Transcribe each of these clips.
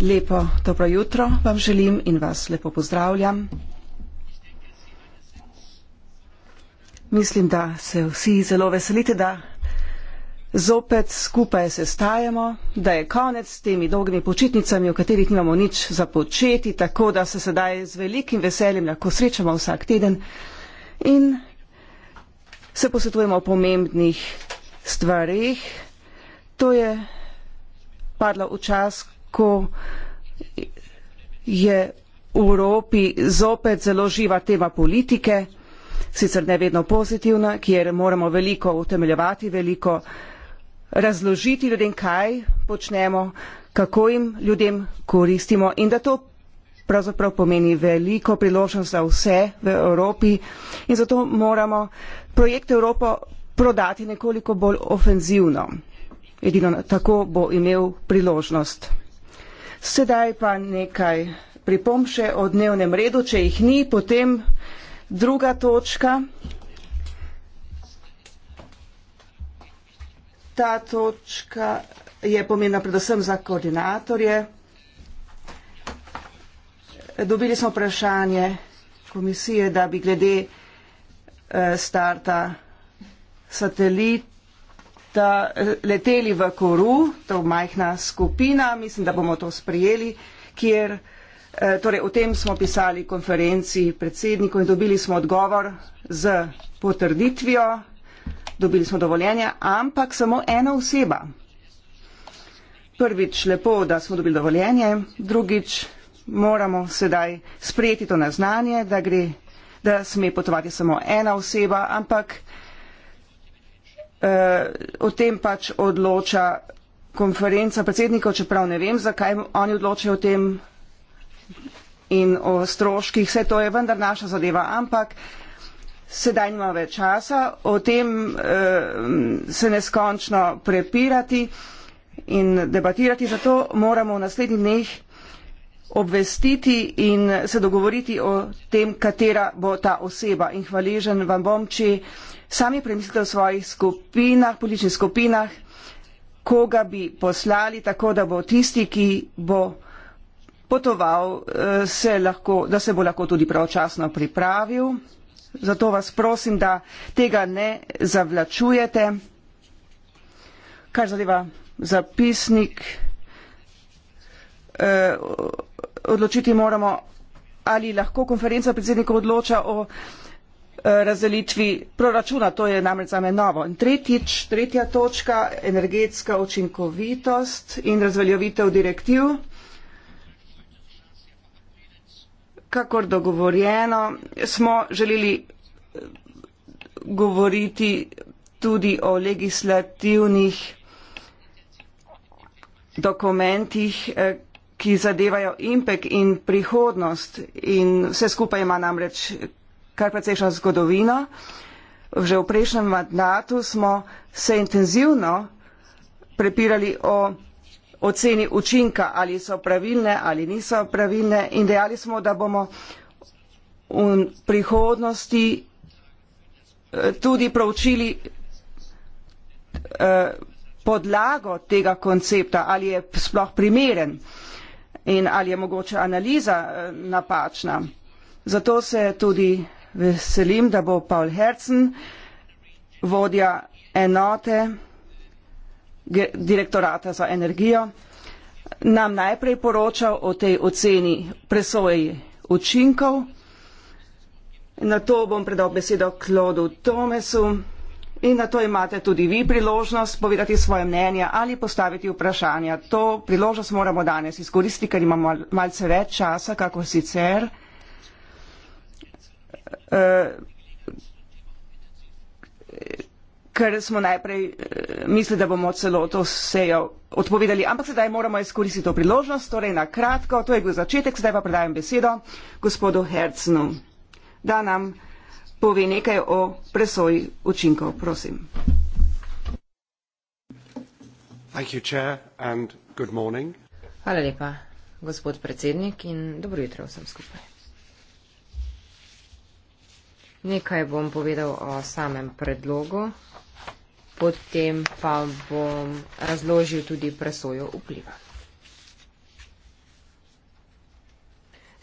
Lepo dobro jutro vam želim in vas lepo pozdravljam. Mislim, da se vsi zelo veselite, da zopet skupaj se stajamo, da je konec s temi dolgimi počitnicami, o katerih nimamo nič za početi, tako da se sedaj z velikim veseljem lahko srečamo vsak teden in se posvetujemo o pomembnih stvarih. To je padla v čas, ko je v Evropi zopet zelo živa tema politike, sicer ne vedno pozitivna, kjer moramo veliko utemeljevati, veliko razložiti ljudem, kaj počnemo, kako jim ljudem koristimo in da to pravzaprav pomeni veliko priložnost za vse v Evropi in zato moramo projekt Evropo prodati nekoliko bolj ofenzivno. Edino tako bo imel priložnost. Sedaj pa nekaj pripom še o dnevnem redu, če jih ni, potem druga točka. Ta točka je pomembna predvsem za koordinatorje. Dobili smo vprašanje komisije, da bi glede eh, starta satelit da eh, leteli v Koru, to majhna skupina, mislim, da bomo to sprejeli, kjer, eh, torej o tem smo pisali konferenci predsedniku in dobili smo odgovor z potrditvijo, dobili smo dovoljenje, ampak samo ena oseba. Prvič lepo, da smo dobili dovoljenje, drugič moramo sedaj sprejeti to na znanje, da gre, da sme potovati samo ena oseba, ampak Eh, o tem pač odloča konferenca predsednikov, čeprav ne vem, zakaj oni odločajo o tem in o stroških. Vse to je vendar naša zadeva, ampak sedaj nima več časa o tem eh, se neskončno prepirati in debatirati. Zato moramo v naslednjih dneh obvestiti in se dogovoriti o tem, katera bo ta oseba. In hvaležen vam bom, če eh, sami premislite o svojih skupinah, političnih skupinah, koga bi poslali, tako da bo tisti, ki bo potoval, eh, se lahko, da se bo lahko tudi pravočasno pripravil. Zato vas prosim, da tega ne zavlačujete. Kar zadeva zapisnik, eh, odločiti moramo, ali lahko konferenca predsednikov odloča o Eh, razdelitvi proračuna, to je namreč zame novo. In tretjič, tretja točka, energetska učinkovitost in razveljavitev direktiv. Kakor dogovorjeno, smo želeli eh, govoriti tudi o legislativnih dokumentih, eh, ki zadevajo impek in prihodnost in vse skupaj ima namreč kar precejšno zgodovino. Že v prejšnjem mandatu smo se intenzivno prepirali o oceni učinka, ali so pravilne ali niso pravilne in dejali smo, da bomo v prihodnosti eh, tudi proučili eh, podlago tega koncepta, ali je sploh primeren in ali je mogoče analiza eh, napačna. Zato se tudi veselim, da bo Paul Herzen, vodja enote direktorata za energijo, nam najprej poročal o tej oceni presoji učinkov. Na to bom predal besedo Klodu Tomesu in na to imate tudi vi priložnost povedati svoje mnenje ali postaviti vprašanja. To priložnost moramo danes izkoristiti, ker imamo malce več časa, kako sicer ker smo najprej eh, mislili, da bomo celo to sejo odpovedali, ampak sedaj moramo izkoristiti to priložnost, torej na kratko, to je bil začetek, sedaj pa predajam besedo gospodu Hercnu, da nam pove nekaj o presoji učinkov, prosim. Hvala lepa, gospod predsednik in dobro jutro vsem skupaj. Nekaj bom povedal o samem predlogu, potem pa bom razložil tudi presojo vpliva.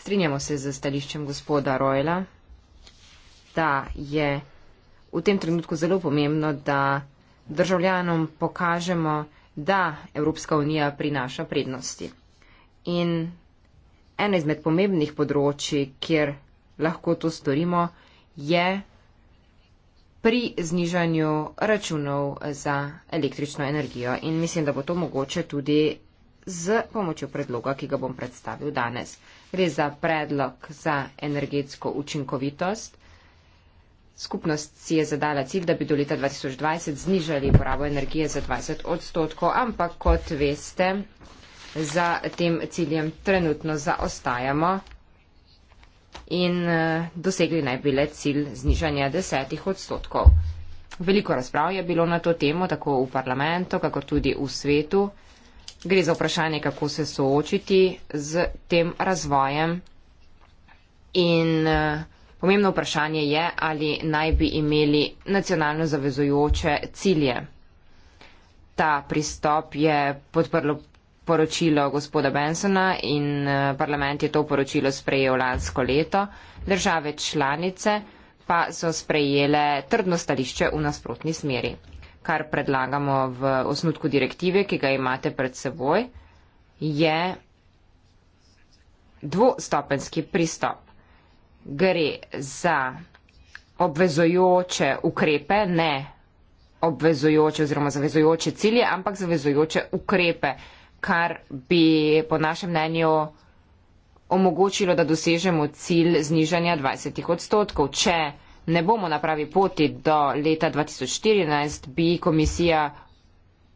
Strinjamo se z stališčem gospoda Rojla, da je v tem trenutku zelo pomembno, da državljanom pokažemo, da Evropska unija prinaša prednosti. In ena izmed pomembnih področji, kjer lahko to storimo, je pri znižanju računov za električno energijo. In mislim, da bo to mogoče tudi z pomočjo predloga, ki ga bom predstavil danes. Gre za predlog za energetsko učinkovitost. Skupnost si je zadala cilj, da bi do leta 2020 znižali porabo energije za 20 odstotkov, ampak kot veste, za tem ciljem trenutno zaostajamo in uh, dosegli naj bile cilj znižanja desetih odstotkov. Veliko razprav je bilo na to temo, tako v parlamentu, kako tudi v svetu. Gre za vprašanje, kako se soočiti z tem razvojem. In uh, pomembno vprašanje je, ali naj bi imeli nacionalno zavezujoče cilje. Ta pristop je podprlo poročilo gospoda Bensona in eh, parlament je to poročilo sprejel lansko leto, države članice pa so sprejele trdno stališče v nasprotni smeri, kar predlagamo v osnutku direktive, ki ga imate pred seboj, je dvostopenski pristop. Gre za obvezojoče ukrepe, ne obvezojoče oziroma zavezojoče cilje, ampak zavezojoče ukrepe kar bi po našem mnenju omogočilo, da dosežemo cilj znižanja 20 odstotkov. Če ne bomo na pravi poti do leta 2014, bi komisija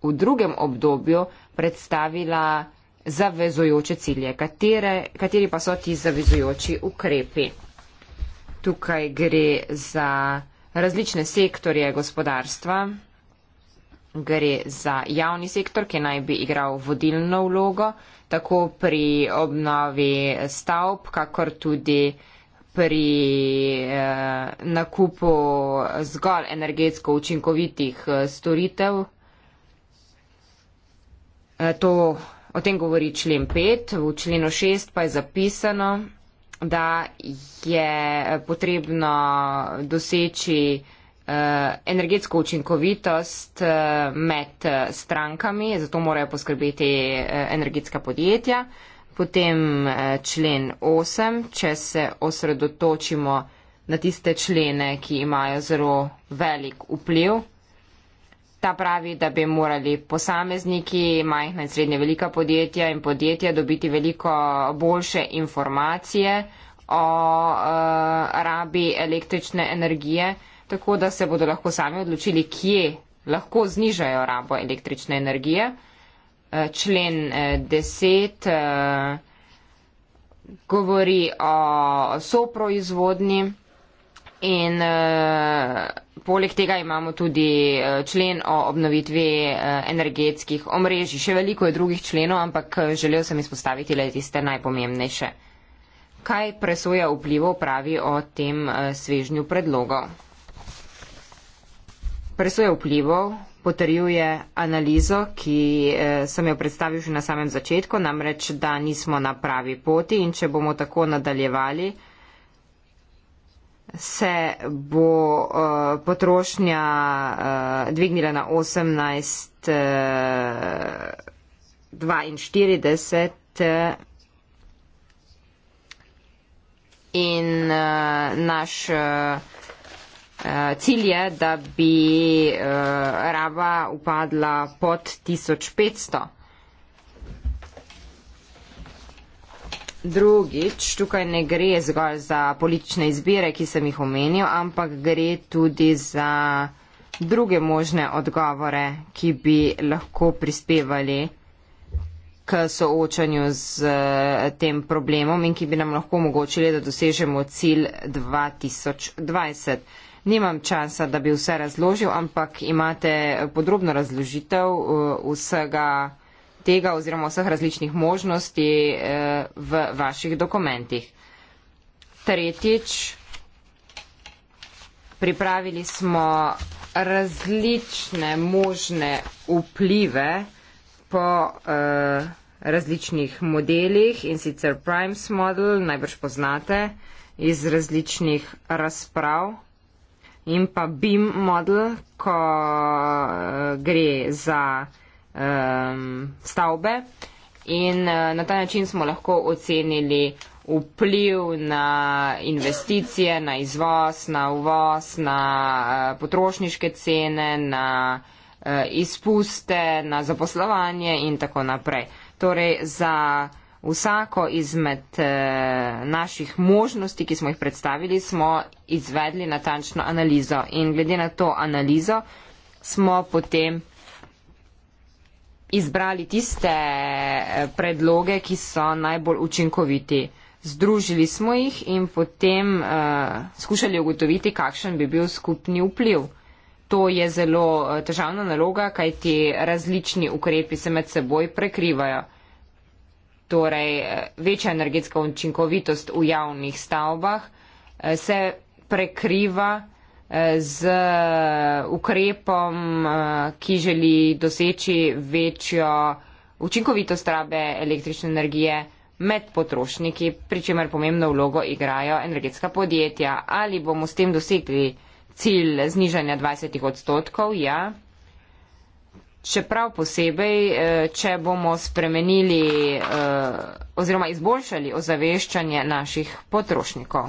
v drugem obdobju predstavila zavezojoče cilje. Katere, kateri pa so ti zavezojoči ukrepi? Tukaj gre za različne sektorje gospodarstva gre za javni sektor, ki naj bi igral vodilno vlogo, tako pri obnovi stavb, kakor tudi pri eh, nakupu zgolj energetsko učinkovitih eh, storitev. E, to, o tem govori člen 5, v členu 6 pa je zapisano, da je eh, potrebno doseči eh, Eh, energetsko učinkovitost eh, med eh, strankami, zato morajo poskrbeti energetska podjetja. Potem člen 8, če se osredotočimo na tiste člene, ki imajo zelo velik vpliv. Ta pravi, da bi morali posamezniki, majhna in srednje velika podjetja in podjetja dobiti veliko boljše informacije o uh, rabi električne energije. Uh, tako da se bodo lahko sami odločili, kje lahko znižajo rabo električne energije. Eh, člen 10 eh, eh, govori o soproizvodni in poleg tega imamo tudi člen o obnovitvi energetskih omrežij. Še veliko je drugih členov, ampak želel sem izpostaviti le tiste najpomembnejše. Kaj presoja vplivov pravi o tem svežnju predlogov? Presoje vplivov potrjuje analizo, ki eh, sem jo predstavil že na samem začetku, namreč, da nismo na pravi poti in če bomo tako nadaljevali, se bo uh, potrošnja uh, dvignila na 18.42 uh, in uh, naš. Uh, Eh, cilj je, da bi eh, raba upadla pod 1500. Drugič, tukaj ne gre zgolj za politične izbire, ki sem jih omenil, ampak gre tudi za druge možne odgovore, ki bi lahko prispevali k soočanju z eh, tem problemom in ki bi nam lahko omogočili, da dosežemo cilj 2020. Nimam časa, da bi vse razložil, ampak imate podrobno razložitev eh, vsega tega oziroma vseh različnih možnosti eh, v vaših dokumentih. Tretjič, pripravili smo različne možne vplive po eh, različnih modelih in sicer Primes model, najbrž poznate iz različnih razprav in pa BIM model, ko eh, gre za um, stavbe. In uh, na ta način smo lahko ocenili vpliv na investicije, na izvoz, na uvoz, na uh, potrošniške cene, na uh, izpuste, na zaposlovanje in tako naprej. Torej, za vsako izmed eh, naših možnosti, ki smo jih predstavili, smo izvedli natančno analizo. In glede na to analizo smo potem izbrali tiste eh, predloge, ki so najbolj učinkoviti. Združili smo jih in potem uh, skušali ugotoviti, kakšen bi bil skupni vpliv. To je zelo težavna naloga, kajti različni ukrepi se med seboj prekrivajo. Uh, torej eh, večja energetska učinkovitost v javnih stavbah, eh, se prekriva eh, z ukrepom, ki želi doseči večjo učinkovitost rabe električne energije med potrošniki, pri čemer pomembno vlogo igrajo energetska podjetja. Ali bomo s tem dosegli cilj znižanja 20 odstotkov? Ja. Čeprav posebej, eh, če bomo spremenili eh, oziroma izboljšali ozaveščanje naših potrošnikov.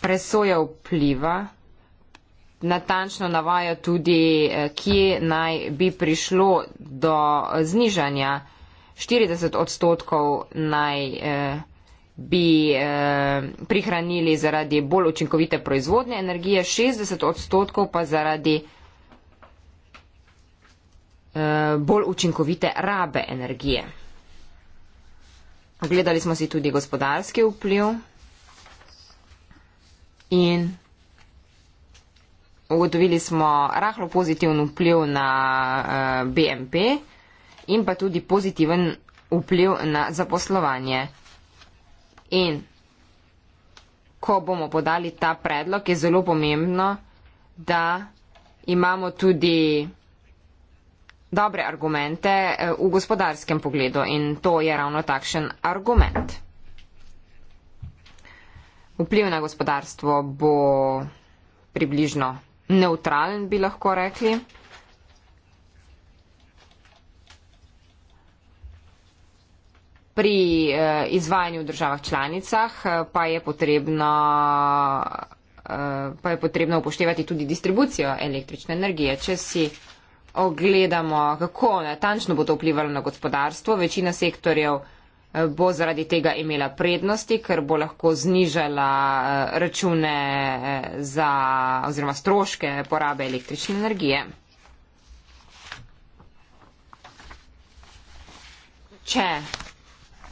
Presoja vpliva natančno navaja tudi, eh, kje naj bi prišlo do znižanja 40 odstotkov naj. Eh, bi eh, prihranili zaradi bolj učinkovite proizvodnje energije, 60 odstotkov pa zaradi eh, bolj učinkovite rabe energije. Ogledali smo si tudi gospodarski vpliv in ugotovili smo rahlo pozitiven vpliv na eh, BNP in pa tudi pozitiven vpliv na zaposlovanje. In ko bomo podali ta predlog, je zelo pomembno, da imamo tudi dobre argumente eh, v gospodarskem pogledu in to je ravno takšen argument. Vpliv na gospodarstvo bo približno neutralen, bi lahko rekli. pri eh, izvajanju v državah članicah eh, pa je potrebno eh, pa je potrebno upoštevati tudi distribucijo električne energije. Če si ogledamo, kako natančno bo to vplivalo na gospodarstvo, večina sektorjev bo zaradi tega imela prednosti, ker bo lahko znižala račune za, oziroma stroške porabe električne energije. Če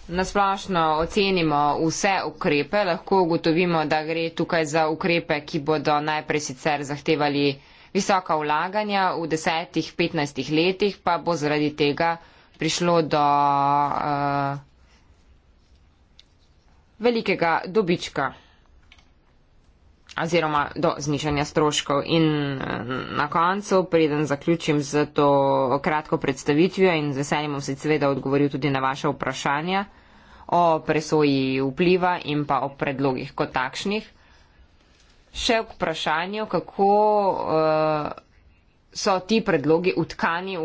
nasplošno ocenimo vse ukrepe, lahko ugotovimo, da gre tukaj za ukrepe, ki bodo najprej sicer zahtevali visoka vlaganja, v desetih, petnajstih letih pa bo zaradi tega prišlo do uh, velikega dobička oziroma do znižanja stroškov. In eh, na koncu, preden zaključim z to kratko predstavitvijo in z veseljem bom se seveda odgovoril tudi na vaše vprašanja o presoji vpliva in pa o predlogih kot takšnih, še k vprašanju, kako uh, so ti predlogi utkani v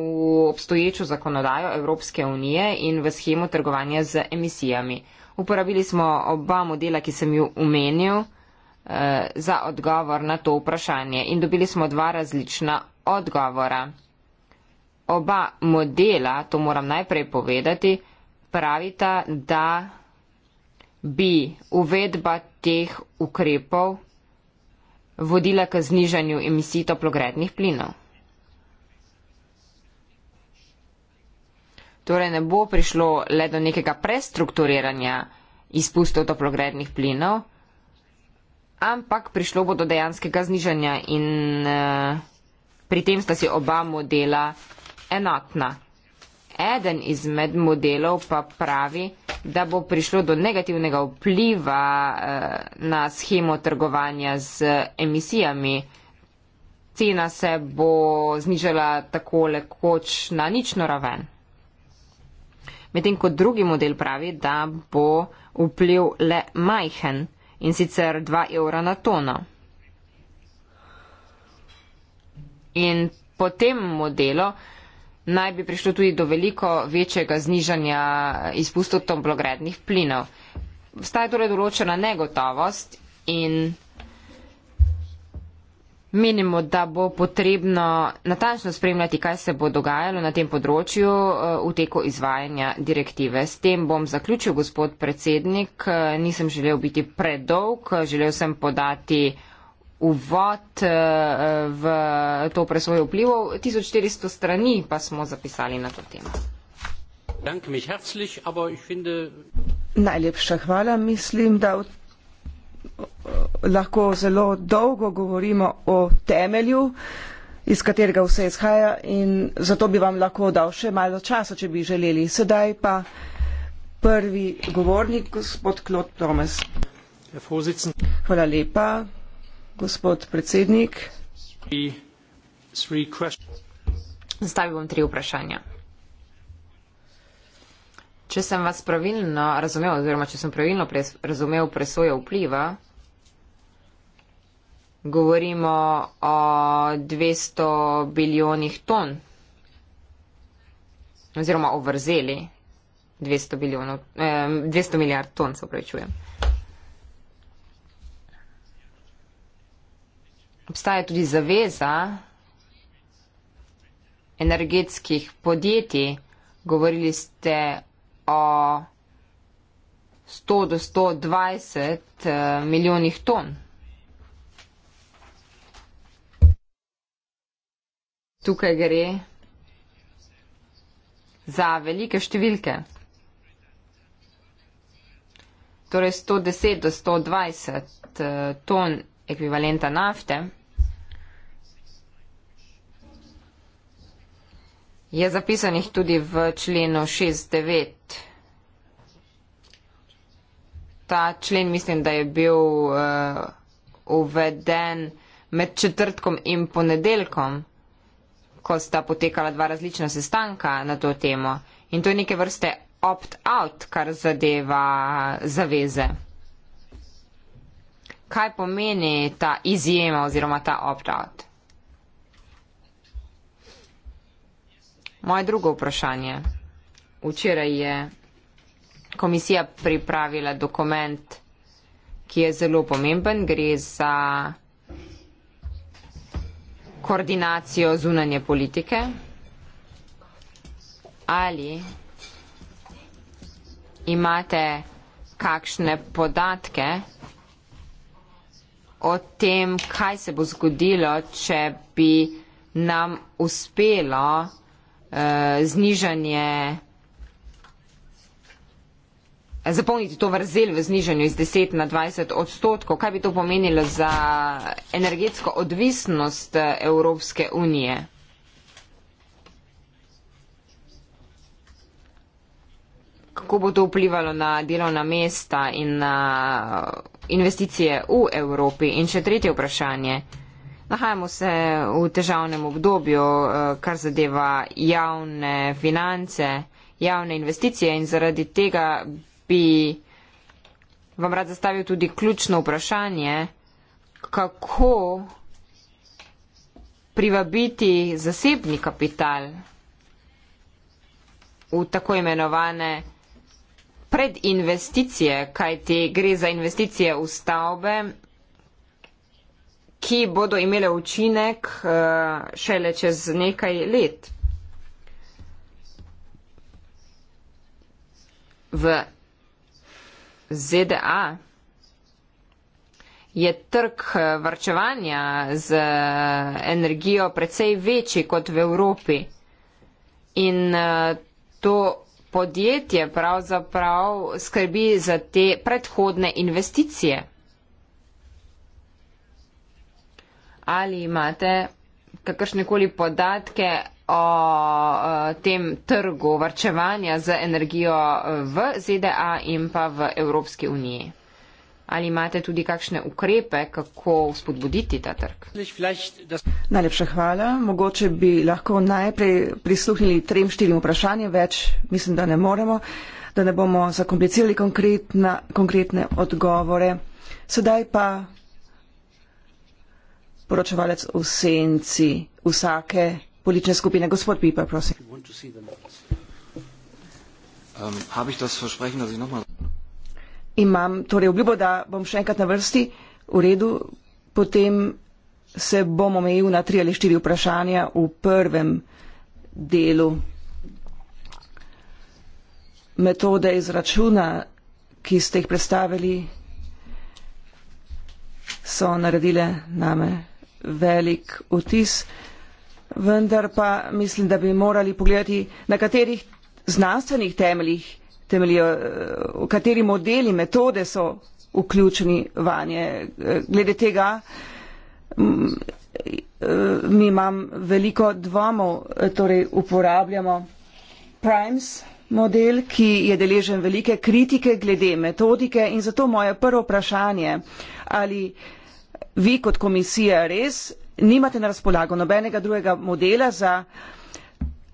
obstoječo zakonodajo Evropske unije in v schemo trgovanja z emisijami. Uporabili smo oba modela, ki sem ju omenil. Eh, za odgovor na to vprašanje in dobili smo dva različna odgovora. Oba modela, to moram najprej povedati, pravita, da bi uvedba teh ukrepov vodila k znižanju emisij toplogrednih plinov. Torej ne bo prišlo le do nekega prestrukturiranja izpustov toplogrednih plinov, ampak prišlo bo do dejanskega znižanja in uh, pri tem sta si oba modela enotna. Eden izmed modelov pa pravi, da bo prišlo do negativnega vpliva uh, na schemo trgovanja z emisijami. Cena se bo znižala takole koč na nično raven. Medtem ko drugi model pravi, da bo vpliv le majhen in sicer 2 evra na tono. In po tem modelu naj bi prišlo tudi do veliko večjega znižanja izpustov toplogrednih plinov. Vstaja torej določena negotovost in Menimo, da bo potrebno natančno spremljati, kaj se bo dogajalo na tem področju eh, v teku izvajanja direktive. S tem bom zaključil, gospod predsednik. Eh, nisem želel biti predolg, eh, želel sem podati uvod v to presvoj vplivov. 1400 strani pa smo zapisali na to temo. Najlepša hvala, mislim, da v lahko zelo dolgo govorimo o temelju, iz katerega vse izhaja in zato bi vam lahko dal še malo časa, če bi želeli. Sedaj pa prvi govornik, gospod Klot Tomes. Hvala lepa, gospod predsednik. Zastavil bom tri vprašanja. Če sem vas pravilno razumel, oziroma če sem pravilno razumel presojo vpliva, govorimo o 200 bilijonih ton oziroma o vrzeli 200, eh, 200 milijard ton, se upravičujem. Obstaja tudi zaveza energetskih podjetij, govorili ste o 100 do 120 eh, milijonih ton. Tukaj gre za velike številke. Torej 110 do 120 eh, ton ekvivalenta nafte je zapisanih tudi v členu 69. Ta člen mislim, da je bil uh, uveden med četrtkom in ponedeljkom ko sta potekala dva različna sestanka na to temo. In to je neke vrste opt-out, kar zadeva zaveze. Kaj pomeni ta izjema oziroma ta opt-out? Moje drugo vprašanje. Včeraj je komisija pripravila dokument, ki je zelo pomemben. Gre za koordinacijo zunanje politike ali imate kakšne podatke o tem, kaj se bo zgodilo, če bi nam uspelo uh, znižanje zapolniti to vrzel v znižanju iz 10 na 20 odstotkov. Kaj bi to pomenilo za energetsko odvisnost eh, Evropske unije? Kako bo to vplivalo na delovna mesta in na eh, investicije v Evropi? In še tretje vprašanje. Nahajamo se v težavnem obdobju, eh, kar zadeva javne finance, javne investicije in zaradi tega bi vam rad zastavil tudi ključno vprašanje, kako privabiti zasebni kapital v tako imenovane predinvesticije, kajti gre za investicije v stavbe, ki bodo imele učinek eh, šele čez nekaj let. V ZDA je trg eh, varčevanja z eh, energijo precej večji kot v Evropi. In eh, to podjetje pravzaprav skrbi za te predhodne investicije. Ali imate kakršnekoli podatke o e, tem trgu varčevanja z energijo v ZDA in pa v Evropski uniji. Ali imate tudi kakšne ukrepe, kako spodbuditi ta trg? Najlepša hvala. Mogoče bi lahko najprej prisluhnili trem, štirim vprašanjem, več mislim, da ne moremo, da ne bomo zakomplicirali konkretne odgovore. Sedaj pa poročevalec v senci vsake politične skupine. Gospod Piper, prosim. Um, Imam torej obljubo, da bom še enkrat na vrsti v redu, potem se bom omejil na tri ali štiri vprašanja v prvem delu. Metode izračuna, ki ste jih predstavili, so naredile name velik vtis vendar pa mislim, da bi morali pogledati, na katerih znanstvenih temeljih temeljijo, eh, kateri modeli, metode so vključeni vanje. Eh, glede tega mm, eh, mi imam veliko dvomov, torej uporabljamo Primes model, ki je deležen velike kritike glede metodike in zato moje prvo vprašanje, ali vi kot komisija res nimate na razpolago nobenega drugega modela za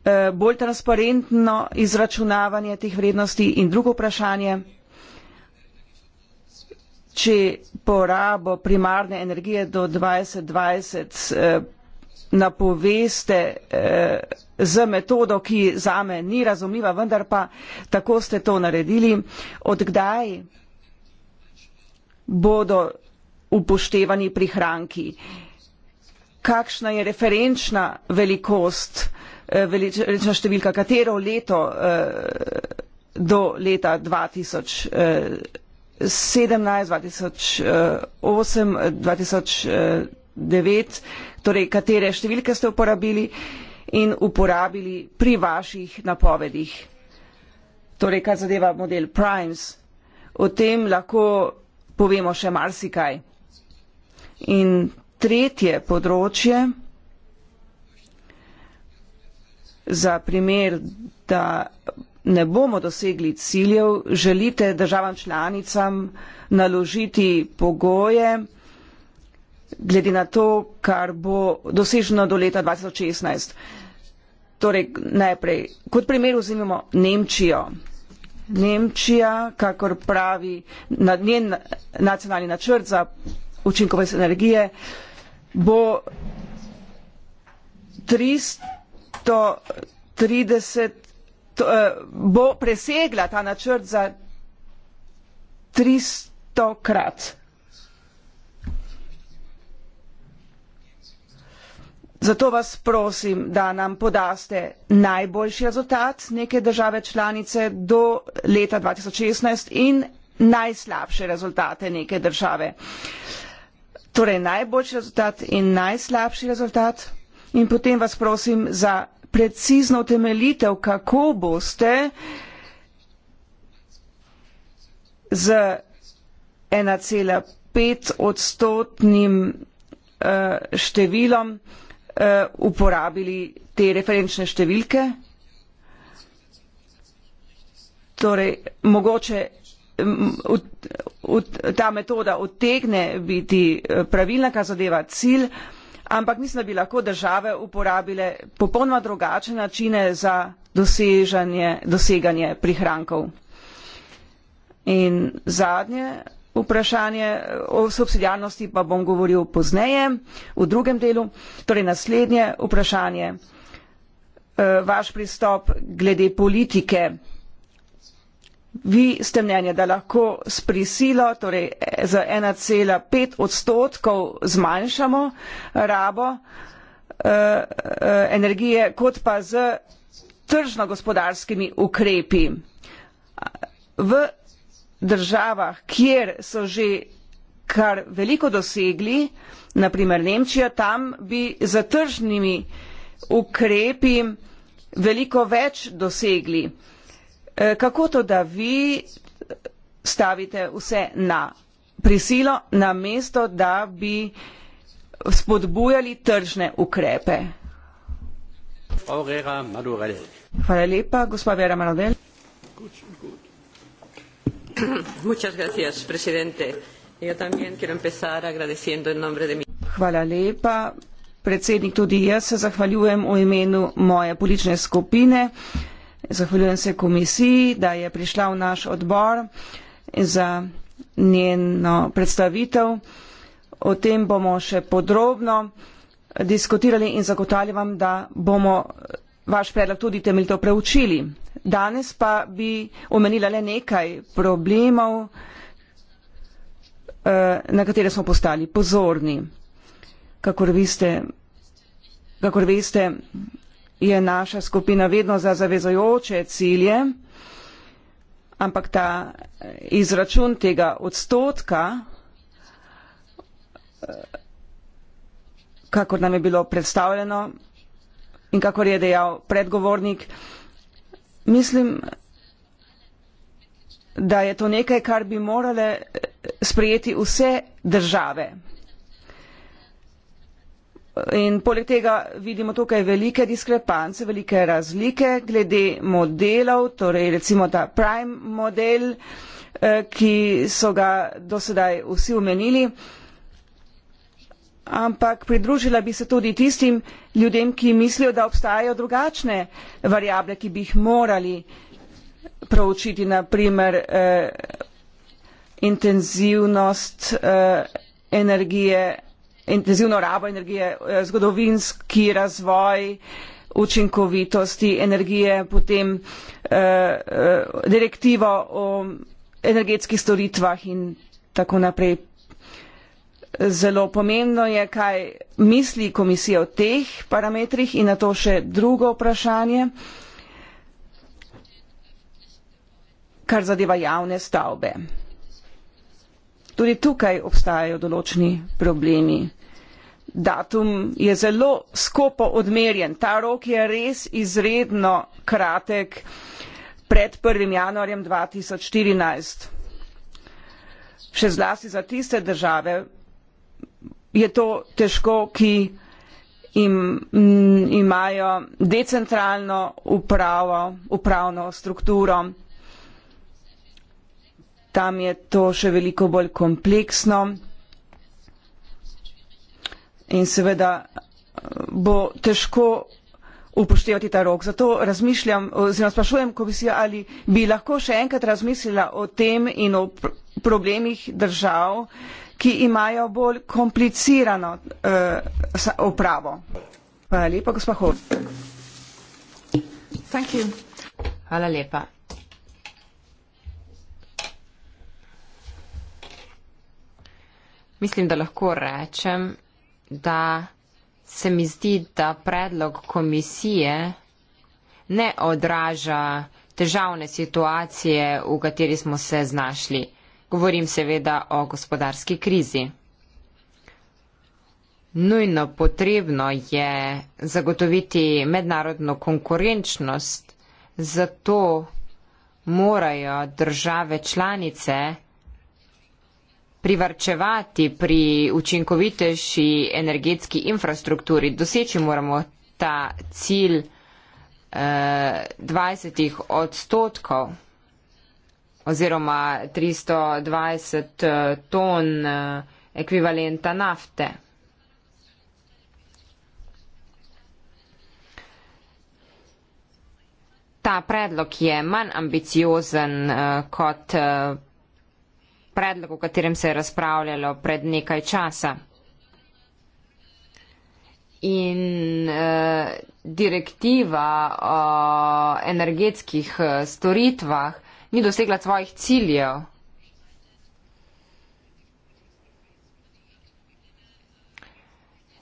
eh, bolj transparentno izračunavanje teh vrednosti in drugo vprašanje, če porabo primarne energije do 2020 eh, napoveste eh, z metodo, ki zame ni razumljiva, vendar pa tako ste to naredili, od kdaj bodo upoštevani prihranki kakšna je referenčna velikost, eh, referenčna številka, katero leto eh, do leta 2017, 2008, 2009, torej katere številke ste uporabili in uporabili pri vaših napovedih. Torej, kar zadeva model Primes, o tem lahko povemo še marsikaj. In tretje področje za primer, da ne bomo dosegli ciljev, želite državam članicam naložiti pogoje glede na to, kar bo doseženo do leta 2016. Torej, najprej, kot primer vzimimo Nemčijo. Nemčija, kakor pravi njen nacionalni načrt za učinkovost energije, bo tristo trideset eh, bo presegla ta načrt za tristo krat Zato vas prosim, da nam podaste najboljši rezultat neke države članice do leta 2016 in najslabše rezultate neke države. Uh, torej najboljši rezultat in najslabši rezultat. In potem vas prosim za precizno utemeljitev, kako boste z 1,5 odstotnim uh, številom uh, uporabili te referenčne številke. Torej, mogoče ta metoda utegne biti eh, pravilna, kar zadeva cilj, ampak mislim, da bi lahko države uporabile popolnoma drugačne načine za doseganje prihrankov. In zadnje vprašanje o subsidijarnosti pa bom govoril pozneje, v drugem delu. Torej naslednje vprašanje, eh, vaš pristop glede politike vi ste mnenje, da lahko s prisilo, torej eh, za 1,5 odstotkov zmanjšamo rabo eh, eh, energije, kot pa z tržno gospodarskimi ukrepi. V državah, kjer so že kar veliko dosegli, naprimer Nemčija, tam bi z tržnimi ukrepi veliko več dosegli. Eh, kako to, da vi stavite vse na prisilo, na mesto, da bi spodbujali tržne ukrepe? Hvala lepa, gospa Vera Manodel. Hvala lepa, predsednik, tudi jaz se zahvaljujem v imenu moje politične skupine. Zahvaljujem se komisiji, da je prišla v naš odbor za njeno predstavitev. O tem bomo še podrobno diskutirali in zagotavljam, da bomo vaš predlog tudi temeljito preučili. Danes pa bi omenila le nekaj problemov, eh, na katere smo postali pozorni. Kakor veste, kakor veste je naša skupina vedno za zavezojoče cilje, ampak ta izračun tega odstotka, kakor nam je bilo predstavljeno in kakor je dejal predgovornik, mislim, da je to nekaj, kar bi morale eh, sprejeti vse države in poleg tega vidimo tukaj velike diskrepance, velike razlike glede modelov, torej recimo ta prime model, eh, ki so ga dosedaj vsi omenili. Ampak pridružila bi se tudi tistim ljudem, ki mislijo, da obstajajo drugačne variable, ki bi jih morali proučiti, naprimer eh, intenzivnost eh, energije intenzivno rabo energije, eh, zgodovinski razvoj učinkovitosti energije, potem eh, eh, direktivo o energetskih storitvah in tako naprej. Zelo pomembno je, kaj misli komisija o teh parametrih in na to še drugo vprašanje, kar zadeva javne stavbe. Tudi tukaj obstajajo določeni problemi datum je zelo skopo odmerjen. Ta rok je res izredno kratek pred 1. januarjem 2014. Še zlasti za tiste države je to težko, ki mm, imajo decentralno upravo, upravno strukturo. Tam je to še veliko bolj kompleksno in seveda eh, bo težko upoštevati ta rok. Zato razmišljam oziroma sprašujem komisijo, ali bi lahko še enkrat razmislila o tem in o pr problemih držav, ki imajo bolj komplicirano uh, eh, upravo. Hvala lepa, gospa Hovnik. Hvala lepa. Mislim, da lahko rečem, da se mi zdi, da predlog komisije ne odraža težavne situacije, v kateri smo se znašli. Govorim seveda o gospodarski krizi. Nujno potrebno je zagotoviti mednarodno konkurenčnost, zato morajo države članice privrčevati pri učinkovitejši energetski infrastrukturi. Doseči moramo ta cilj eh, 20 odstotkov oziroma 320 eh, ton eh, ekvivalenta nafte. Ta predlog je manj ambiciozen eh, kot predlog, o katerem se je razpravljalo pred nekaj časa. In eh, direktiva o energetskih eh, storitvah ni dosegla svojih ciljev.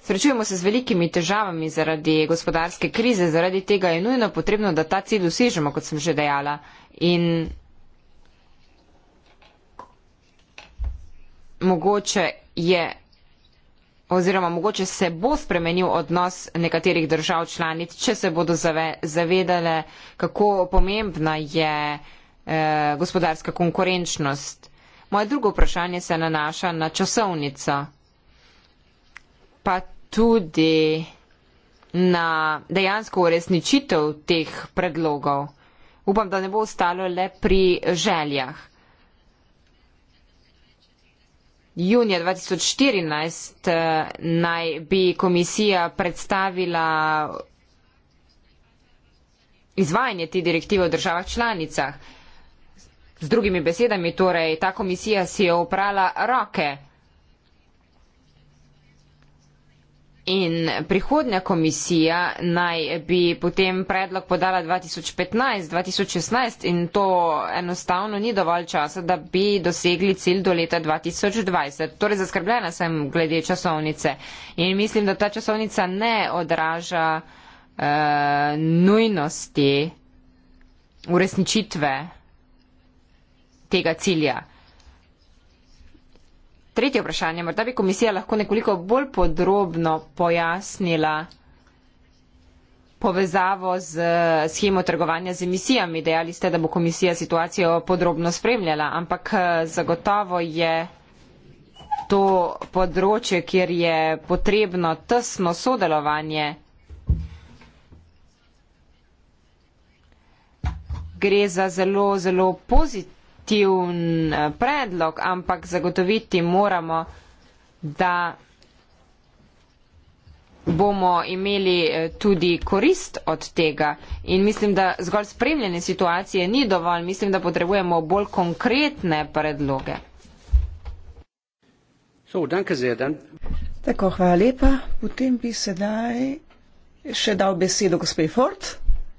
Srečujemo se z velikimi težavami zaradi gospodarske krize, zaradi tega je nujno potrebno, da ta cilj dosežemo, kot sem že dejala. In mogoče je oziroma mogoče se bo spremenil odnos nekaterih držav članic, če se bodo zave, zavedale, kako pomembna je eh, gospodarska konkurenčnost. Moje drugo vprašanje se nanaša na časovnico, pa tudi na dejansko uresničitev teh predlogov. Upam, da ne bo ostalo le pri željah junija 2014 eh, naj bi komisija predstavila izvajanje te direktive v državah članicah. Z drugimi besedami, torej ta komisija si je oprala roke in prihodnja komisija naj bi potem predlog podala 2015-2016 in to enostavno ni dovolj časa, da bi dosegli cilj do leta 2020. Torej zaskrbljena sem glede časovnice in mislim, da ta časovnica ne odraža uh, nujnosti uresničitve tega cilja tretje vprašanje. Morda bi komisija lahko nekoliko bolj podrobno pojasnila povezavo z eh, schemo trgovanja z emisijami. Dejali ste, da bo komisija situacijo podrobno spremljala, ampak eh, zagotovo je to področje, kjer je potrebno tesno sodelovanje. Gre za zelo, zelo pozitivno legitimen eh, predlog, ampak zagotoviti moramo, da bomo imeli eh, tudi korist od tega. In mislim, da zgolj spremljanje situacije ni dovolj, mislim, da potrebujemo bolj konkretne predloge. So, Tako, hvala lepa. Potem bi sedaj še dal besedo gospe Ford.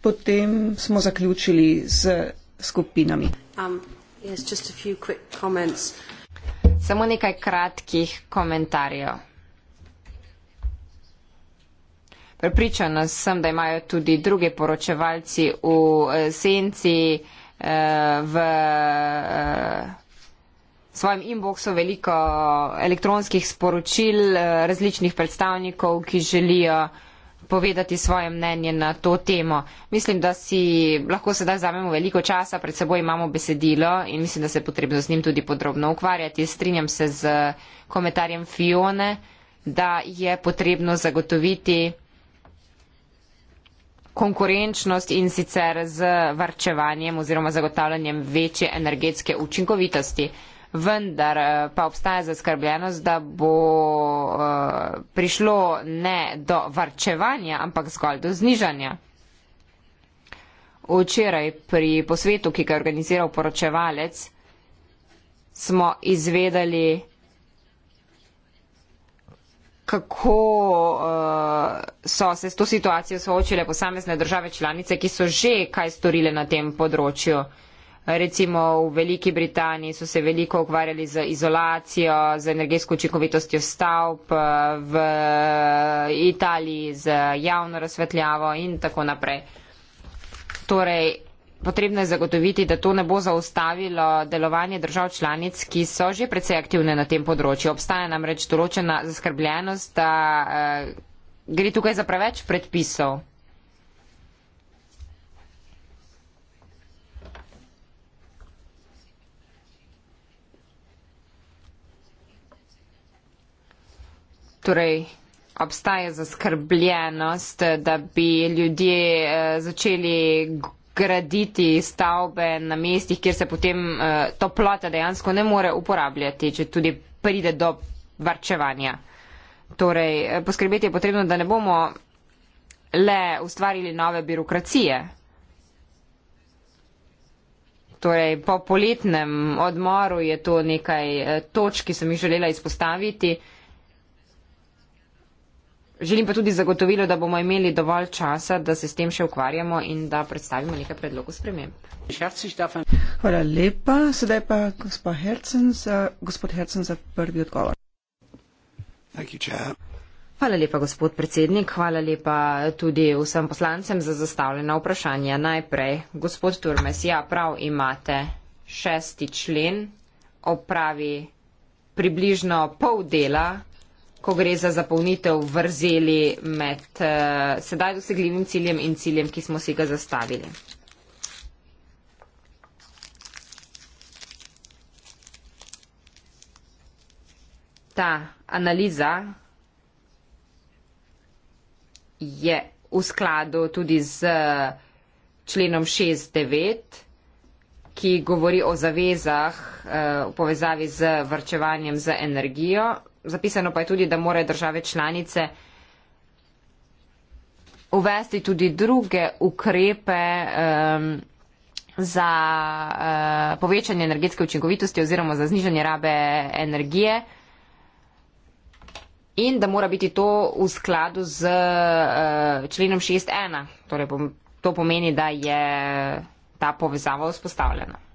Potem smo zaključili z skupinami. Um. Yes, just a few quick comments. Samo nekaj kratkih komentarjev. Pripričana sem, da imajo tudi druge poročevalci v eh, senci, eh, v eh, svojem inboxu veliko elektronskih sporočil različnih predstavnikov, ki želijo povedati svoje mnenje na to temo. Mislim, da si lahko sedaj zamemo veliko časa, pred seboj imamo besedilo in mislim, da se je potrebno z njim tudi podrobno ukvarjati. Strinjam se z komentarjem Fione, da je potrebno zagotoviti konkurenčnost in sicer z varčevanjem oziroma zagotavljanjem večje energetske učinkovitosti vendar eh, pa obstaja zaskrbljenost, da bo eh, prišlo ne do varčevanja, ampak zgolj do znižanja. Včeraj pri posvetu, ki ga je organiziral poročevalec, smo izvedeli, kako uh, so se s to situacijo soočile posamezne države članice, ki so že kaj storile na tem področju. Uh, Recimo v Veliki Britaniji so se veliko ukvarjali z izolacijo, z energetsko učinkovitostjo stavb, v Italiji z javno razsvetljavo in tako naprej. Torej, potrebno je zagotoviti, da to ne bo zaustavilo delovanje držav članic, ki so že precej aktivne na tem področju. Obstaja namreč določena zaskrbljenost, da eh, gre tukaj za preveč predpisov. torej obstaja zaskrbljenost, da bi ljudje eh, začeli graditi stavbe na mestih, kjer se potem eh, toplota dejansko ne more uporabljati, če tudi pride do varčevanja. Torej, eh, poskrbeti je potrebno, da ne bomo le ustvarili nove birokracije. Torej, po poletnem odmoru je to nekaj točk, ki sem jih želela izpostaviti. Želim pa tudi zagotovilo, da bomo imeli dovolj časa, da se s tem še ukvarjamo in da predstavimo nekaj predlogov sprememb. Hvala lepa. Sedaj pa Hercen za, gospod Hercen za prvi odgovor. Hvala lepa, gospod predsednik. Hvala lepa tudi vsem poslancem za zastavljena vprašanja. Najprej, gospod Turmes, ja, prav imate šesti člen, opravi približno pol dela ko gre za zapolnitev vrzeli med uh, sedaj dosegljivim ciljem in ciljem, ki smo si ga zastavili. Ta analiza je v skladu tudi z eh, členom 6.9, ki govori o zavezah uh, v povezavi z vrčevanjem z energijo zapisano pa je tudi, da morajo države članice uvesti tudi druge ukrepe um, za uh, povečanje energetske učinkovitosti oziroma za znižanje rabe energije in da mora biti to v skladu z uh, členom 6.1. Torej, to pomeni, da je ta povezava vzpostavljena.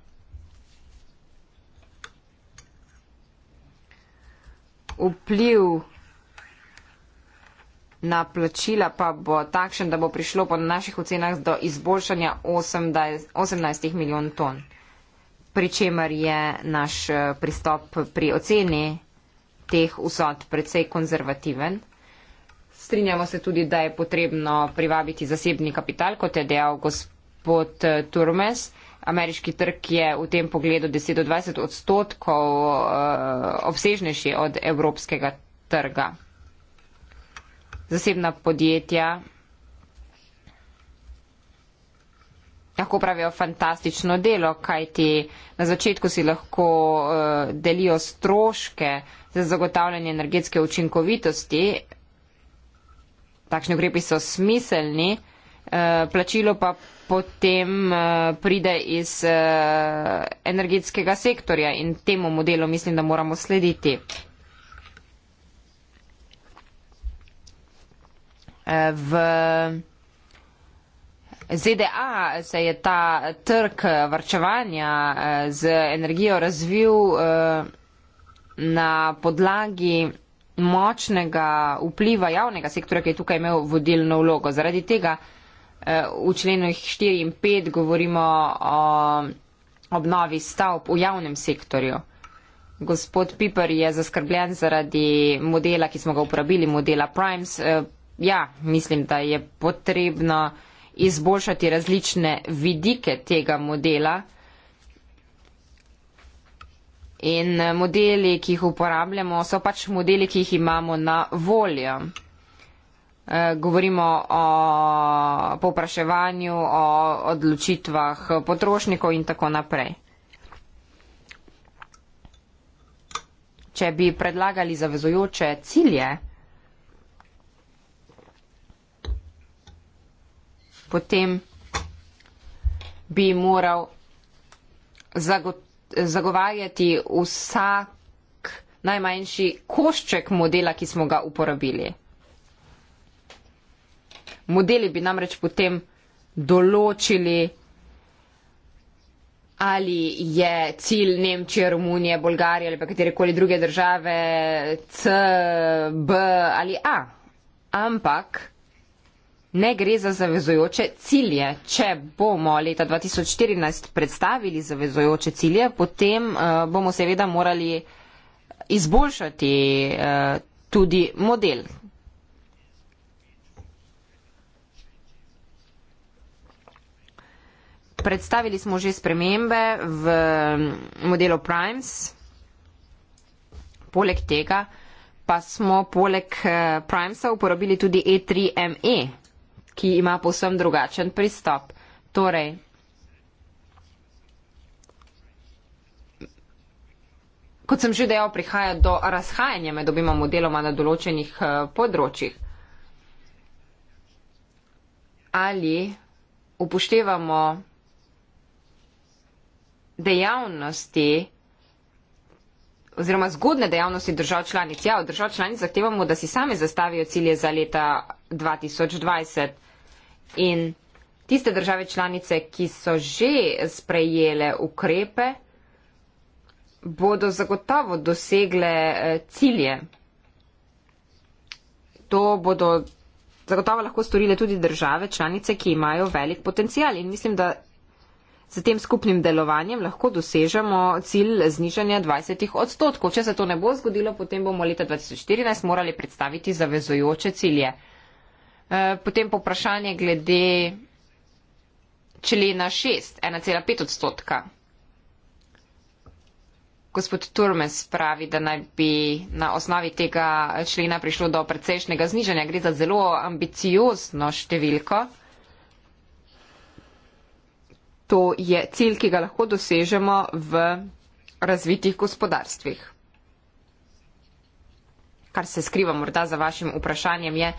vpliv na plačila pa bo takšen, da bo prišlo po naših ocenah do izboljšanja 18 milijon ton. Pričemer je naš eh, pristop pri oceni teh usod precej konzervativen. Strinjamo se tudi, da je potrebno privabiti zasebni kapital, kot je dejal gospod eh, Turmes ameriški trg je v tem pogledu 10 do 20 odstotkov eh, obsežnejši od evropskega trga. Zasebna podjetja. Tako pravijo fantastično delo, kaj ti na začetku si lahko uh, delijo stroške za zagotavljanje energetske učinkovitosti. Takšni ukrepi so smiselni, uh, plačilo pa potem eh, pride iz eh, energetskega sektorja in temu modelu mislim, da moramo slediti. Eh, v ZDA se je ta trg varčevanja z energijo razvil na podlagi močnega vpliva javnega sektora, ki je tukaj imel vodilno vlogo. Zaradi tega Eh, v členu 4 in 5 govorimo o obnovi stavb v javnem sektorju. Gospod Piper je zaskrbljen zaradi modela, ki smo ga uporabili, modela Primes. Eh, ja, mislim, da je potrebno izboljšati različne vidike tega modela. In modeli, ki jih uporabljamo, so pač modeli, ki jih imamo na voljo. Eh, govorimo o popraševanju, o odločitvah potrošnikov in tako naprej. Če bi predlagali zavezujoče cilje, potem bi moral zagovarjati vsak najmanjši košček modela, ki smo ga uporabili. Modeli bi namreč potem določili, ali je cilj Nemčije, Romunije, Bolgarije ali pa katerekoli druge države C, B ali A. Ampak ne gre za zavezojoče cilje. Če bomo leta 2014 predstavili zavezojoče cilje, potem uh, bomo seveda morali izboljšati uh, tudi model, predstavili smo že spremembe v modelu Primes. Poleg tega pa smo poleg eh, Primesa uporabili tudi E3ME, e, ki ima posebno drugačen pristop. Torej, kot sem že dejal, prihaja do razhajanja med obima modeloma na določenih eh, področjih. Ali upoštevamo dejavnosti oziroma zgodne dejavnosti držav članic. Ja, od držav članic zahtevamo, da si same zastavijo cilje za leta 2020. In tiste države članice, ki so že sprejele ukrepe, bodo zagotovo dosegle eh, cilje. To bodo zagotovo lahko storile tudi države članice, ki imajo velik potencial. In mislim, da Z tem skupnim delovanjem lahko dosežemo cilj znižanja 20 odstotkov. Če se to ne bo zgodilo, potem bomo leta 2014 morali predstaviti zavezojoče cilje. Eh, potem poprašanje glede člena 6, 1,5 odstotka. Gospod Turmes pravi, da naj bi na osnovi tega člena prišlo do precejšnjega znižanja. Gre za zelo ambiciozno številko to je cilj, ki ga lahko dosežemo v razvitih gospodarstvih. Kar se skriva morda za vašim vprašanjem je,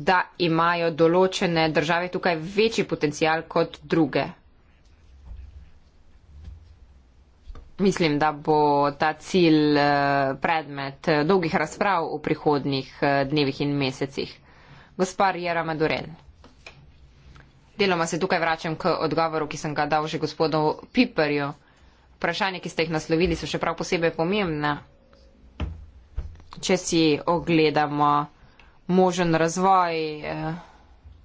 da imajo določene države tukaj večji potencial kot druge. Mislim, da bo ta cilj eh, predmet eh, dolgih razprav v prihodnih eh, dnevih in mesecih. Gospar Jera Madurel deloma se tukaj vračam k odgovoru, ki sem ga dal že gospodu Piperju. Vprašanje, ki ste jih naslovili, so še prav posebej pomembna. Če si ogledamo možen razvoj eh,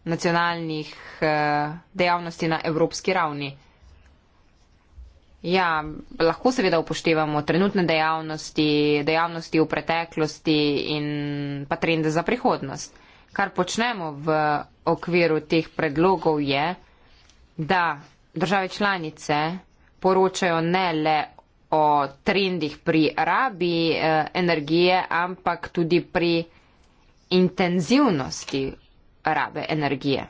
nacionalnih eh, dejavnosti na evropski ravni. Ja, lahko seveda upoštevamo trenutne dejavnosti, dejavnosti v preteklosti in pa trende za prihodnost kar počnemo v okviru teh predlogov je, da države članice poročajo ne le o trendih pri rabi eh, energije, ampak tudi pri intenzivnosti rabe energije.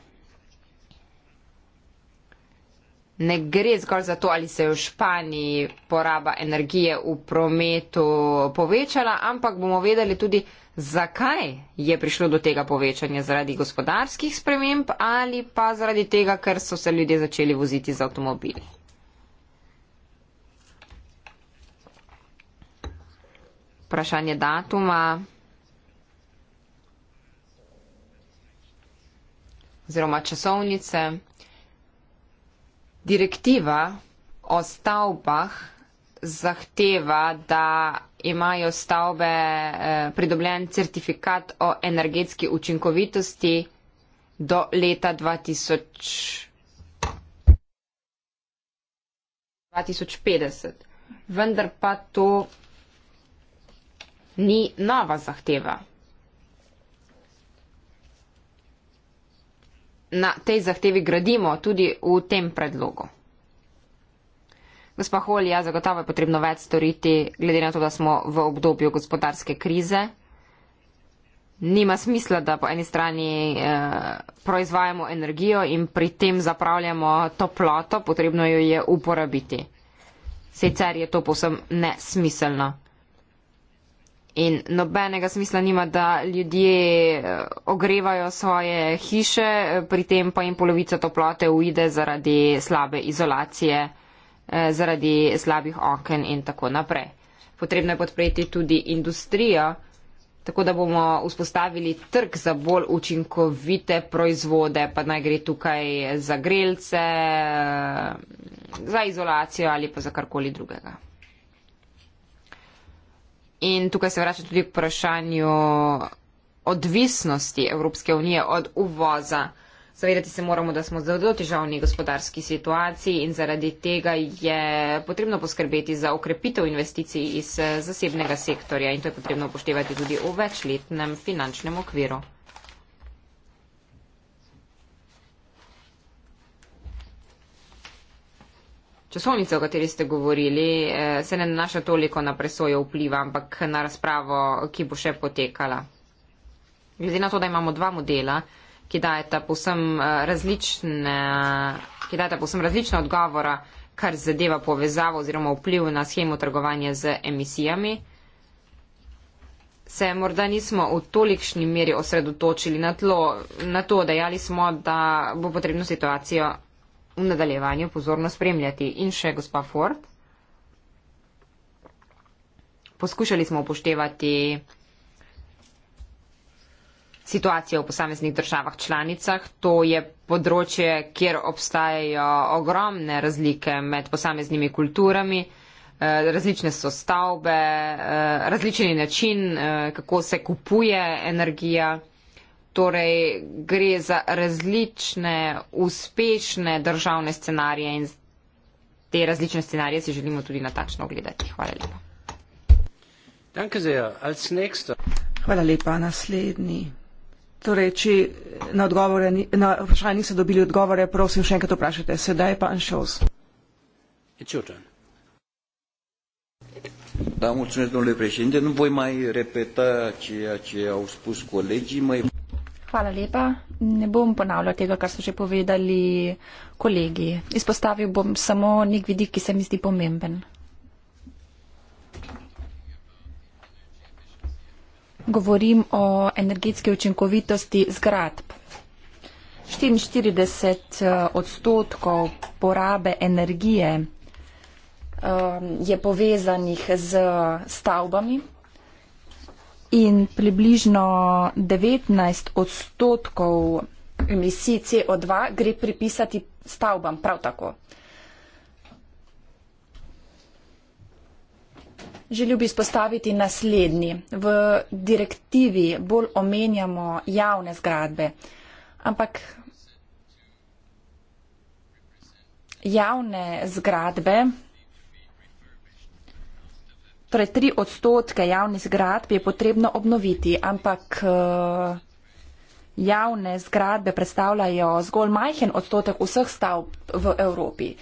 Ne gre zgolj za to, ali se je v Španiji poraba energije v prometu povečala, ampak bomo vedeli tudi, Zakaj je prišlo do tega povečanja? Zaradi gospodarskih sprememb ali pa zaradi tega, ker so se ljudje začeli voziti z avtomobili? Vprašanje datuma. Oziroma časovnice. Direktiva o stavbah zahteva, da imajo stavbe eh, pridobljen certifikat o energetski učinkovitosti do leta 2000. 2050. Vendar pa to ni nova zahteva. Na tej zahtevi gradimo tudi v tem predlogu. Gospa Holja, zagotovo je potrebno več storiti, glede na to, da smo v obdobju gospodarske krize. Nima smisla, da po eni strani eh, proizvajamo energijo in pri tem zapravljamo toploto, potrebno jo je uporabiti. Sicer je to posem nesmiselno. In nobenega smisla nima, da ljudje eh, ogrevajo svoje hiše, eh, pri tem pa jim polovica toplote uide zaradi slabe izolacije. Eh, zaradi slabih oken in tako naprej. Potrebno je podpreti tudi industrijo, tako da bomo vzpostavili trg za bolj učinkovite proizvode, pa naj gre tukaj za grelce, eh, za izolacijo ali pa za karkoli drugega. In tukaj se vračam tudi k vprašanju odvisnosti Evropske unije od uvoza Zavedati se moramo, da smo zelo težavni gospodarski situaciji in zaradi tega je potrebno poskrbeti za okrepitev investicij iz eh, zasebnega sektorja in to je potrebno upoštevati tudi v večletnem finančnem okviru. Časovnica, o kateri ste govorili, eh, se ne nanaša toliko na presojo vpliva, ampak na razpravo, ki bo še potekala. Glede na to, da imamo dva modela, ki dajeta povsem eh, različne, ki dajeta povsem različne odgovora, kar zadeva povezavo oziroma vpliv na schemo trgovanja z emisijami. Se morda nismo v tolikšni meri osredotočili na, tlo, na to, dejali smo, da bo potrebno situacijo v nadaljevanju pozorno spremljati. In še gospa Ford. Poskušali smo upoštevati situacijo v posameznih državah članicah. To je področje, kjer obstajajo ogromne razlike med posameznimi kulturami, eh, različne so stavbe, eh, različni način, eh, kako se kupuje energija. Torej gre za različne uspešne državne scenarije in te različne scenarije si želimo tudi natačno ogledati. Hvala lepa. Danke sehr. Als nächster. Hvala lepa. Naslednji Torej, če na, na vprašanje niste dobili odgovore, prosim še enkrat vprašajte. Sedaj pa en šovs. Da, mulțumesc, domnule președinte. Nu voi mai repeta ceea ce au spus colegii. Mai... Hvala lepa. Ne bom ponavljal tega, kar so že povedali kolegi. Izpostavil bom samo nek vidik, ki se mi zdi pomemben. govorim o energetski učinkovitosti zgradb. 44 eh, odstotkov porabe energije ehm, je povezanih z stavbami in približno 19 odstotkov emisij CO2 gre pripisati stavbam prav tako. želel bi spostaviti naslednji. V direktivi bolj omenjamo javne zgradbe, ampak javne zgradbe, torej tri odstotke javnih zgradb je potrebno obnoviti, ampak eh, javne zgradbe predstavljajo zgolj majhen odstotek vseh stavb v Evropi.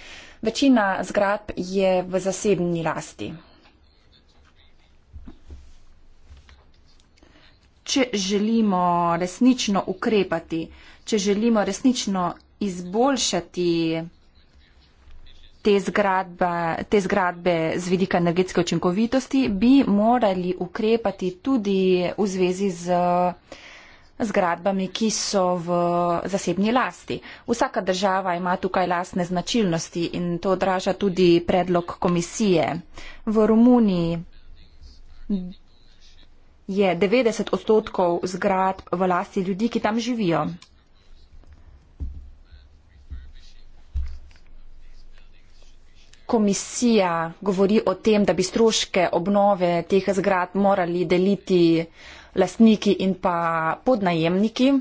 Večina zgradb je v zasebni lasti. če želimo resnično ukrepati, če želimo resnično izboljšati te zgradbe, te zgradbe z vidika energetske učinkovitosti, bi morali ukrepati tudi v zvezi z zgradbami, ki so v zasebni lasti. Vsaka država ima tukaj lastne značilnosti in to odraža tudi predlog komisije. V Romuniji je 90 odstotkov zgradb v lasti ljudi, ki tam živijo. Komisija govori o tem, da bi stroške obnove teh zgrad morali deliti lastniki in pa podnajemniki.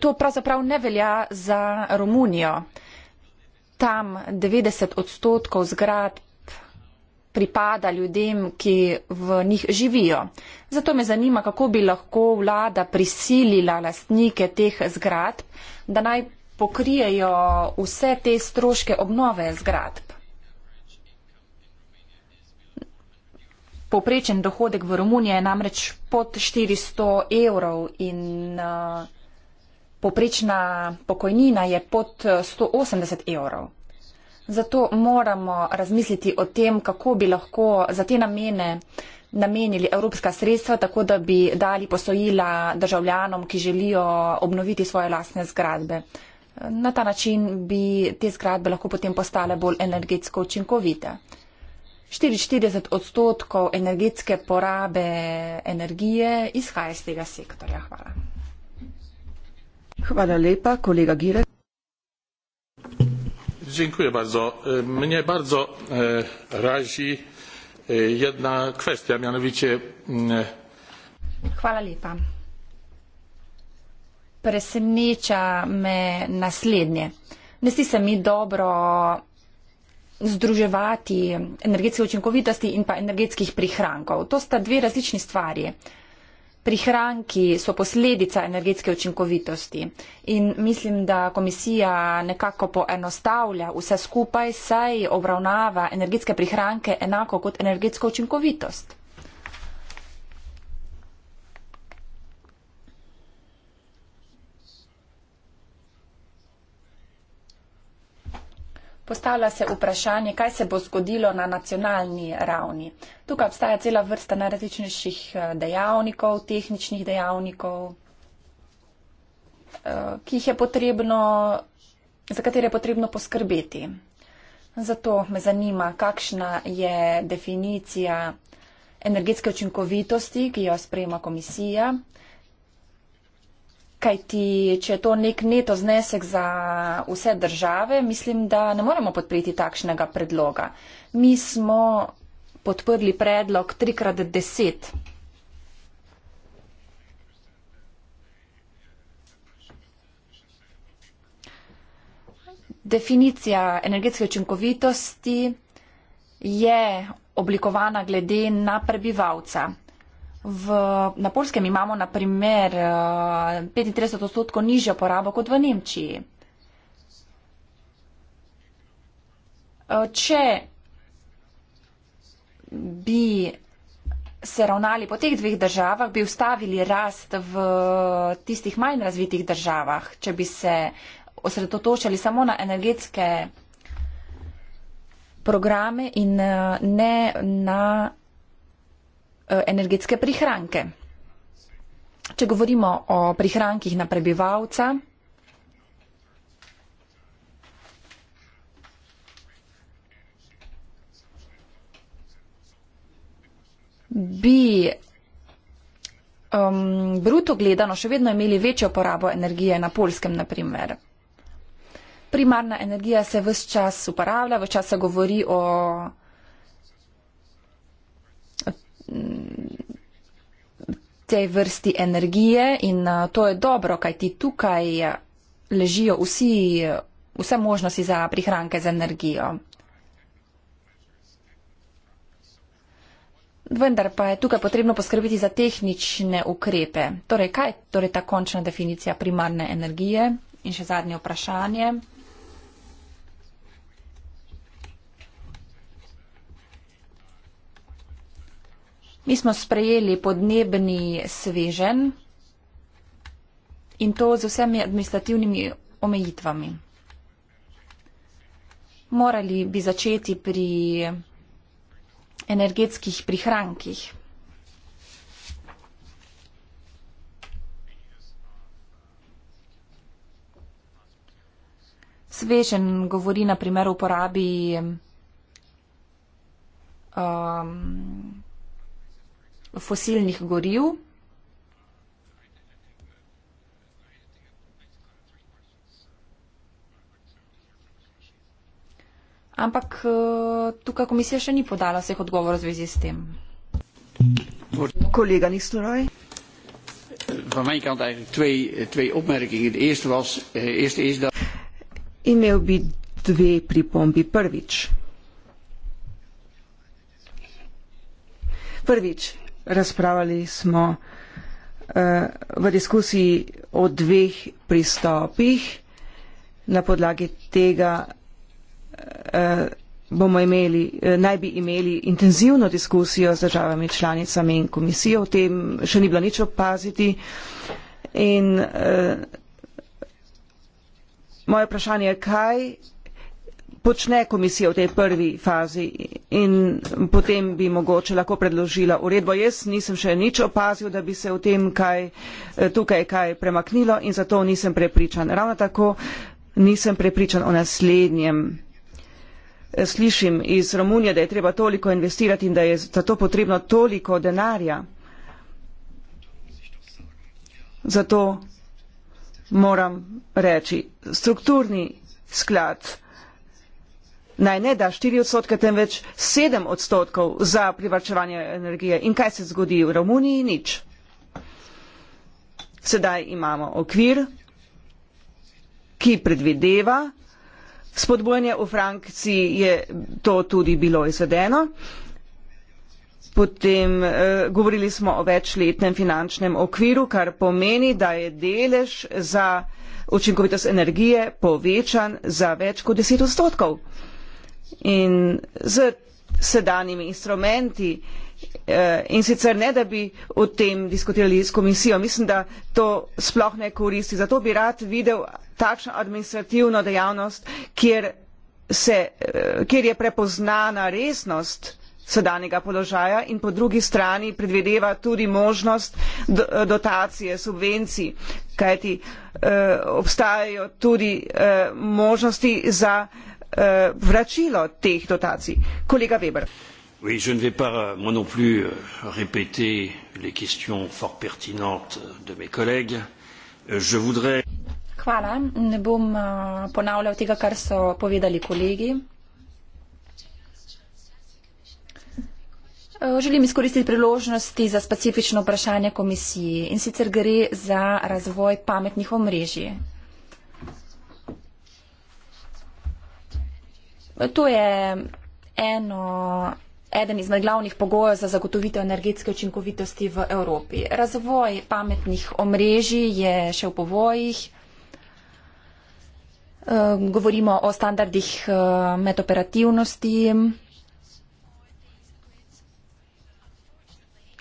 To pravzaprav ne velja za Romunijo. Tam 90 odstotkov zgradb pripada ljudem, ki v njih živijo. Zato me zanima, kako bi lahko vlada prisilila lastnike teh zgradb, da naj pokrijejo vse te stroške obnove zgradb. Poprečen dohodek v Romuniji je namreč pod 400 evrov in eh, poprečna pokojnina je pod 180 evrov. Zato moramo razmisliti o tem, kako bi lahko za te namene namenili evropska sredstva, tako da bi dali posojila državljanom, ki želijo obnoviti svoje lastne zgradbe. Na ta način bi te zgradbe lahko potem postale bolj energetsko učinkovite. 44 odstotkov energetske porabe energije izhaja iz tega sektorja. Hvala. Hvala lepa, kolega Girek. E, mnie bardzo e, razi e, jedna kwestia mianowicie mm, preseneča me naslednje ne zdi se mi dobro združevati energetske učinkovitosti in pa energetskih prihrankov to sta dve različni stvari prihranki so posledica energetske učinkovitosti. In mislim, da komisija nekako poenostavlja vse skupaj, saj obravnava energetske prihranke enako kot energetsko učinkovitost. Postavlja se vprašanje, kaj se bo zgodilo na nacionalni ravni. Tukaj obstaja cela vrsta najrazličnejših eh, dejavnikov, tehničnih dejavnikov, eh, ki jih je potrebno, za katere je potrebno poskrbeti. Zato me zanima, kakšna je definicija energetske učinkovitosti, ki jo sprejema komisija kaj ti, če je to nek neto znesek za vse države, mislim, da ne moremo podpreti takšnega predloga. Mi smo podprli predlog 3x10. Definicija energetske učinkovitosti je oblikovana glede na prebivalca. V, na polskem imamo na primer 35 eh, odstotkov nižjo porabo kot v Nemčiji. Eh, če bi se ravnali po teh dveh državah, bi ustavili rast v tistih manj razvitih državah, če bi se osredotočali samo na energetske programe in eh, ne na Eh, energetske prihranke. Če govorimo o prihrankih na prebivalca, bi um, bruto gledano še vedno imeli večjo porabo energije na polskem, naprimer. Primarna energija se vse čas uporablja, vse čas se govori o te vrsti energije in to je dobro, kaj ti tukaj ležijo vsi, vse možnosti za prihranke z energijo. Vendar pa je tukaj potrebno poskrbiti za tehnične ukrepe. Torej, kaj je torej ta končna definicija primarne energije? In še zadnje vprašanje. Mi smo sprejeli podnebni svežen in to z vsemi administrativnimi omejitvami. Morali bi začeti pri energetskih prihrankih. Svežen govori na primer o uporabi um, fosilnih goriv. Ampak eh, tukaj komisija še ni podala vseh odgovorov v zvezi s tem. Kolega Nistoroj. Van mijn kant eigenlijk twee, eh, twee opmerkingen. De eerste was, uh, eerste is dat... Imel bi dve pripombi. Prvič. Prvič razpravljali smo eh, v diskusiji o dveh pristopih. Na podlagi tega eh, bomo imeli, eh, naj bi imeli intenzivno diskusijo z državami članicami in komisijo. O tem še ni bilo nič opaziti. In, Moje vprašanje je, kaj počne komisija v tej prvi fazi in potem bi mogoče lahko predložila uredbo. Jaz nisem še nič opazil, da bi se v tem kaj, eh, tukaj kaj premaknilo in zato nisem prepričan. Ravno tako nisem prepričan o naslednjem. Eh, slišim iz Romunije, da je treba toliko investirati in da je zato potrebno toliko denarja. Zato moram reči, strukturni sklad naj ne da štiri odstotke, temveč sedem odstotkov za privrčevanje energije. In kaj se zgodi v Romuniji? Nič. Sedaj imamo okvir, ki predvideva, spodbojanje v Frankciji je to tudi bilo izvedeno, potem eh, govorili smo o večletnem finančnem okviru, kar pomeni, da je delež za učinkovitost energije povečan za več kot deset odstotkov in z sedanjimi instrumenti eh, in sicer ne, da bi o tem diskutirali s komisijo. Mislim, da to sploh ne koristi. Zato bi rad videl takšno administrativno dejavnost, kjer, se, eh, kjer je prepoznana resnost sedanjega položaja in po drugi strani predvedeva tudi možnost dotacije, subvencij, kajti eh, obstajajo tudi eh, možnosti za eh, Eh, vračilo teh dotacij. Kolega Weber. Oui, je ne vais pas euh, moi non plus euh, répéter les questions fort pertinentes de mes collègues. Euh, je voudrais. Hvala, ne bom ponavljal tega, kar so povedali kolegi. Eh, želim izkoristiti priložnosti za specifično vprašanje komisiji in sicer gre za razvoj pametnih omrežij. To je eno, eden izmed glavnih pogojev za zagotovitev energetske učinkovitosti v Evropi. Razvoj pametnih omrežij je še v povojih. Ehm, govorimo o standardih ehm, medoperativnosti,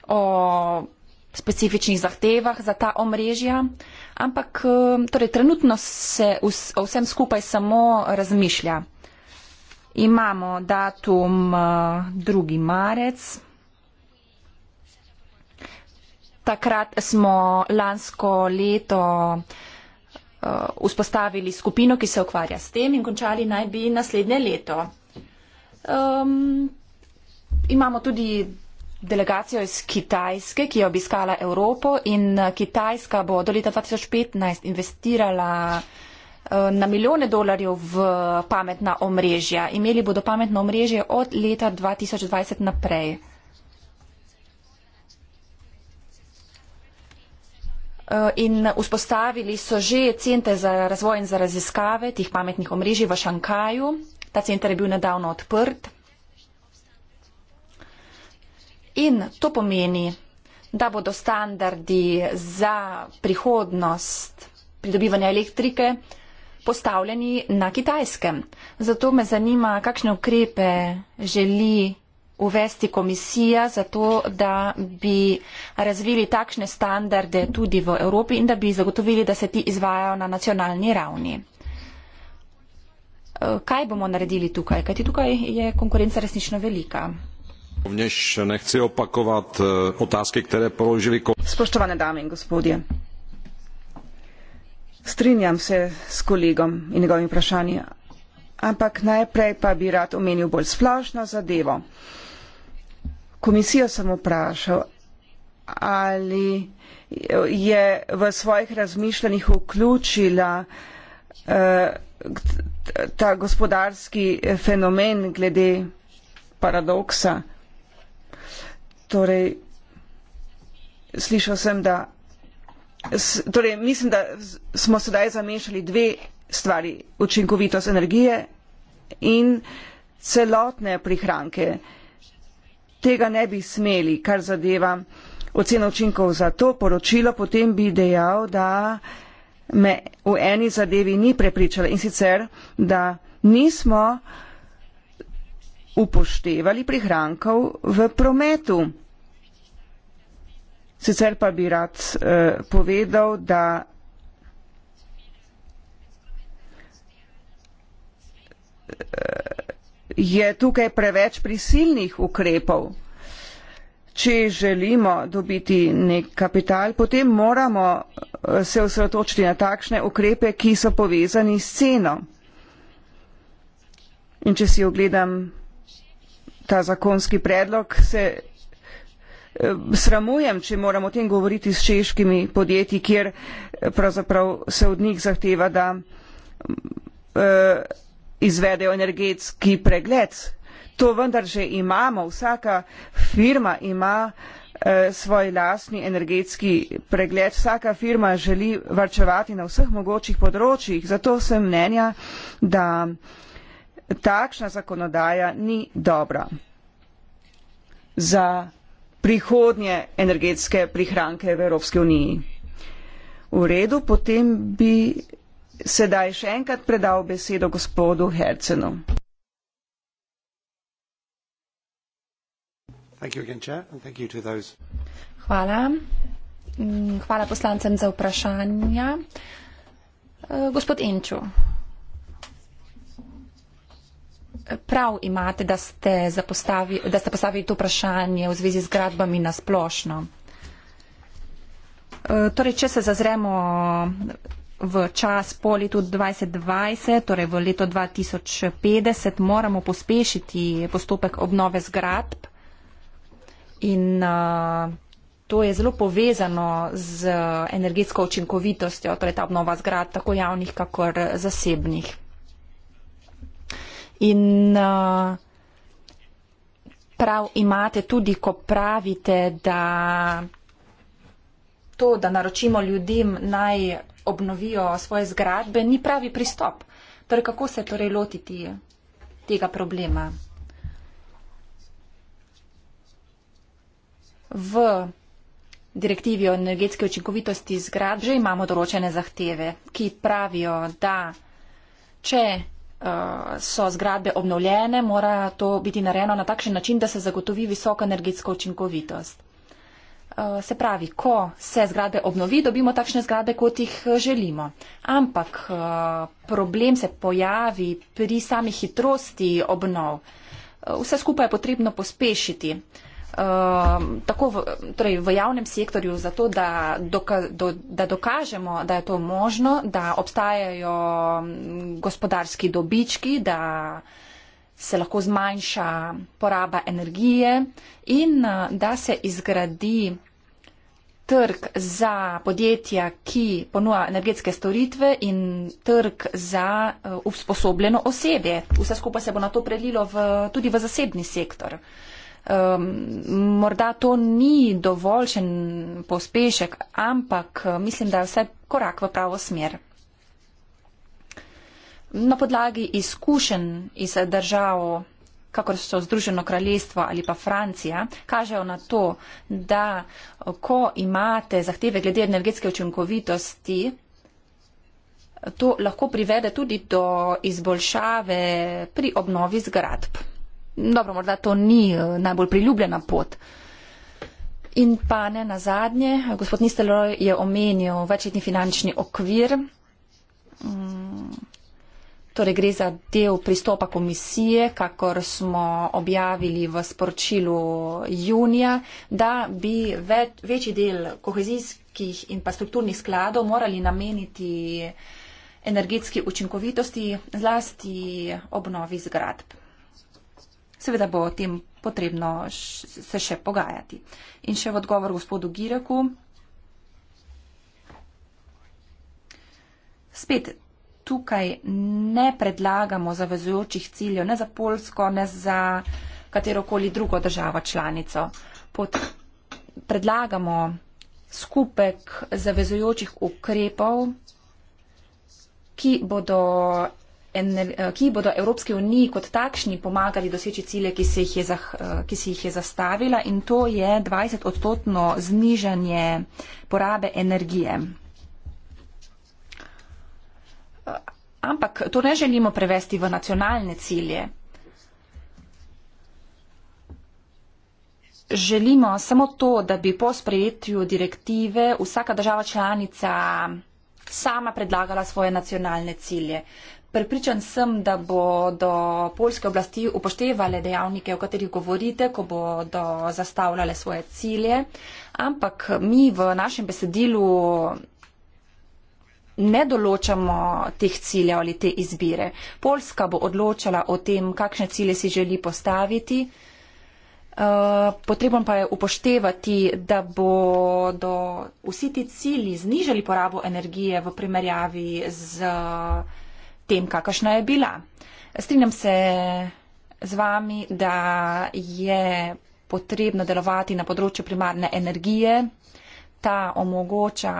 o specifičnih zahtevah za ta omrežja, ampak ehm, torej, trenutno se vsem skupaj samo razmišlja. Imamo datum 2. Eh, marec. Takrat smo lansko leto eh, vzpostavili skupino, ki se ukvarja s tem in končali naj bi naslednje leto. Um, imamo tudi delegacijo iz Kitajske, ki je obiskala Evropo in eh, Kitajska bo do leta 2015 investirala Eh, na milijone dolarjev v pametna omrežja. Imeli bodo pametno omrežje od leta 2020 naprej. Eh, in vzpostavili so že centre za razvoj in za raziskave tih pametnih omrežij v Šankaju. Ta centr je bil nedavno odprt. In to pomeni, da bodo standardi za prihodnost pridobivanja elektrike uh, postavljeni na kitajskem. Zato me zanima, kakšne ukrepe želi uvesti komisija za to, da bi razvili takšne standarde tudi v Evropi in da bi zagotovili, da se ti izvajajo na nacionalni ravni. Eh, kaj bomo naredili tukaj? Kajti tukaj je konkurenca resnično velika. Eh, Spoštovane dame in gospodje, Strinjam se s kolegom in njegovim vprašanjem, ampak najprej pa bi rad omenil bolj splošno zadevo. Komisijo sem vprašal, ali je v svojih razmišljanjih vključila eh, ta gospodarski fenomen glede paradoksa. Torej, slišal sem, da Torej, mislim, da smo sedaj zamešali dve stvari. Učinkovitost energije in celotne prihranke. Tega ne bi smeli, kar zadeva oceno učinkov za to poročilo, potem bi dejal, da me v eni zadevi ni prepričala in sicer, da nismo upoštevali prihrankov v prometu. Sicer pa bi rad eh, povedal, da je tukaj preveč prisilnih ukrepov. Če želimo dobiti nek kapital, potem moramo eh, se osredotočiti na takšne ukrepe, ki so povezani s ceno. In če si ogledam ta zakonski predlog, se sramujem če moram o tem govoriti s češkimi podjetji kjer pravzaprav se od njih zahteva da eh, izvedejo energetski pregled to vendar že imamo vsaka firma ima eh, svoj lastni energetski pregled vsaka firma želi varčevati na vseh mogočih področjih zato sem mnenja da takšna zakonodaja ni dobra za prihodnje energetske prihranke v Evropski uniji. V redu, potem bi sedaj še enkrat predal besedo gospodu Hercenu. Hvala. Hvala poslancem za vprašanja. Eh, gospod Enču, prav imate, da ste, da ste postavili to vprašanje v zvezi z gradbami na splošno. E, torej, če se zazremo v čas po letu 2020, torej v leto 2050, moramo pospešiti postopek obnove zgradb. In uh, to je zelo povezano z energetsko učinkovitostjo, torej ta obnova zgrad, tako javnih, kakor zasebnih. In eh, prav imate tudi, ko pravite, da to, da naročimo ljudem naj obnovijo svoje zgradbe, ni pravi pristop. Torej, kako se torej lotiti tega problema? V direktivi o energetske učinkovitosti zgradb že imamo določene zahteve, ki pravijo, da če Eh, so zgradbe obnovljene, mora to biti narejeno na takšen način, da se zagotovi visoka energetska učinkovitost. Eh, se pravi, ko se zgradbe obnovi, dobimo takšne zgradbe, kot jih eh, želimo. Ampak problem se pojavi pri sami hitrosti obnov. Vse skupaj je potrebno pospešiti. Ehm, tako v, torej v javnem sektorju, zato da, doka, do, da dokažemo, da je to možno, da obstajajo mm, gospodarski dobički, da se lahko zmanjša poraba energije in eh, da se izgradi trg za podjetja, ki ponuja energetske storitve in trg za eh, usposobljeno osebje. Vse skupaj se bo na to predlilo v, tudi v zasebni sektor. Uh, morda to ni dovoljšen pospešek, ampak eh, mislim, da je vse korak v pravo smer. Na podlagi izkušenj iz držav, kakor so Združeno kraljestvo ali pa Francija, kažejo na to, da eh, ko imate zahteve glede energetske učinkovitosti, to lahko privede tudi do izboljšave pri obnovi zgradb dobro, morda to ni eh, najbolj priljubljena pot. In pa ne na zadnje, gospod Nisteloj je omenil večletni finančni okvir. Mm, torej gre za del pristopa komisije, kakor smo objavili v sporočilu junija, da bi več, večji del kohezijskih in pa strukturnih skladov morali nameniti energetski učinkovitosti, zlasti obnovi zgradb seveda bo o tem potrebno se še pogajati. In še v odgovor gospodu Gireku. Spet tukaj ne predlagamo zavezujočih ciljev, ne za Polsko, ne za katerokoli drugo državo članico. Pot predlagamo skupek zavezujočih ukrepov, ki bodo Eh, ki bodo Evropske unije kot takšni pomagali doseči cilje, ki si, je, eh, ki si jih je zastavila in to je 20 odstotno znižanje porabe energije. Eh, ampak to ne želimo prevesti v nacionalne cilje. Želimo samo to, da bi po sprejetju direktive vsaka država članica sama predlagala svoje nacionalne cilje. Pripričan sem, da bodo polske oblasti upoštevale dejavnike, o katerih govorite, ko bodo zastavljale svoje cilje, ampak mi v našem besedilu ne določamo teh ciljev ali te izbire. Polska bo odločala o tem, kakšne cilje si želi postaviti. Eh, potrebno pa je upoštevati, da bodo vsi ti cilji znižali porabo energije v primerjavi z tem, kakršna je bila. Strinjam se z vami, da je potrebno delovati na področju primarne energije. Ta omogoča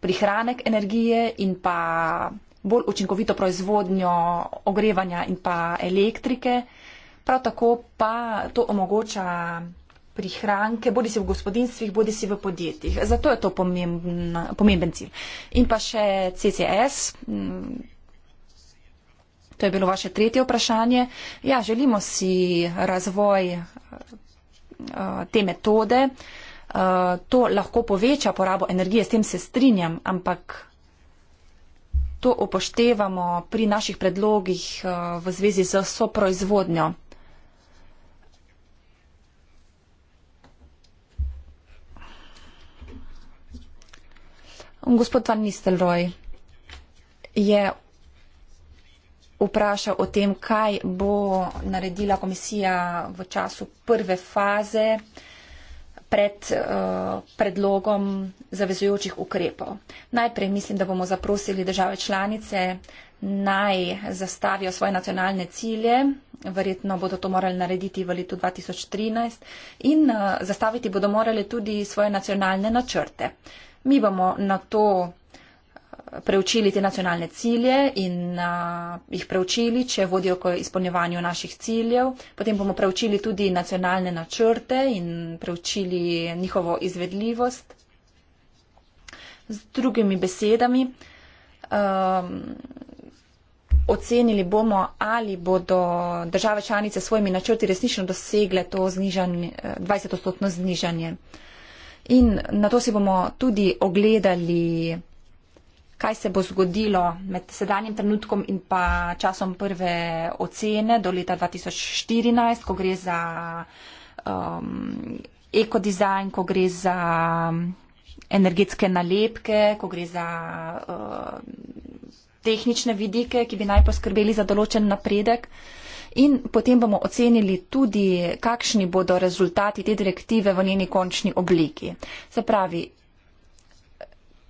prihranek energije in pa bolj učinkovito proizvodnjo ogrevanja in pa elektrike. Prav tako pa to omogoča prihranke, bodi si v gospodinstvih, bodi si v podjetjih. Zato je to pomemben, pomemben cilj. In pa še CCS. Mm, to je bilo vaše tretje vprašanje. Ja, želimo si razvoj eh, te metode. Eh, to lahko poveča porabo energije, s tem se strinjam, ampak. To upoštevamo pri naših predlogih eh, v zvezi z soproizvodnjo. Gospod Van Nistelrooy je vprašal o tem, kaj bo naredila komisija v času prve faze pred uh, predlogom zavezujočih ukrepov. Najprej mislim, da bomo zaprosili države članice naj zastavijo svoje nacionalne cilje, verjetno bodo to morali narediti v letu 2013 in eh, zastaviti bodo morali tudi svoje nacionalne načrte mi bomo na to eh, preučili te nacionalne cilje in a, eh, jih preučili, če vodijo k izpolnjevanju naših ciljev. Potem bomo preučili tudi nacionalne načrte in preučili njihovo izvedljivost. Z drugimi besedami, um, ocenili bomo, ali bodo države članice s svojimi načrti resnično dosegle to znižanje, 20-stotno eh, znižanje. Uh, In na to si bomo tudi ogledali, kaj se bo zgodilo med sedanjem trenutkom in pa časom prve ocene do leta 2014, ko gre za um, ekodizajn, ko gre za um, energetske nalepke, ko gre za uh, tehnične vidike, ki bi naj poskrbeli za določen napredek. Uh, in potem bomo ocenili tudi, kakšni bodo rezultati te direktive v njeni končni obliki. Se pravi,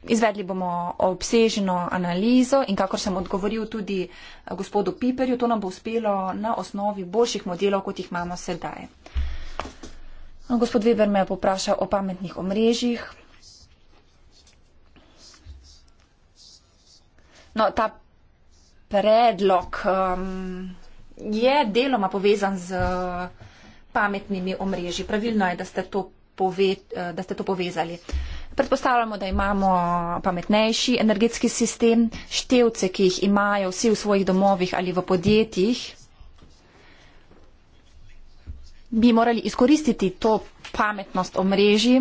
Izvedli bomo obsežno analizo in kakor sem odgovoril tudi eh, gospodu Piperju, to nam bo uspelo na osnovi boljših modelov, kot jih imamo sedaj. No, gospod Weber me je poprašal o pametnih omrežjih. No, ta predlog. Um, je deloma povezan z eh, pametnimi omrežji. Pravilno je, da ste to, pove, eh, da ste to povezali. Predpostavljamo, da imamo pametnejši energetski sistem, števce, ki jih imajo vsi v svojih domovih ali v podjetjih. Bi morali izkoristiti to pametnost omrežji.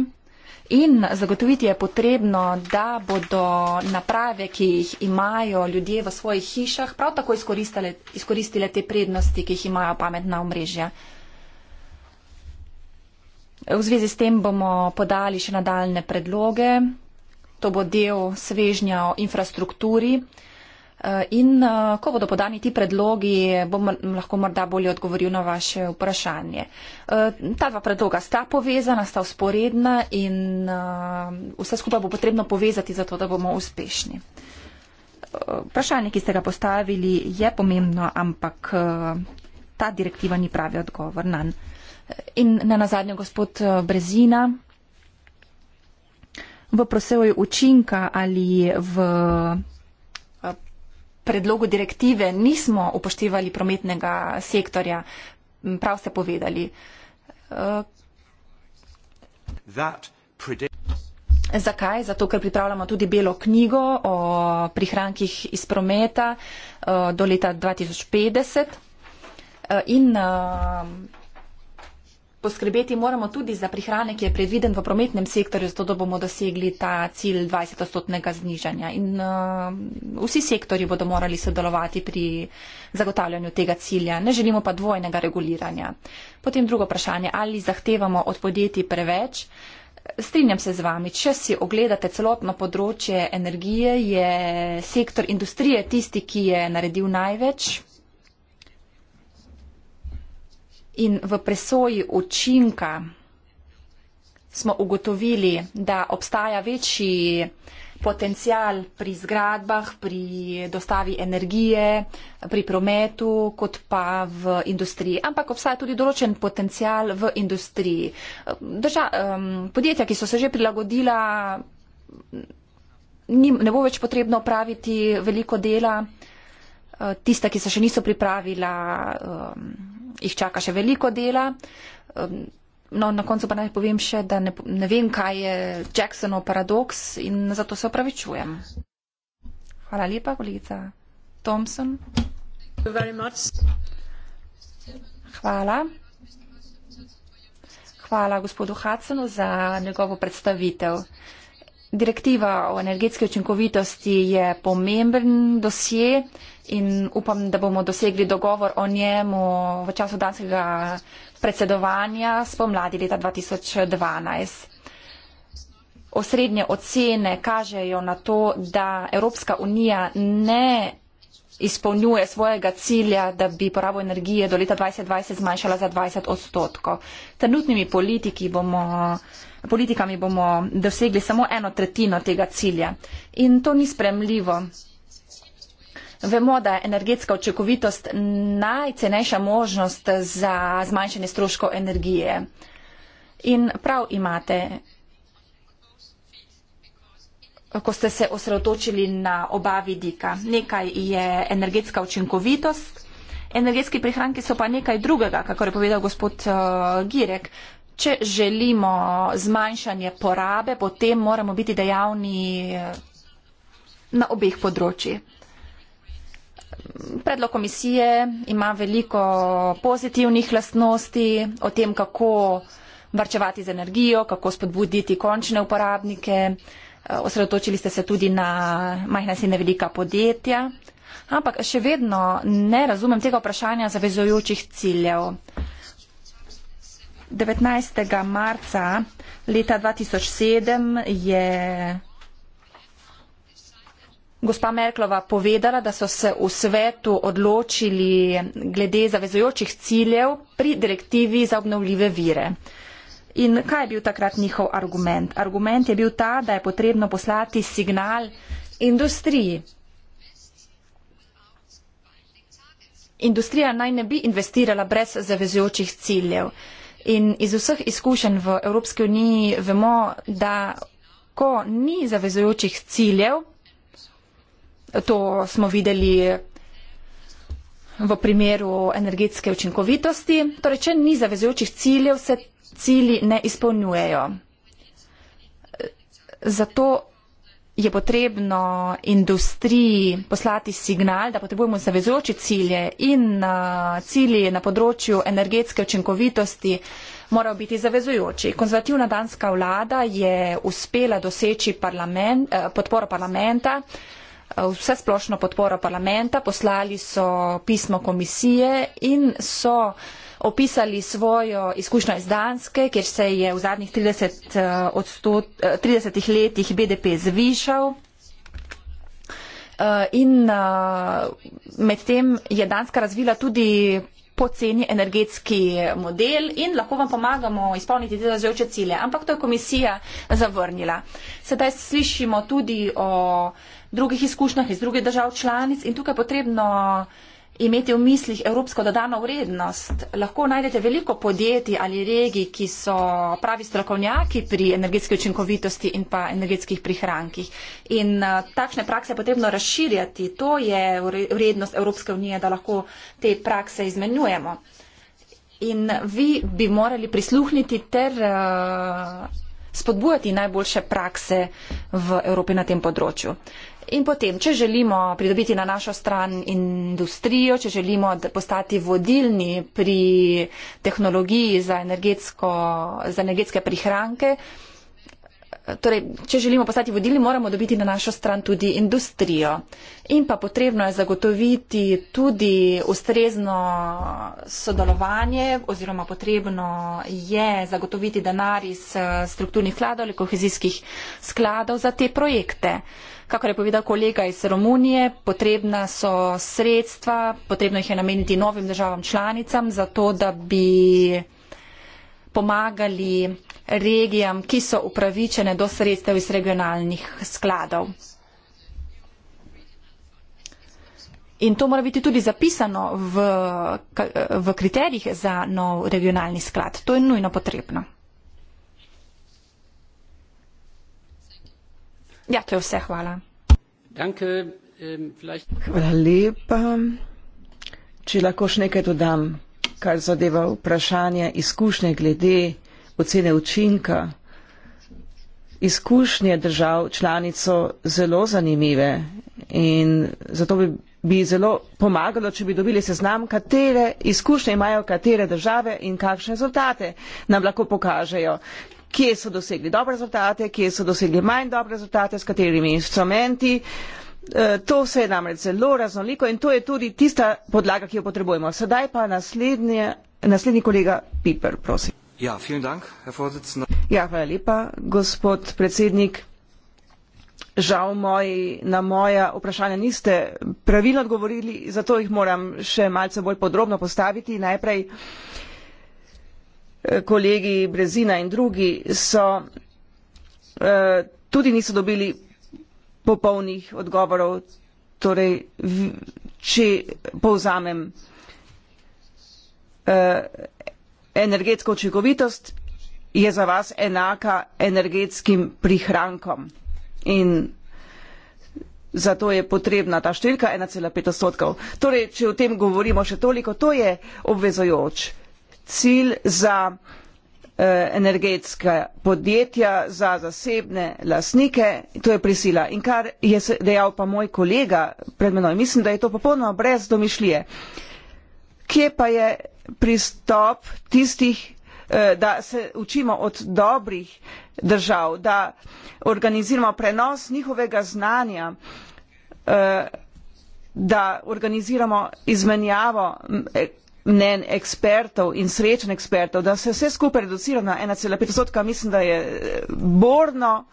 In zagotoviti je potrebno, da bodo naprave, ki jih imajo ljudje v svojih hišah, prav tako izkoristile, izkoristile te prednosti, ki jih imajo pametna omrežja. V zvezi s tem bomo podali še nadaljne predloge. To bo del svežnja o infrastrukturi. Eh, in eh, ko bodo podani ti predlogi, bom lahko morda bolje odgovoril na vaše vprašanje. Eh, ta dva predloga sta povezana, sta usporedna in vse skupaj bo potrebno povezati, zato da bomo uspešni. Vprašanje, ki ste ga postavili, je pomembno, ampak ta direktiva ni pravi odgovor na nj. In na nazadnje, gospod Brezina, v prosevoju učinka ali v predlogu direktive nismo upoštevali prometnega sektorja, mm, prav ste povedali. Uh, Zakaj? Zato, ker pripravljamo tudi belo knjigo o prihrankih iz prometa uh, do leta 2050 uh, in poskrbeti moramo tudi za prihranek, ki je predviden v prometnem sektorju, zato da bomo dosegli ta cilj 20-stotnega znižanja. In uh, vsi sektori bodo morali sodelovati pri zagotavljanju tega cilja. Ne želimo pa dvojnega reguliranja. Potem drugo vprašanje, ali zahtevamo od podjetij preveč? Strinjam se z vami, če si ogledate celotno področje energije, je sektor industrije tisti, ki je naredil največ, In v presoji učinka smo ugotovili, da obstaja večji potencial pri zgradbah, pri dostavi energije, pri prometu, kot pa v industriji. Ampak obstaja tudi določen potencial v industriji. Drža, um, podjetja, ki so se že prilagodila, ni, ne bo več potrebno praviti veliko dela. Eh, tista, ki se še niso pripravila. Um, jih čaka še veliko dela. Um, no, na koncu pa naj povem še, da ne, ne vem, kaj je Jacksonov paradoks in zato se opravičujem. Hvala lepa, kolegica Thompson. Hvala. Hvala gospodu Hudsonu za njegovo predstavitev. Direktiva o energetski učinkovitosti je pomemben dosje in upam, da bomo dosegli dogovor o njemu v času danskega predsedovanja spomladi leta 2012. Osrednje ocene kažejo na to, da Evropska unija ne izpolnjuje svojega cilja, da bi porabo energije do leta 2020 zmanjšala za 20 odstotkov. Trenutnimi politiki bomo, politikami bomo dosegli samo eno tretjino tega cilja. In to ni spremljivo. Vemo, da je energetska očekovitost najcenejša možnost za zmanjšanje stroškov energije. In prav imate, ko ste se osredotočili na oba vidika. Nekaj je energetska očinkovitost, energetski prihranki so pa nekaj drugega, kako je povedal gospod eh, Girek. Če želimo zmanjšanje porabe, potem moramo biti dejavni eh, na obeh področjih. Predlog komisije ima veliko pozitivnih lastnosti o tem, kako varčevati z energijo, kako spodbuditi končne uporabnike. Osredotočili ste se tudi na majhna in velika podjetja. Ampak še vedno ne razumem tega vprašanja zavezujočih ciljev. 19. marca leta 2007 je. Gospa Merklova povedala, da so se v svetu odločili glede zavezujočih ciljev pri direktivi za obnovljive vire. In kaj je bil takrat njihov argument? Argument je bil ta, da je potrebno poslati signal industriji. Industrija naj ne bi investirala brez zavezujočih ciljev. In iz vseh izkušenj v Evropski uniji vemo, da ko ni zavezujočih ciljev, To smo videli v primeru energetske učinkovitosti. Torej, če ni zavezujočih ciljev, se cilji ne izpolnjujejo. Zato je potrebno industriji poslati signal, da potrebujemo zavezujoče cilje in cilji na področju energetske učinkovitosti morajo biti zavezujoči. Konzervativna danska vlada je uspela doseči parlament, eh, podporo parlamenta, vse splošno podporo parlamenta, poslali so pismo komisije in so opisali svojo izkušnjo iz Danske, kjer se je v zadnjih 30, odsto, 30 letih BDP zvišal. Eh, in eh, medtem je Danska razvila tudi poceni energetski model in lahko vam pomagamo izpolniti te zažoče cilje. Ampak to je komisija zavrnila. Sedaj slišimo tudi o drugih izkušnjah iz drugih držav članic in tukaj potrebno imeti v mislih evropsko dodano vrednost. Lahko najdete veliko podjetij ali regij, ki so pravi strokovnjaki pri energetski učinkovitosti in pa energetskih prihrankih. In uh, takšne prakse je potrebno razširjati. To je vrednost Evropske unije, da lahko te prakse izmenjujemo. In vi bi morali prisluhniti ter uh, spodbujati najboljše prakse v Evropi na tem področju. In potem, če želimo pridobiti na našo stran industrijo, če želimo postati vodilni pri tehnologiji za, za energetske prihranke, torej, če želimo postati vodili, moramo dobiti na našo stran tudi industrijo. In pa potrebno je zagotoviti tudi ustrezno sodelovanje oziroma potrebno je zagotoviti denar iz eh, strukturnih skladov ali kohezijskih skladov za te projekte. Kako je povedal kolega iz Romunije, potrebna so sredstva, potrebno jih je nameniti novim državam članicam, zato da bi pomagali regijam, ki so upravičene do sredstev iz regionalnih skladov. In to mora biti tudi zapisano v, v kriterijih za nov regionalni sklad. To je nujno potrebno. Ja, to je vse. Hvala. Danke, eh, hvala lepa. Če lahko še nekaj dodam, kar zadeva vprašanje izkušnje glede ocene učinka. Izkušnje držav članico zelo zanimive in zato bi, bi zelo pomagalo, če bi dobili seznam, katere izkušnje imajo katere države in kakšne rezultate nam lahko pokažejo, kje so dosegli dobre rezultate, kje so dosegli manj dobre rezultate, s katerimi instrumenti. E, to vse je namreč zelo raznoliko in to je tudi tista podlaga, ki jo potrebujemo. Sedaj pa naslednje, naslednji kolega Piper, prosim. Ja, vielen Dank, Herr Vorsitzender. Ja, hvala lepa, gospod predsednik. Žal moji, na moja vprašanja niste pravilno odgovorili, zato jih moram še malce bolj podrobno postaviti. Najprej eh, kolegi Brezina in drugi so eh, tudi niso dobili popolnih odgovorov, torej če povzamem. Eh, energetska učinkovitost je za vas enaka energetskim prihrankom. In zato je potrebna ta številka 1,5 odstotkov. Torej, če o tem govorimo še toliko, to je obvezojoč cilj za eh, energetska podjetja, za zasebne lasnike, to je prisila. In kar je dejal pa moj kolega pred menoj, mislim, da je to popolnoma brez domišljije. Kje pa je pristop tistih, eh, da se učimo od dobrih držav, da organiziramo prenos njihovega znanja, eh, da organiziramo izmenjavo mm, mnen ekspertov in srečen ekspertov, da se vse skupaj reducira na 1,5%, mislim, da je eh, borno,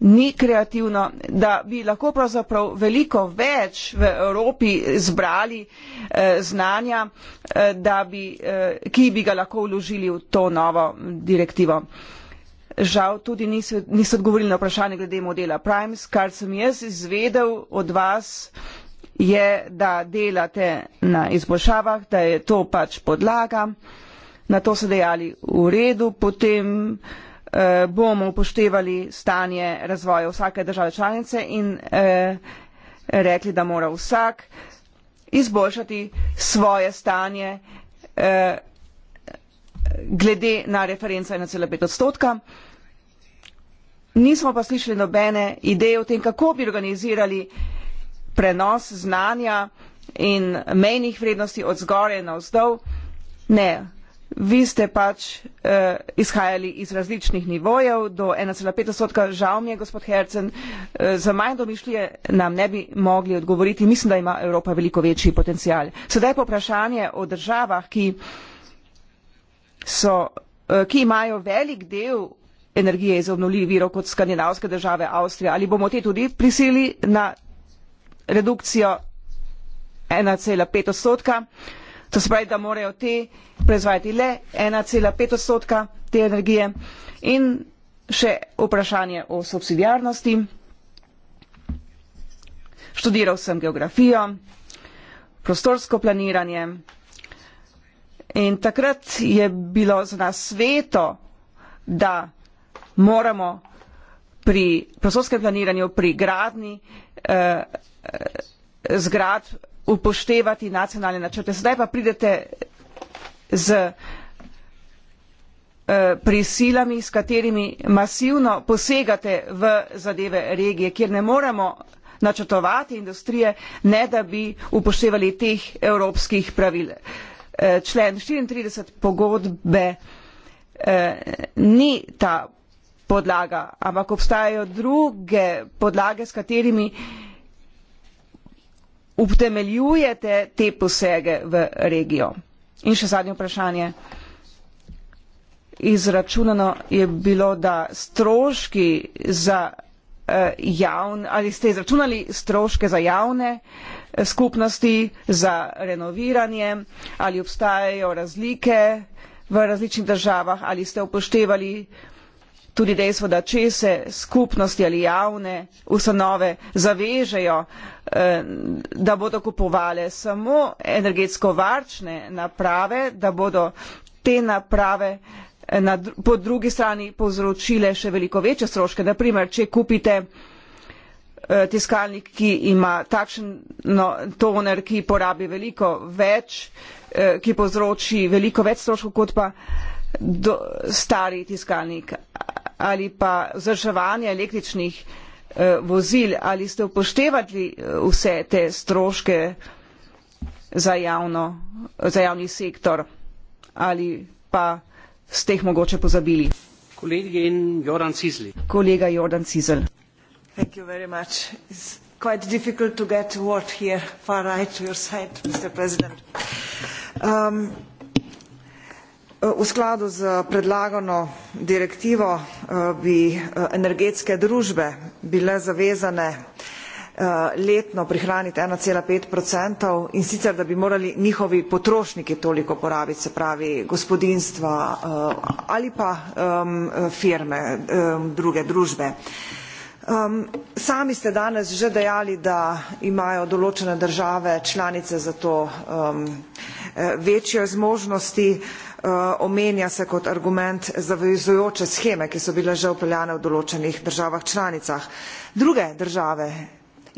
ni kreativno, da bi lahko pravzaprav veliko več v Evropi zbrali eh, znanja, eh, da bi, eh, ki bi ga lahko vložili v to novo direktivo. Žal tudi niste odgovorili na vprašanje glede modela Primes, kar sem jaz izvedel od vas je, da delate na izboljšavah, da je to pač podlaga. Na to ste dejali v redu, potem eh, Eh, bomo upoštevali stanje razvoja vsake države članice in eh, rekli, da mora vsak izboljšati svoje stanje eh, glede na referenca 1,5 odstotka. Nismo pa slišali nobene ideje o tem, kako bi organizirali prenos znanja in mejnih vrednosti od zgore na vzdolj. Ne, vi ste pač eh, izhajali iz različnih nivojev do ena cela pet odstotka žal mi je gospod hercen eh, za manj domišljije nam ne bi mogli odgovoriti mislim da ima evropa veliko večji potencial sedaj pa vprašanje o državah ki so eh, ki imajo velik del energije iz obnovljivih virov kot skandinavske države avstrija ali bomo te tudi prisili na redukcijo ena cela pet odstotka to se pravi, da morajo te proizvajati le 1,5 odstotka te energije in še vprašanje o subsidijarnosti. Študiral sem geografijo, prostorsko planiranje in takrat je bilo za nas sveto, da moramo pri prostorskem planiranju, pri gradni eh, eh, zgrad upoštevati nacionalne načrte. Zdaj pa pridete z eh, prisilami, s katerimi masivno posegate v zadeve regije, kjer ne moremo načrtovati industrije, ne da bi upoštevali teh evropskih pravil. Eh, člen 34 pogodbe eh, ni ta podlaga, ampak obstajajo druge podlage, s katerimi utemeljujete te posege v regijo in še zadnje vprašanje izračunano je bilo da stroški za eh, javne ali ste izračunali stroške za javne eh, skupnosti za renoviranje ali obstajajo razlike v različnih državah ali ste upoštevali eh, tudi dejstvo, da če se skupnosti ali javne ustanove zavežejo, eh, da bodo kupovale samo energetsko varčne naprave, da bodo te naprave eh, na, po drugi strani povzročile še veliko večje stroške. Naprimer, če kupite eh, tiskalnik, ki ima takšen no, toner, ki porabi veliko več, ki povzroči veliko več stroškov kot pa do, stari tiskalnik ali pa vzdrževanje električnih eh, vozil, ali ste upoštevali eh, vse te stroške za, javno, za javni sektor ali pa ste jih mogoče pozabili? Kolega Jordan Cizel. Quite difficult to get word here, far right to your side, Mr. President. Um, V skladu z predlagano direktivo eh, bi eh, energetske družbe bile zavezane eh, letno prihraniti 1,5% in sicer, da bi morali njihovi potrošniki toliko porabiti, se pravi gospodinstva ali pa firme, druge družbe. Sami ste danes že dejali, da imajo določene države članice za to večje zmožnosti, Eh, omenja se kot argument zavezujoče sheme, ki so bile že upeljane v določenih državah članicah. Druge države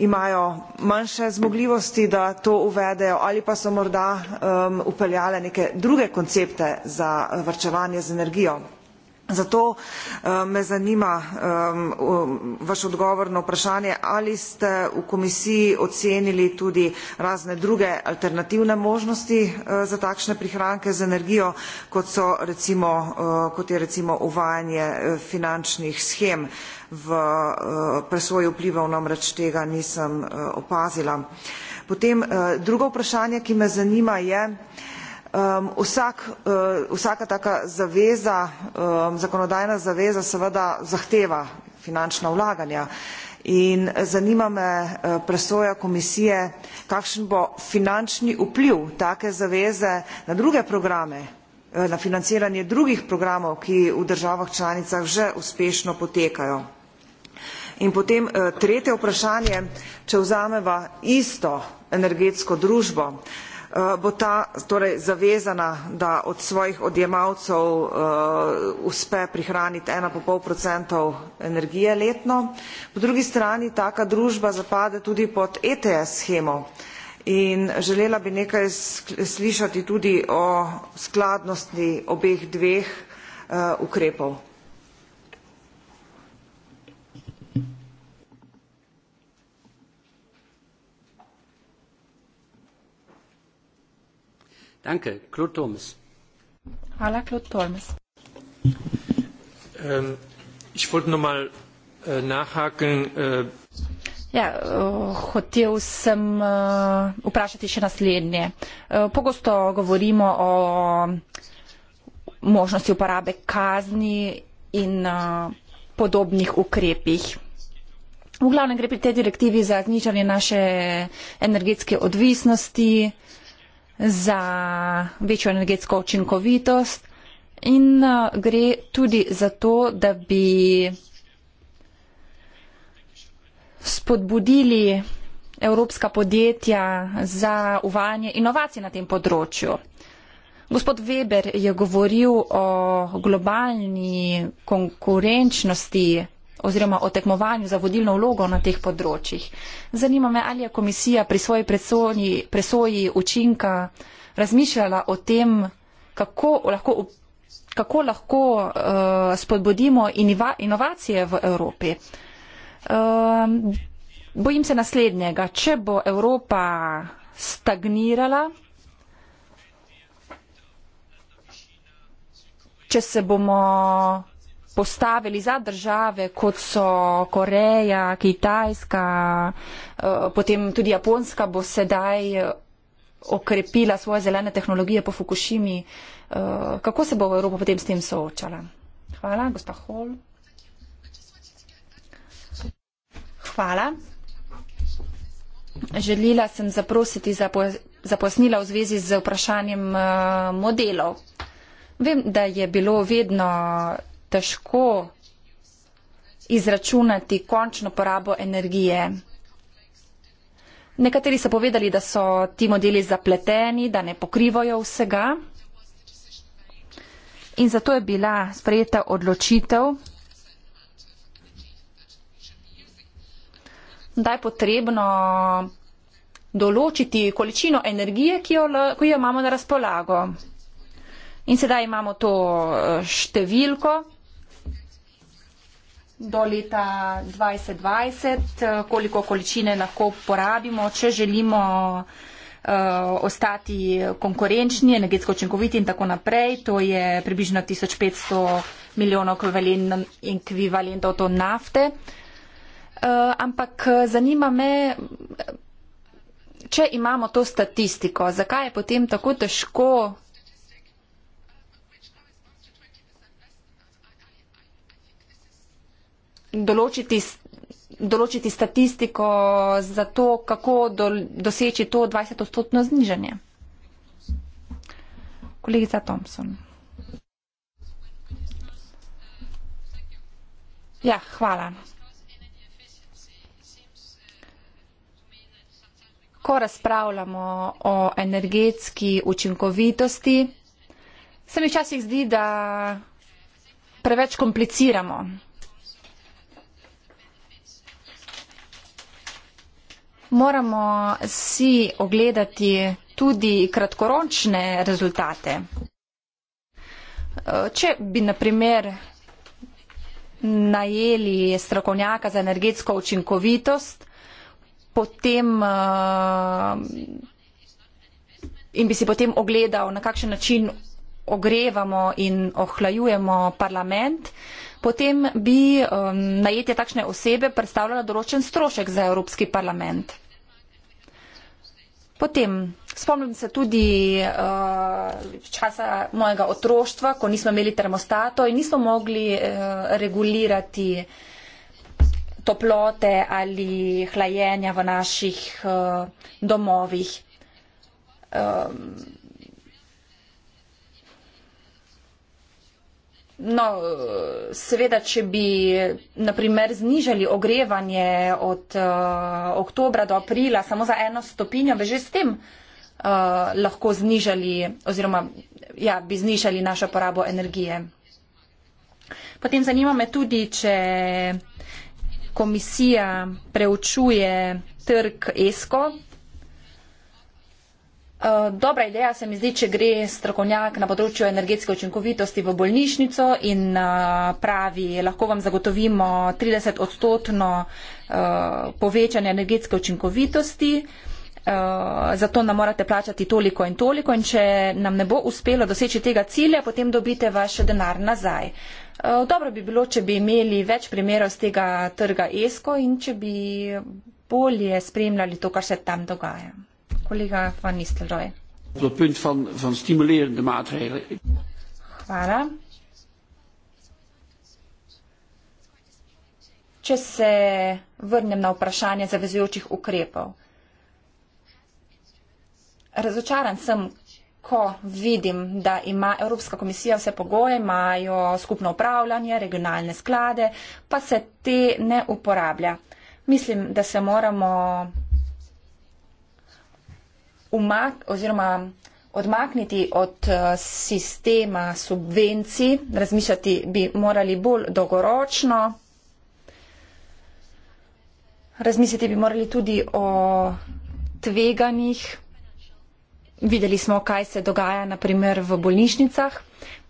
imajo manjše zmogljivosti, da to uvedejo ali pa so morda um, ehm, upeljale neke druge koncepte za eh, vrčevanje z energijo. Zato eh, me zanima eh, vaš odgovor na vprašanje, ali ste v komisiji ocenili tudi razne druge alternativne možnosti eh, za takšne prihranke z energijo, kot, so recimo, kot je recimo uvajanje finančnih schem v presoji vplivov, namreč tega nisem opazila. Potem drugo vprašanje, ki me zanima, je, Um, vsak, uh, vsaka taka zaveza, um, zakonodajna zaveza seveda zahteva finančna vlaganja in zanima me uh, presoja komisije, kakšen bo finančni vpliv take zaveze na druge programe, uh, na financiranje drugih programov, ki v državah članicah že uspešno potekajo. In potem uh, tretje vprašanje, če vzameva isto energetsko družbo, Eh, bo ta torej zavezana, da od svojih odjemalcev eh, uspe prihraniti ena pa pol odstotkov energije letno. Po drugi strani taka družba zapade tudi pod ETS schemo in želela bi nekaj slišati tudi o skladnosti obeh dveh eh, ukrepov. Danke. Claude Turmes. Hala, Claude Turmes. Ähm, ich wollte noch mal äh, nachhaken. Äh ja, äh, hotel sem äh, vprašati še naslednje. Äh, pogosto govorimo o možnosti uporabe kazni in äh, podobnih ukrepih. V glavnem gre pri tej direktivi za znižanje naše energetske odvisnosti, äh, za večjo energetsko učinkovitost in uh, gre tudi za to, da bi spodbudili evropska podjetja za uvajanje inovacij na tem področju. Gospod Weber je govoril o globalni konkurenčnosti oziroma o tekmovanju za vodilno vlogo na teh področjih. Zanima me, ali je komisija pri svoji presoji, presoji učinka razmišljala o tem, kako lahko, kako lahko uh, spodbudimo inova, inovacije v Evropi. Um, bojim se naslednjega. Če bo Evropa stagnirala, če se bomo postavili za države, kot so Koreja, Kitajska, eh, potem tudi Japonska bo sedaj eh, okrepila svoje zelene tehnologije po Fukushimi. Eh, kako se bo Evropa potem s tem soočala? Hvala, gospa Hol. Hvala. Želila sem zaprositi za, po, za posnila v zvezi z vprašanjem modelov. Vem, da je bilo vedno težko izračunati končno porabo energije. Nekateri so povedali, da so ti modeli zapleteni, da ne pokrivajo vsega. In zato je bila sprejeta odločitev, da je potrebno določiti količino energije, ki jo, ki jo imamo na razpolago. In sedaj imamo to eh, številko, do leta 2020, eh, koliko količine lahko porabimo, če želimo eh, ostati konkurenčni, energetsko učinkoviti in tako naprej. To je približno 1500 milijonov ekvivalentov to nafte. Eh, ampak zanima me, če imamo to statistiko, zakaj je potem tako težko določiti, določiti statistiko za to, kako do, doseči to 20-odstotno znižanje. Kolegica Thompson. Ja, hvala. Ko razpravljamo o energetski učinkovitosti, se mi včasih zdi, da preveč kompliciramo moramo si ogledati tudi kratkoročne rezultate. Eh, če bi naprimer najeli strokovnjaka za energetsko učinkovitost, potem eh, in bi si potem ogledal, na kakšen način ogrevamo in ohlajujemo parlament, uh, potem bi um, najetje takšne osebe predstavljalo določen strošek za Evropski parlament. Potem spomnim se tudi uh, časa mojega otroštva, ko nismo imeli termostato in nismo mogli uh, regulirati toplote ali hlajenja v naših uh, domovih. Um, No, seveda, če bi naprimer znižali ogrevanje od uh, oktobra do aprila samo za eno stopinjo, bi že s tem uh, lahko znižali oziroma ja, bi znižali našo porabo energije. Potem zanima me tudi, če komisija preučuje trg ESCO, Eh, dobra ideja se mi zdi, če gre strokovnjak na področju energetske učinkovitosti v bolnišnico in eh, pravi, lahko vam zagotovimo 30 odstotno eh, povečanje energetske učinkovitosti, zato nam morate plačati toliko in toliko in če nam ne bo uspelo doseči tega cilja, potem dobite vaš denar nazaj. Dobro bi bilo, če bi imeli več primerov z tega trga ESCO in če bi bolje spremljali to, kar se tam dogaja collega Van Nistelrooy. Op het punt van, van stimulerende maatregelen. Hvala. Če se vrnem na vprašanje zavezujočih ukrepov. Razočaran sem, ko vidim, da ima Evropska komisija vse pogoje, imajo skupno upravljanje, regionalne sklade, pa se te ne uporablja. Mislim, da se moramo umak, oziroma odmakniti od eh, sistema subvencij, razmišljati bi morali bolj dolgoročno, razmisliti bi morali tudi o tveganjih. Videli smo, kaj se dogaja naprimer v bolnišnicah.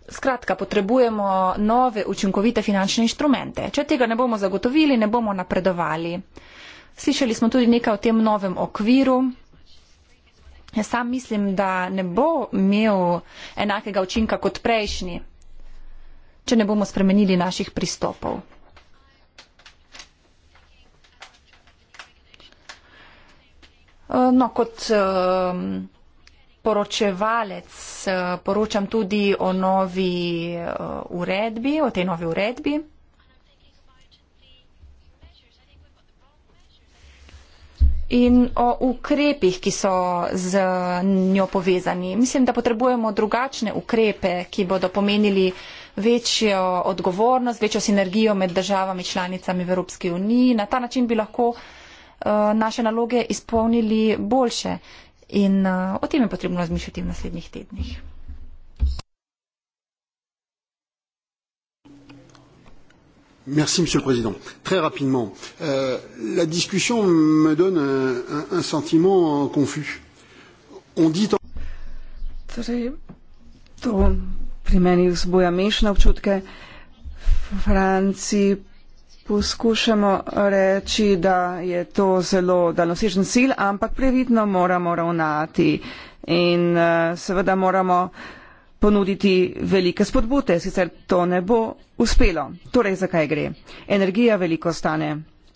Skratka, potrebujemo nove učinkovite finančne inštrumente. Če tega ne bomo zagotovili, ne bomo napredovali. Slišali smo tudi nekaj o tem novem okviru. Jaz sam mislim, da ne bo imel enakega učinka kot prejšnji, če ne bomo spremenili naših pristopov. No, kot um, poročevalec uh, poročam tudi o novi uh, uredbi, o tej novi uredbi. in o ukrepih, ki so z njo povezani. Mislim, da potrebujemo drugačne ukrepe, ki bodo pomenili večjo odgovornost, večjo sinergijo med državami članicami v Evropski uniji. Na ta način bi lahko eh, naše naloge izpolnili boljše. In eh, o tem je potrebno razmišljati v naslednjih tednih. Merci, Monsieur le Président. Très rapidement, euh, la discussion me donne un, un, un sentiment confus. On dit. En... Torej, to pri meni vzbuja mešane občutke. V Franciji poskušamo reči, da je to zelo daljnosežen cilj, ampak previdno moramo ravnati. In uh, seveda moramo uh, ponuditi velike spodbute, sicer to ne bo uspelo. Torej, zakaj gre? Energija veliko stane,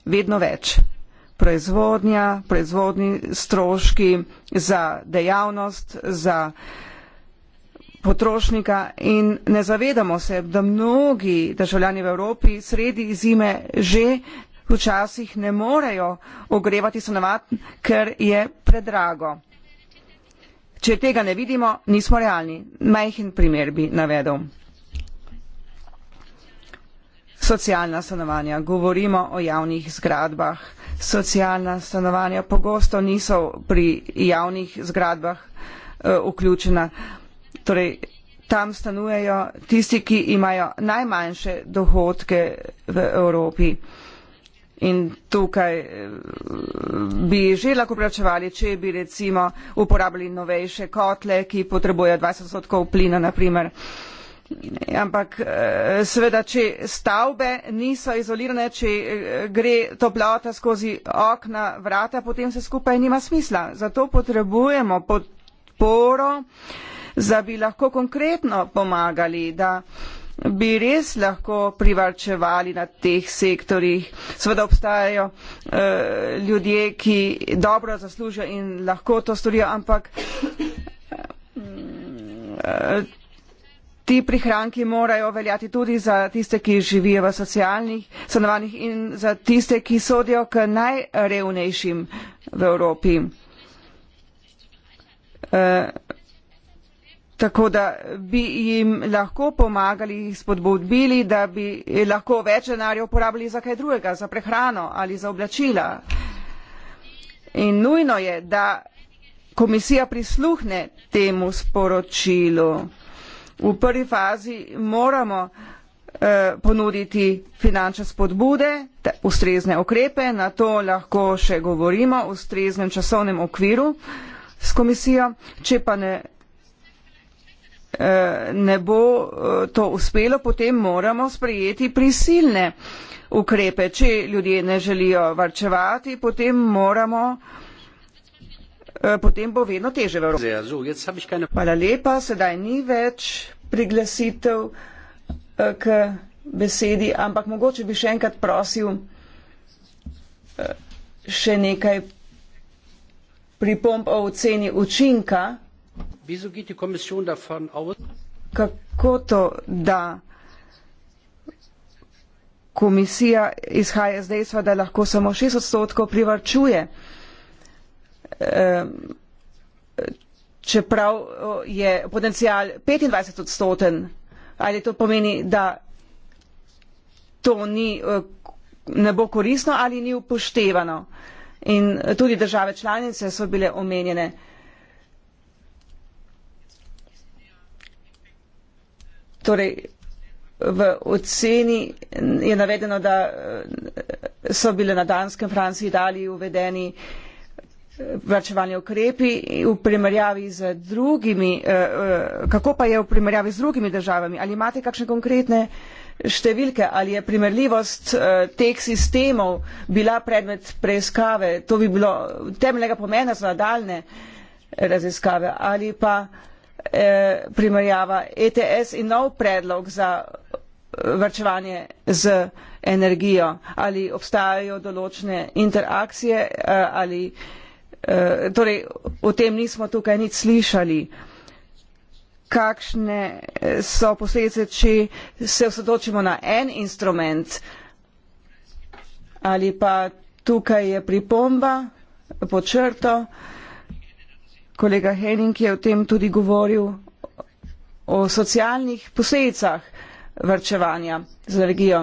vedno več. Proizvodnja, proizvodni stroški za dejavnost, za potrošnika in ne zavedamo se, da mnogi državljani v Evropi sredi zime že včasih ne morejo ogrevati stanovanj, ker je predrago. Če tega ne vidimo, nismo realni. Majhen primer bi navedel. Socialna stanovanja. Govorimo o javnih zgradbah. Socialna stanovanja pogosto niso pri javnih zgradbah uh, vključena. Torej, tam stanujejo tisti, ki imajo najmanjše dohodke v Evropi. Uh, in tukaj eh, bi že lahko plačevali, če bi recimo uporabili novejše kotle, ki potrebujejo 20 odstotkov plina, naprimer. Ampak eh, seveda, če stavbe niso izolirane, če eh, gre toplota skozi okna, vrata, potem se skupaj nima smisla. Zato potrebujemo podporo, da bi lahko konkretno pomagali, da bi res lahko privarčevali na teh sektorjih. Seveda obstajajo eh, ljudje, ki dobro zaslužijo in lahko to storijo, ampak eh, ti prihranki morajo veljati tudi za tiste, ki živijo v socialnih stanovanjih in za tiste, ki sodijo k najrevnejšim v Evropi. Eh, tako da bi jim lahko pomagali, jih spodbudili, da bi eh, lahko več denarja uporabili za kaj drugega, za prehrano ali za oblačila. In nujno je, da komisija prisluhne temu sporočilu. V prvi fazi moramo eh, ponuditi finančne spodbude, ustrezne okrepe, na to lahko še govorimo v ustreznem časovnem okviru s komisijo. Če pa ne ne bo eh, to uspelo, potem moramo sprejeti prisilne ukrepe. Če ljudje ne želijo varčevati, potem moramo. Eh, potem bo vedno teže v Evropi. Hvala lepa, sedaj ni več priglasitev eh, k besedi, ampak mogoče bi še enkrat prosil še nekaj pripomp o oceni učinka kako to, da komisija izhaja z dejstva, da lahko samo šest odstotkov privarčuje, ehm, čeprav je potencijal 25 odstoten, ali to pomeni, da to ni, e, ne bo koristno ali ni upoštevano. In tudi države članice so bile omenjene. Torej, v oceni je navedeno, da eh, so bile na Danskem, Franciji, Italiji uvedeni eh, vračevalni ukrepi v primerjavi z drugimi, eh, kako pa je v primerjavi z drugimi državami? Ali imate kakšne konkretne številke? Ali je primerljivost teh sistemov bila predmet preiskave? To bi bilo temeljnega pomena za nadaljne raziskave. Ali pa eh, primerjava ETS in nov predlog za eh, vrčevanje z energijo, ali obstajajo določene interakcije, eh, ali eh, torej o tem nismo tukaj nič slišali kakšne eh, so posledice, če se osredotočimo na en instrument ali pa tukaj je pripomba po črto. Eh, kolega Henning je o tem tudi govoril, o socialnih posledicah vrčevanja z energijo.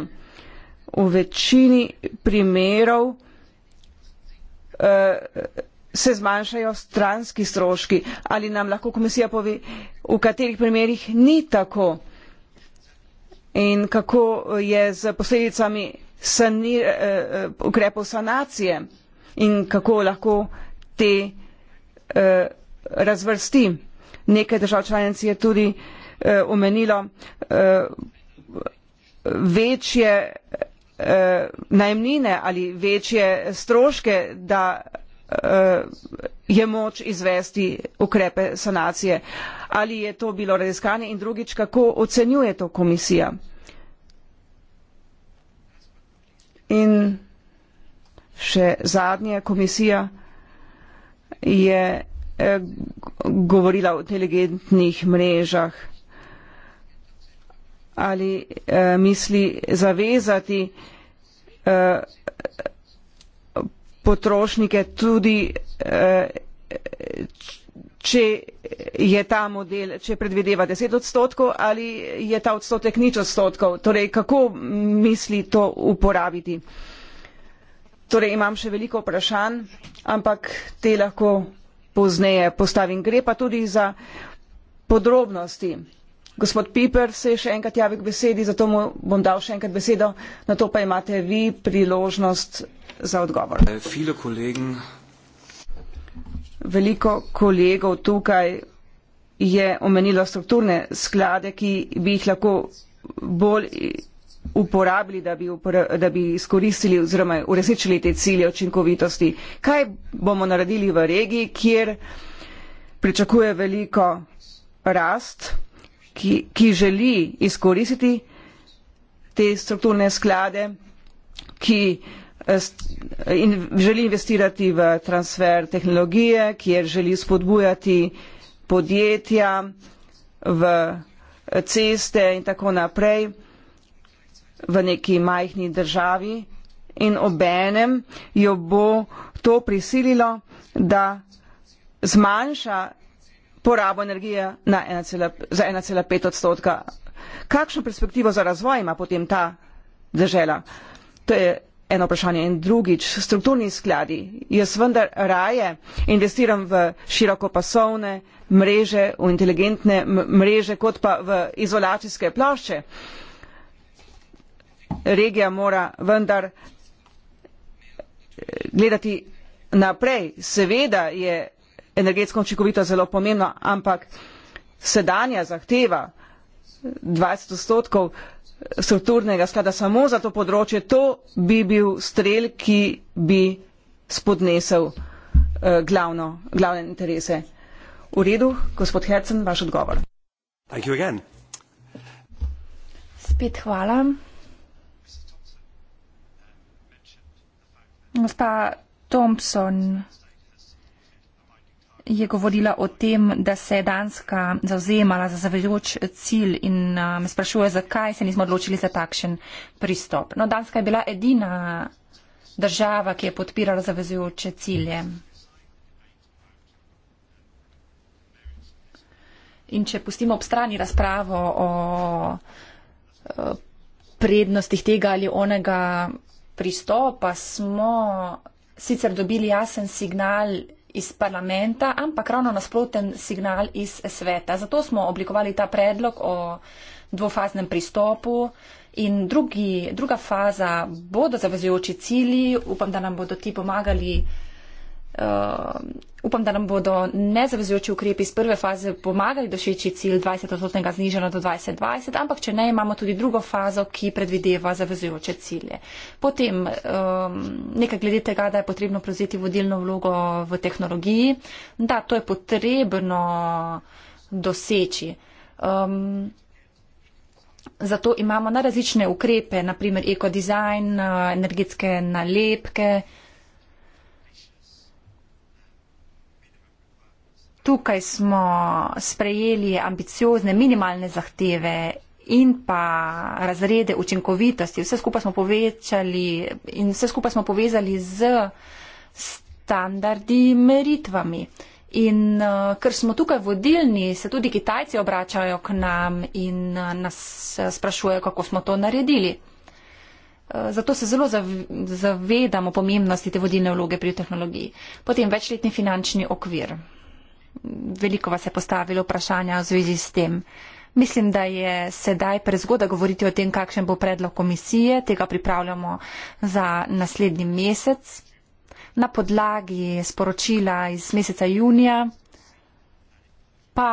V večini primerov eh, se zmanjšajo stranski stroški ali nam lahko komisija pove, v katerih primerih ni tako in kako je z posledicami sanir, eh, eh, ukrepov sanacije in kako lahko te eh, razvrsti. Nekaj držav članic je tudi uh, omenilo uh, večje uh, eh, najmnine ali večje stroške, da uh, je moč izvesti ukrepe sanacije. Ali je to bilo raziskanje in drugič, kako ocenjuje to komisija? In še zadnje, komisija je Eh, govorila o inteligentnih mrežah? Ali eh, misli zavezati eh, potrošnike tudi, eh, če je ta model, če predvideva 10 odstotkov ali je ta odstotek nič odstotkov, torej kako misli to uporabiti. Torej imam še veliko vprašanj, ampak te lahko pozneje postavim. Gre pa tudi za podrobnosti. Gospod Piper se je še enkrat javil k besedi, zato mu bom dal še enkrat besedo, na to pa imate vi priložnost za odgovor. Eh, Veliko kolegov tukaj je omenilo strukturne sklade, ki bi jih lahko bolj uporabili, da bi, upra, da bi izkoristili oziroma uresničili te cilje očinkovitosti. Kaj bomo naredili v regiji, kjer pričakuje veliko rast, ki, ki želi izkoristiti te strukturne sklade, ki eh, in želi investirati v transfer tehnologije, kjer želi spodbujati podjetja v eh, ceste in tako naprej v neki majhni državi in obenem jo bo to prisililo, da zmanjša porabo energije na 1, za 1,5 odstotka. Kakšno perspektivo za razvoj ima potem ta držela? To je eno vprašanje. In drugič, strukturni skladi. Jaz vendar raje investiram v širokopasovne mreže, v inteligentne mreže, kot pa v izolacijske plošče. Uh, regija mora vendar eh, gledati naprej. Seveda je energetsko učinkovito zelo pomembno, ampak sedanja zahteva 20 odstotkov strukturnega sklada samo za to področje, to bi bil strel, ki bi spodnesel eh, glavno, glavne interese. V redu, gospod Hercen, vaš odgovor. Spet hvala. Gospa Thompson je govorila o tem, da se je Danska zauzemala za zavezujoč cilj in me um, sprašuje, zakaj se nismo odločili za takšen pristop. No, Danska je bila edina država, ki je podpirala zavezujoče cilje. In če pustimo ob strani razpravo o eh, prednostih tega ali onega pristopa smo sicer dobili jasen signal iz parlamenta, ampak ravno nasproten signal iz sveta. Zato smo oblikovali ta predlog o dvofaznem pristopu in drugi, druga faza bodo zavezujoči cilji. Upam, da nam bodo ti pomagali Uh, upam, da nam bodo nezavezujoči ukrepi iz prve faze pomagali doseči cilj 20-odstotnega znižanja do 2020, ampak če ne, imamo tudi drugo fazo, ki predvideva zavezujoče cilje. Potem um, nekaj glede tega, da je potrebno prevzeti vodilno vlogo v tehnologiji. Da, to je potrebno doseči. Um, zato imamo na različne ukrepe, naprimer ekodizajn, uh, energetske nalepke, uh, tukaj smo sprejeli ambiciozne minimalne zahteve in pa razrede učinkovitosti. Vse skupaj smo povečali in vse skupaj smo povezali z standardi meritvami. In eh, ker smo tukaj vodilni, se tudi Kitajci obračajo k nam in eh, nas eh, sprašujejo, kako smo to naredili. Zato se zelo zavedamo pomembnosti te vodilne vloge pri tehnologiji. Potem večletni finančni okvir veliko vas je postavilo vprašanja v zvezi s tem. Mislim, da je sedaj prezgoda govoriti o tem, kakšen bo predlog komisije. Tega pripravljamo za naslednji mesec. Na podlagi sporočila iz meseca junija pa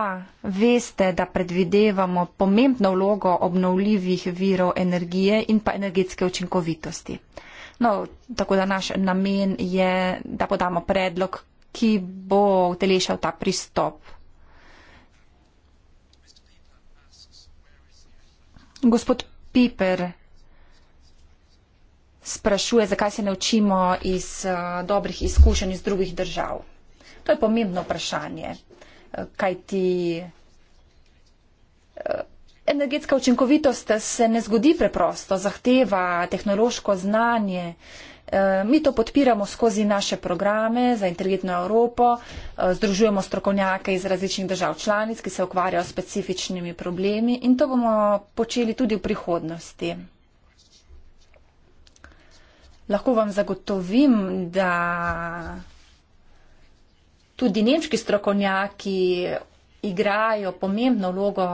veste, da predvidevamo pomembno vlogo obnovljivih virov energije in pa energetske učinkovitosti. No, tako da naš namen je, da podamo predlog ki bo utelešal ta pristop. Gospod Piper sprašuje, zakaj se ne učimo iz uh, dobrih izkušenj iz drugih držav. To je pomembno vprašanje, eh, kaj ti. Eh, energetska učinkovitost se ne zgodi preprosto, zahteva tehnološko znanje, Eh, mi to podpiramo skozi naše programe za inteligentno Evropo, eh, združujemo strokovnjake iz različnih držav članic, ki se ukvarjajo s specifičnimi problemi in to bomo počeli tudi v prihodnosti. Lahko vam zagotovim, da tudi nemški strokovnjaki igrajo pomembno vlogo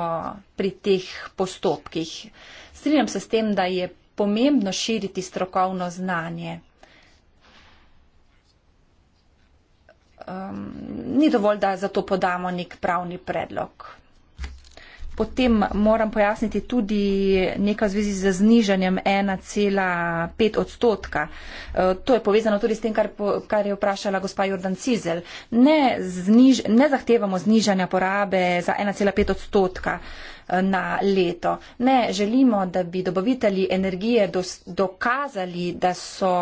pri teh postopkih. Strinjam se s tem, da je pomembno širiti strokovno znanje. Um, ni dovolj, da za to podamo nek pravni predlog. Potem moram pojasniti tudi nekaj v zvezi z znižanjem 1,5 odstotka. Uh, to je povezano tudi s tem, kar, kar je vprašala gospa Jordan Cizel. Ne, zniž, ne zahtevamo znižanja porabe za 1,5 odstotka. Uh, na leto. Ne želimo, da bi dobavitelji energije dokazali, da so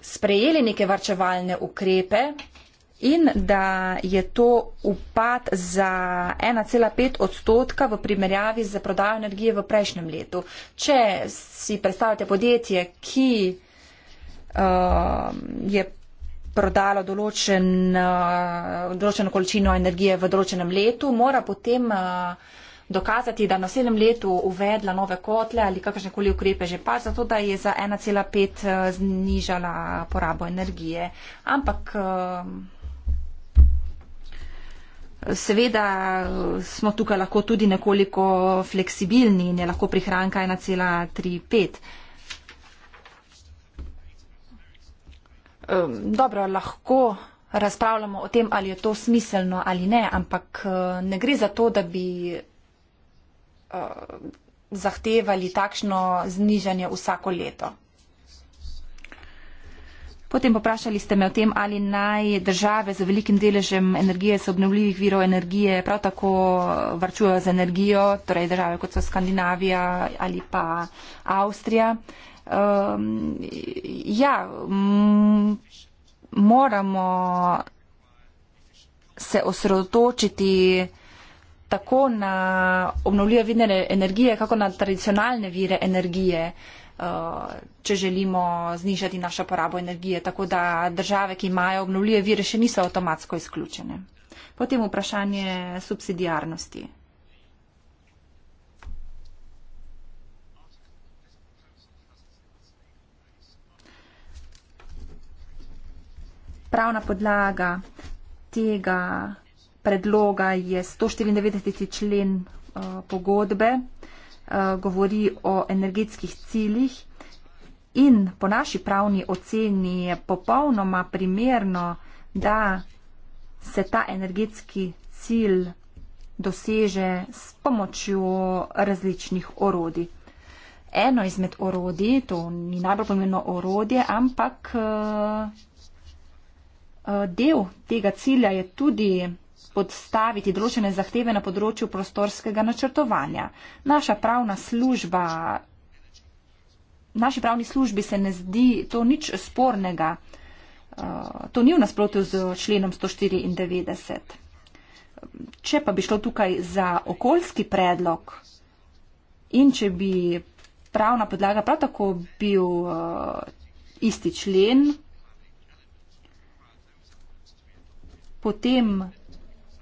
sprejeli neke varčevalne ukrepe in da je to upad za 1,5 odstotka v primerjavi z prodajo energije v prejšnjem letu. Če si predstavljate podjetje, ki uh, je prodalo določen, eh, določeno količino energije v določenem letu, mora potem eh, dokazati, da na sedem letu uvedla nove kotle ali kakršne koli ukrepe že pa, zato da je za 1,5 eh, znižala porabo energije. Ampak seveda smo tukaj lahko tudi nekoliko fleksibilni in je lahko prihranka 1,35. dobro, lahko razpravljamo o tem, ali je to smiselno ali ne, ampak eh, ne gre za to, da bi eh, zahtevali takšno znižanje vsako leto. Potem poprašali ste me o tem, ali naj države z velikim deležem energije, z obnovljivih virov energije, prav tako eh, varčujejo z energijo, torej države kot so Skandinavija ali pa Avstrija. Uh, um, ja, moramo se osredotočiti tako na obnovljive vire energije, kako na tradicionalne vire energije, ehm, če želimo znižati našo porabo energije. Tako da države, ki imajo obnovljive vire, še niso avtomatsko izključene. Potem vprašanje subsidijarnosti. pravna podlaga tega predloga je 194. člen uh, pogodbe, uh, govori o energetskih ciljih in po naši pravni oceni je popolnoma primerno, da se ta energetski cilj doseže s pomočjo različnih orodij. Eno izmed orodij, to ni najbolj pomembno orodje, ampak uh, Eh, del tega cilja je tudi podstaviti določene zahteve na področju prostorskega načrtovanja. Naša pravna služba, naši pravni službi se ne zdi to nič spornega. Eh, to ni v nasprotju z členom 194. Če pa bi šlo tukaj za okoljski predlog in če bi pravna podlaga prav tako bil eh, isti člen potem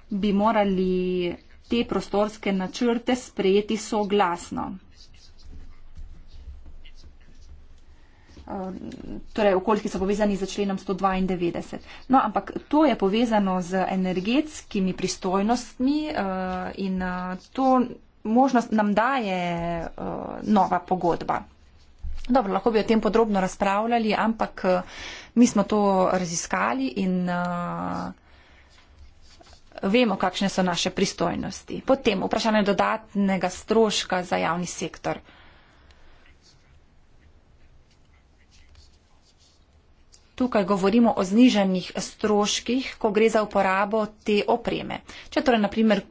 bi morali te prostorske načrte sprejeti soglasno. Ehm, torej okoljski so povezani z členom 192. No, ampak to je povezano z energetskimi pristojnostmi uh, in uh, to možnost nam daje uh, nova pogodba. Dobro, lahko bi o tem podrobno razpravljali, ampak uh, mi smo to raziskali in uh, vemo, kakšne so naše pristojnosti. Potem vprašanje dodatnega stroška za javni sektor. Tukaj govorimo o zniženih stroških, ko gre za uporabo te opreme. Če torej, naprimer,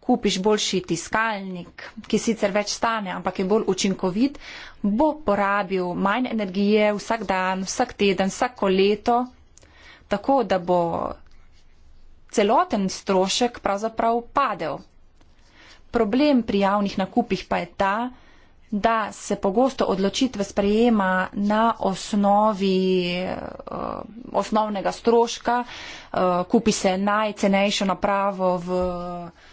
kupiš boljši tiskalnik, ki sicer več stane, ampak je bolj učinkovit, bo porabil manj energije vsak dan, vsak teden, vsako leto, tako da bo celoten strošek pravzaprav padel. Problem pri javnih nakupih pa je ta, da se pogosto odločitve sprejema na osnovi uh, osnovnega stroška, uh, kupi se najcenejšo napravo v. Uh,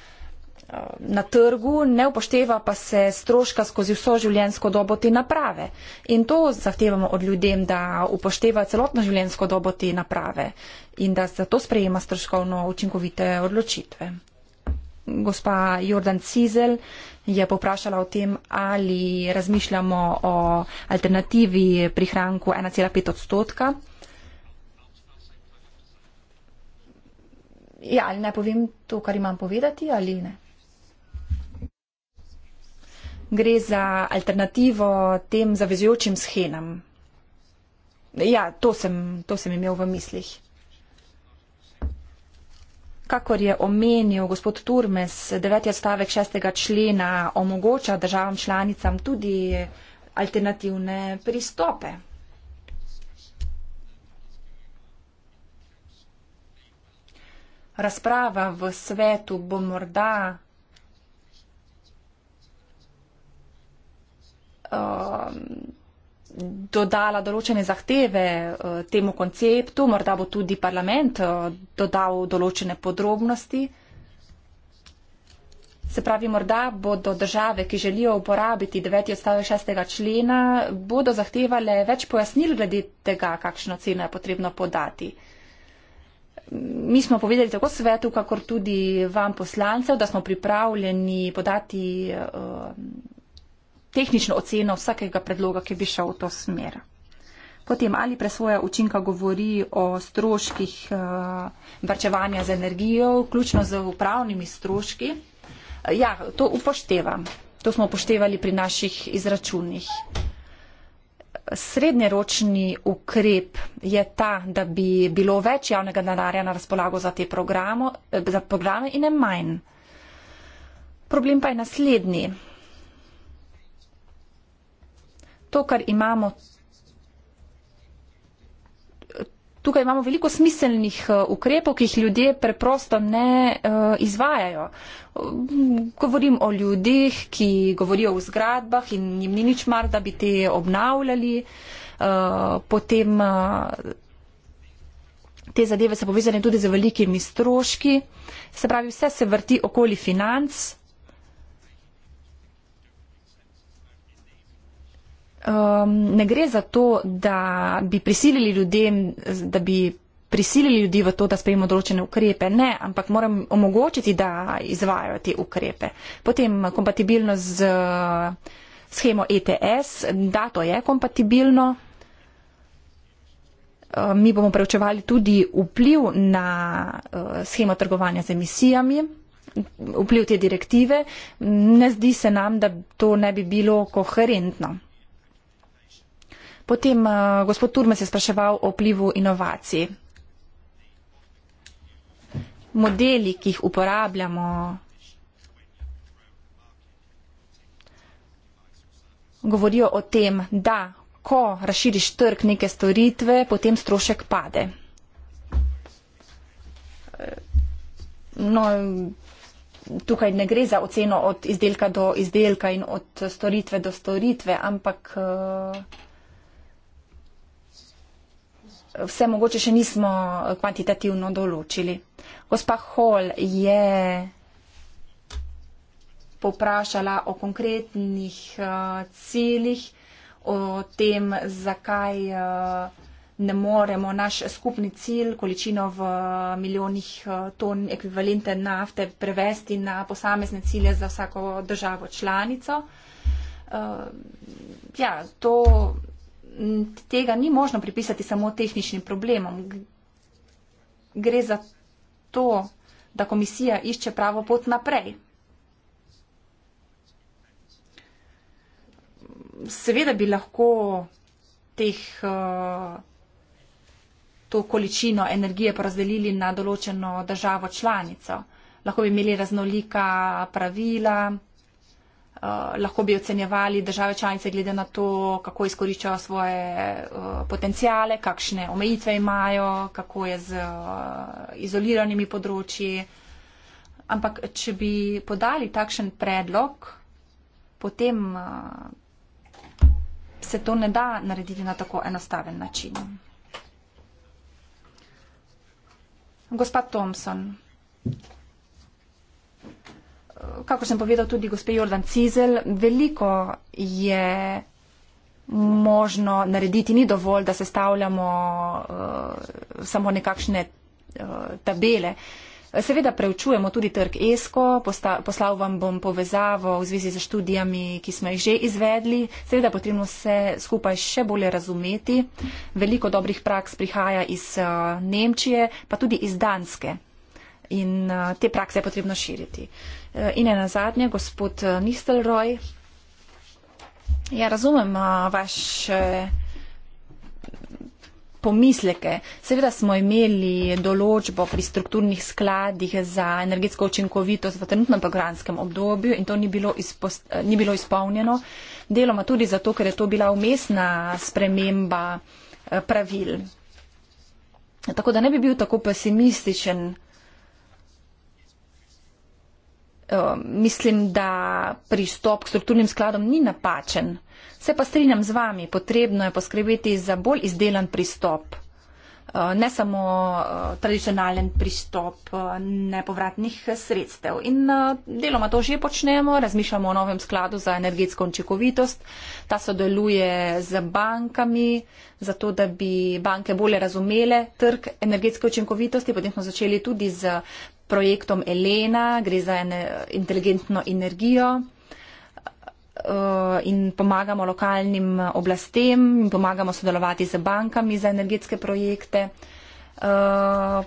na trgu, ne upošteva pa se stroška skozi vso življenjsko dobo te naprave. In to zahtevamo od ljudem, da upošteva celotno življenjsko dobo te naprave in da zato sprejema stroškovno učinkovite odločitve. Gospa Jordan Cizel je poprašala o tem, ali razmišljamo o alternativi prihranku 1,5 odstotka. Ja, ali ne povem to, kar imam povedati, ali ne? gre za alternativo tem zavezujočim schenam. Ja, to sem, to sem imel v mislih. Kakor je omenil gospod Turmes, deveti odstavek šestega člena omogoča državam članicam tudi alternativne pristope. Razprava v svetu bo morda Um, dodala določene zahteve uh, temu konceptu, morda bo tudi parlament uh, dodal določene podrobnosti. Se pravi, morda bodo države, ki želijo uporabiti 9. odstavek 6. člena, bodo zahtevale več pojasnil glede tega, kakšno ceno je potrebno podati. Mi smo povedali tako svetu, kakor tudi vam poslancev, da smo pripravljeni podati. Uh, tehnično oceno vsakega predloga, ki bi šel v to smer. Potem ali presvoja učinka govori o stroških eh, vrčevanja z energijo, vključno z upravnimi stroški. Eh, ja, to upoštevam. To smo upoštevali pri naših izračunih. Srednjeročni ukrep je ta, da bi bilo več javnega denarja na razpolago za te programe in ne manj. Problem pa je naslednji to, kar imamo. Tukaj imamo veliko smiselnih eh, ukrepov, ki jih ljudje preprosto ne eh, izvajajo. Govorim o ljudih, ki govorijo v zgradbah in jim ni nič mar, da bi te obnavljali. Eh, potem te zadeve so povezane tudi z velikimi stroški. Se pravi, vse se vrti okoli financ. um, ne gre za to, da bi prisilili ljudem, da bi prisilili ljudi v to, da sprejemo določene ukrepe. Ne, ampak moram omogočiti, da izvajajo te ukrepe. Potem kompatibilno z uh, schemo ETS, da to je kompatibilno. Uh, mi bomo preučevali tudi vpliv na uh, schemo trgovanja z emisijami, vpliv te direktive. Ne zdi se nam, da to ne bi bilo koherentno. Potem uh, gospod Turmes je spraševal o vplivu inovacij. Modeli, ki jih uporabljamo. Govorijo o tem, da ko raširiš trg neke storitve, potem strošek pade. No, tukaj ne gre za oceno od izdelka do izdelka in od storitve do storitve, ampak. Uh, vse mogoče še nismo eh, kvantitativno določili. Gospa Hall je poprašala o konkretnih uh, ciljih, o tem, zakaj uh, ne moremo naš skupni cilj, količino v milijonih ton ekvivalente nafte, prevesti na posamezne cilje za vsako državo članico. Uh, ja, to tega ni možno pripisati samo tehničnim problemom. Gre za to, da komisija išče pravo pot naprej. Seveda bi lahko teh, eh, to količino energije porazdelili na določeno državo članico. Lahko bi imeli raznolika pravila. Eh, lahko bi ocenjevali države članice glede na to, kako izkoriščajo svoje uh, eh, potencijale, kakšne omejitve imajo, kako je z uh, izoliranimi področji. Ampak, če bi podali takšen predlog, potem uh, se to ne da narediti na tako enostaven način. Gospod Thompson kako sem povedal tudi gospe Jordan Cizel, veliko je možno narediti, ni dovolj, da se stavljamo uh, eh, samo nekakšne uh, tabele. Seveda preučujemo tudi trg ESCO, poslal vam bom povezavo v zvezi z študijami, ki smo jih že izvedli. Seveda potrebno se skupaj še bolje razumeti. Veliko dobrih praks prihaja iz eh, Nemčije, pa tudi iz Danske in uh, te prakse je potrebno širiti. Uh, in ena zadnja, gospod uh, eh, Nistelroj, ja razumem uh, vaše pomisleke. Seveda smo imeli določbo pri strukturnih skladih za energetsko učinkovitost v trenutnem programskem obdobju in to ni bilo, izpo, ni bilo izpolnjeno. Deloma tudi zato, ker je to bila umestna sprememba pravil. Tako da ne bi bil tako pesimističen. Ehm, mislim, da pristop k strukturnim skladom ni napačen. Se pa strinjam z vami, potrebno je poskrbeti za bolj izdelan pristop. Ehm, ne samo eh, tradicionalen pristop eh, nepovratnih sredstev. In eh, deloma to že počnemo, razmišljamo o novem skladu za energetsko učinkovitost. Ta sodeluje z bankami, zato da bi banke bolje razumele trg energetske učinkovitosti. Potem smo začeli tudi z projektom Elena, gre za eno inteligentno energijo eh, in pomagamo lokalnim oblastem in pomagamo sodelovati z bankami za energetske projekte. Eh,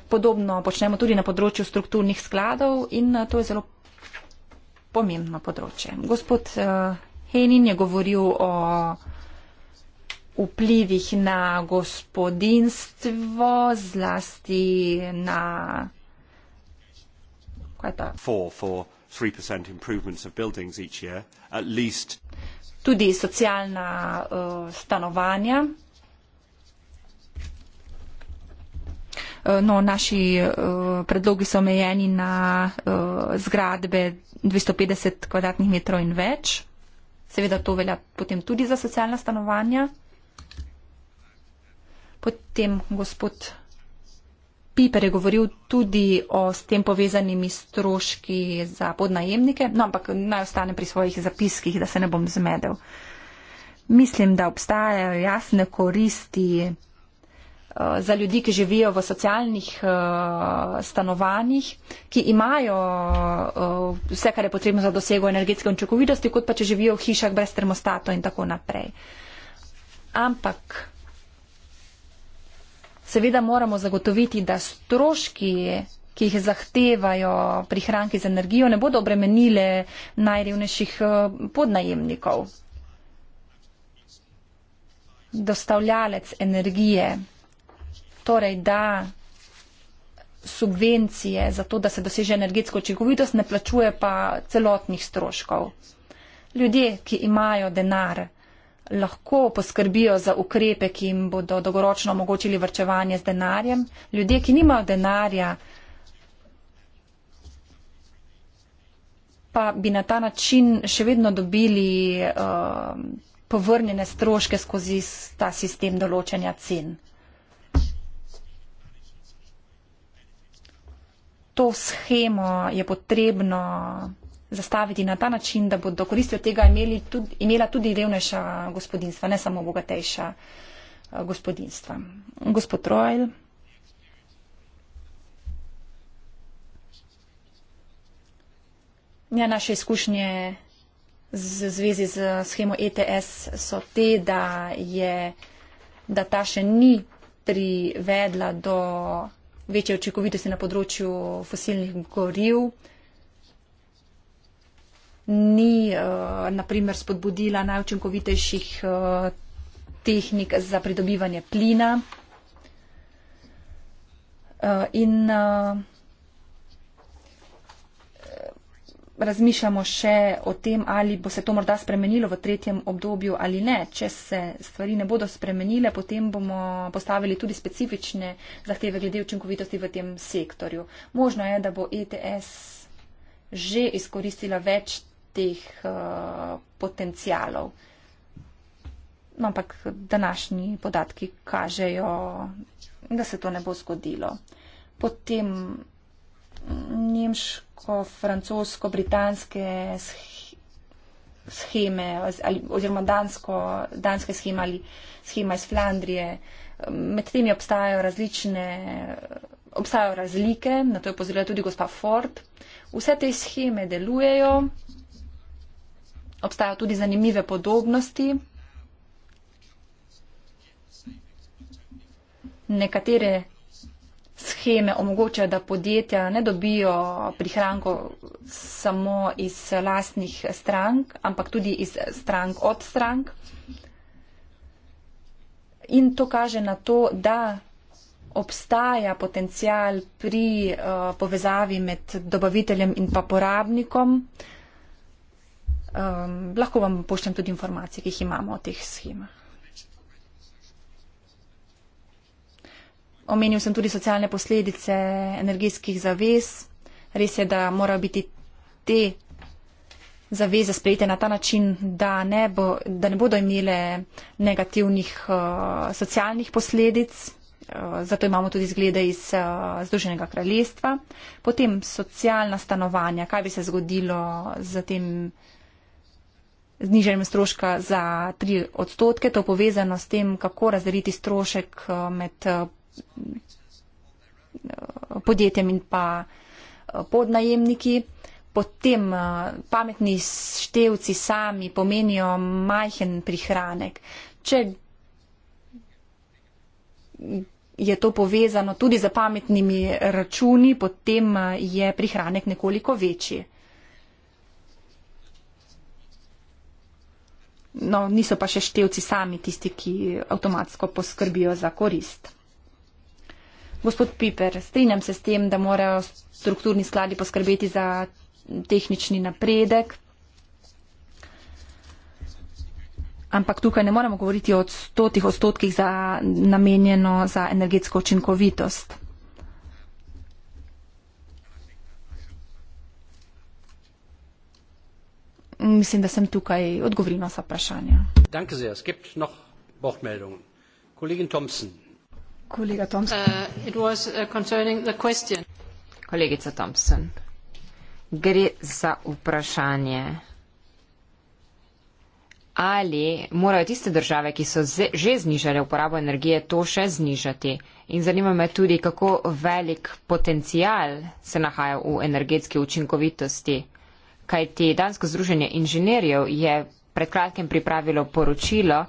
podobno počnemo tudi na področju strukturnih skladov in eh, to je zelo pomembno področje. Gospod Henin je govoril o vplivih na gospodinstvo, zlasti na tudi socialna uh, stanovanja. Uh, no, naši uh, predlogi so omejeni na uh, zgradbe 250 kvadratnih metrov in več. Seveda to velja potem tudi za socialna stanovanja. Potem gospod. Piper je govoril tudi o s tem povezanimi stroški za podnajemnike, no ampak naj ostane pri svojih zapiskih, da se ne bom zmedel. Mislim, da obstajajo jasne koristi eh, za ljudi, ki živijo v socialnih eh, stanovanjih, ki imajo eh, vse, kar je potrebno za dosego energetske učinkovitosti, kot pa če živijo v hišah brez termostato in tako naprej. Ampak Seveda moramo zagotoviti, da stroški, ki jih zahtevajo prihranki z energijo, ne bodo obremenile najrevnejših eh, podnajemnikov. Dostavljalec energije, torej da subvencije za to, da se doseže energetsko učinkovitost, ne plačuje pa celotnih stroškov. Ljudje, ki imajo denar, lahko poskrbijo za ukrepe, ki jim bodo dolgoročno omogočili vrčevanje z denarjem. Ljudje, ki nimajo denarja, pa bi na ta način še vedno dobili uh, povrnjene stroške skozi ta sistem določanja cen. To schemo je potrebno zastaviti na ta način, da bodo korist od tega imeli tudi, imela tudi revnejša gospodinstva, ne samo bogatejša eh, gospodinstva. Gospod Rojl. Ja, naše izkušnje z zvezi z schemo ETS so te, da, je, da ta še ni privedla do večje očekovitosti na področju fosilnih goriv ni eh, naprimer spodbudila najučinkovitejših eh, tehnik za pridobivanje plina. Eh, in razmišljamo še o tem, ali bo se to morda spremenilo v tretjem obdobju ali ne. Če se stvari ne bodo spremenile, potem bomo postavili tudi specifične zahteve glede učinkovitosti v tem sektorju. Možno je, da bo ETS že izkoristila več teh uh, eh, potencijalov. No, ampak današnji podatki kažejo, da se to ne bo zgodilo. Potem nemško, francosko, britanske scheme ali, oziroma dansko, danske scheme ali schema iz Flandrije. Med temi obstajajo različne, obstajajo razlike, na to je pozorila tudi gospa Ford. Vse te scheme delujejo, obstajajo tudi zanimive podobnosti. Nekatere scheme omogočajo, da podjetja ne dobijo prihrankov samo iz lastnih strank, ampak tudi iz strank od strank. In to kaže na to, da obstaja potencial pri uh, povezavi med dobaviteljem in pa porabnikom. Uh, Um, lahko vam pošljem tudi informacije, ki jih imamo o teh schemah. Omenil sem tudi socialne posledice energijskih zavez. Res je, da morajo biti te zaveze sprejete na ta način, da ne, bo, da ne bodo imele negativnih uh, socialnih posledic. Uh, zato imamo tudi zglede iz uh, Združenega kraljestva. Potem socialna stanovanja, kaj bi se zgodilo z tem znižanjem stroška za 3 odstotke. To povezano s tem, kako razdeliti strošek eh, med eh, podjetjem in pa eh, podnajemniki. Potem pametni števci sami pomenijo majhen prihranek. Če je to povezano tudi za pametnimi računi, potem je prihranek nekoliko večji. no, niso pa še števci sami tisti, ki avtomatsko poskrbijo za korist. Gospod Piper, strinjam se s tem, da morajo strukturni skladi poskrbeti za tehnični napredek. Ampak tukaj ne moremo govoriti o stotih odstotkih za, namenjeno za energetsko učinkovitost. mislim, da sem tukaj odgovoril na vsa vprašanja. Danke sehr. Es gibt noch Wortmeldungen. Kollegin Thompson. Kollega Thompson. Uh, it was uh, concerning the question. Kolegica Thompson. Gre za vprašanje. Ali morajo tiste države, ki so že znižale uporabo energije, to še znižati? In zanima me tudi, kako velik potencial se nahaja v energetski učinkovitosti kajti Dansko združenje inženirjev je pred kratkim pripravilo poročilo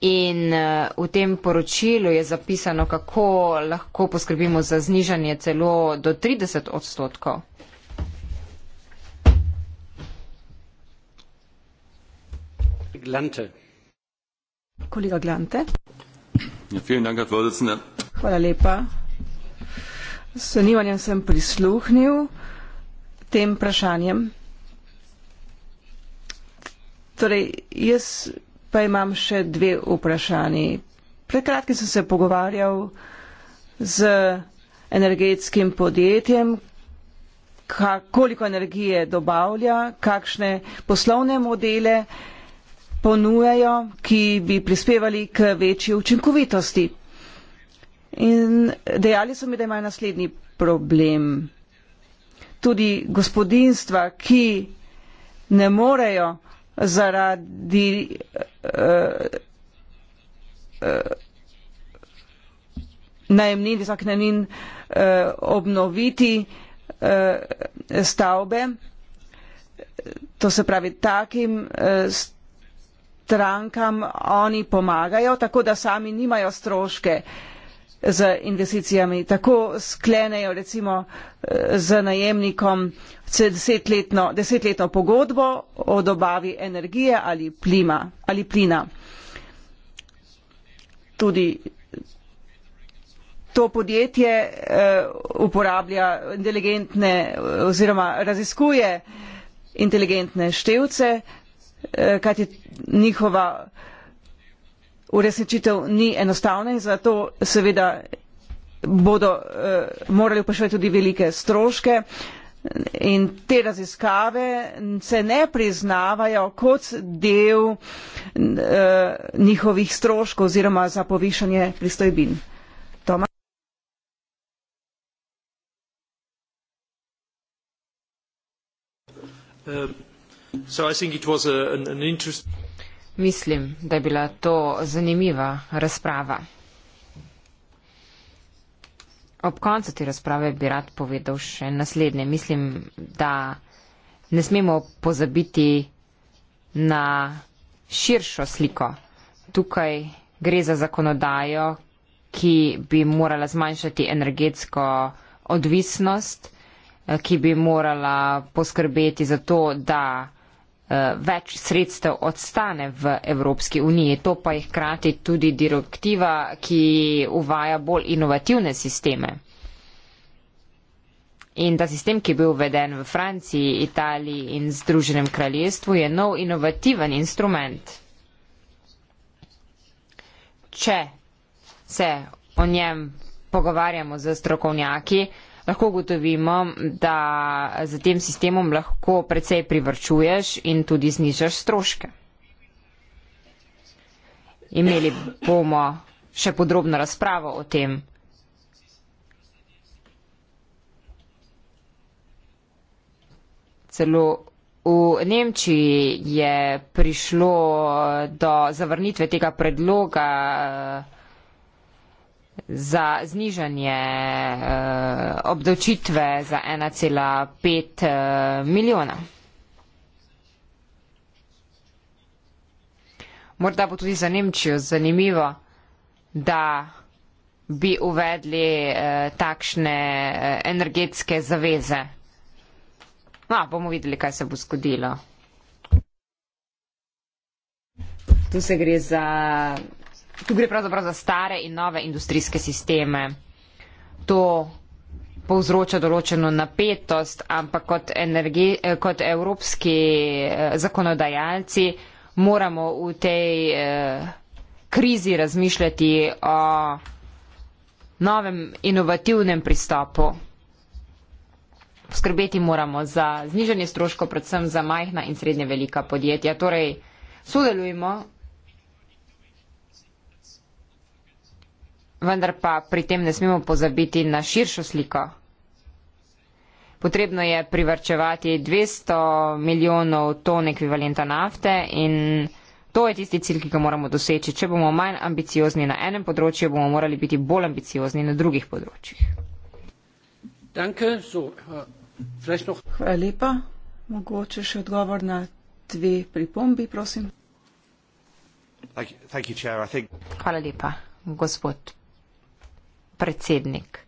in eh, v tem poročilu je zapisano, kako lahko poskrbimo za znižanje celo do 30 odstotkov. Glante. Kolega Glante. Ja, Hvala lepa. S zanimanjem sem prisluhnil tem vprašanjem. Torej, jaz pa imam še dve vprašanji. Prekratki sem se pogovarjal z energetskim podjetjem, koliko energije dobavlja, kakšne poslovne modele ponujajo, ki bi prispevali k večji učinkovitosti. In dejali so mi, da imajo naslednji problem tudi gospodinstva, ki ne morejo zaradi uh, uh, najemnin, visok najemnin uh, obnoviti uh, stavbe. To se pravi, takim uh, strankam oni pomagajo, tako da sami nimajo stroške uh, z investicijami. Tako sklenejo recimo eh, z najemnikom desetletno, desetletno pogodbo o dobavi energije ali, plima, ali plina. Tudi to podjetje eh, uporablja inteligentne eh, oziroma raziskuje inteligentne števce, eh, kajti njihova uresničitev ni enostavna in zato seveda bodo uh, morali vprašati tudi velike stroške. In te raziskave se ne priznavajo kot del uh, njihovih stroškov oziroma za povišanje pristojbin. Toma? Um, so I think it was a, an, an interesting. Mislim, da je bila to zanimiva razprava. Ob koncu te razprave bi rad povedal še naslednje. Mislim, da ne smemo pozabiti na širšo sliko. Tukaj gre za zakonodajo, ki bi morala zmanjšati energetsko odvisnost, ki bi morala poskrbeti za to, da Eh, več sredstev odstane v Evropski uniji. To pa je hkrati tudi direktiva, ki uvaja bolj inovativne sisteme. In ta sistem, ki je bil uveden v Franciji, Italiji in Združenem kraljestvu, je nov inovativen instrument. Če se o njem pogovarjamo z strokovnjaki, uh, lahko ugotovimo, da z tem sistemom lahko precej privrčuješ in tudi znižaš stroške. Imeli bomo še podrobno razpravo o tem. Celo v Nemčiji je prišlo do zavrnitve tega predloga za znižanje eh, obdočitve za 1,5 eh, milijona. Morda bo tudi za Nemčijo zanimivo, da bi uvedli eh, takšne energetske zaveze. No, bomo videli, kaj se bo zgodilo. Tu se gre za Tu gre pravzaprav za stare in nove industrijske sisteme. To povzroča določeno napetost, ampak kot, energi, eh, kot evropski eh, zakonodajalci moramo v tej eh, krizi razmišljati o novem inovativnem pristopu. Poskrbeti moramo za znižanje stroškov, predvsem za majhna in srednje velika podjetja. Torej, sodelujmo vendar pa pri tem ne smemo pozabiti na širšo sliko. Potrebno je privrčevati 200 milijonov ton ekvivalenta nafte in to je tisti cilj, ki ga moramo doseči. Če bomo manj ambiciozni na enem področju, bomo morali biti bolj ambiciozni na drugih področjih. Danke, so, uh, noch... Hvala lepa. Mogoče še odgovor na dve pripombi, prosim. Thank you, thank you, chair, think... Hvala lepa, gospod predsednik?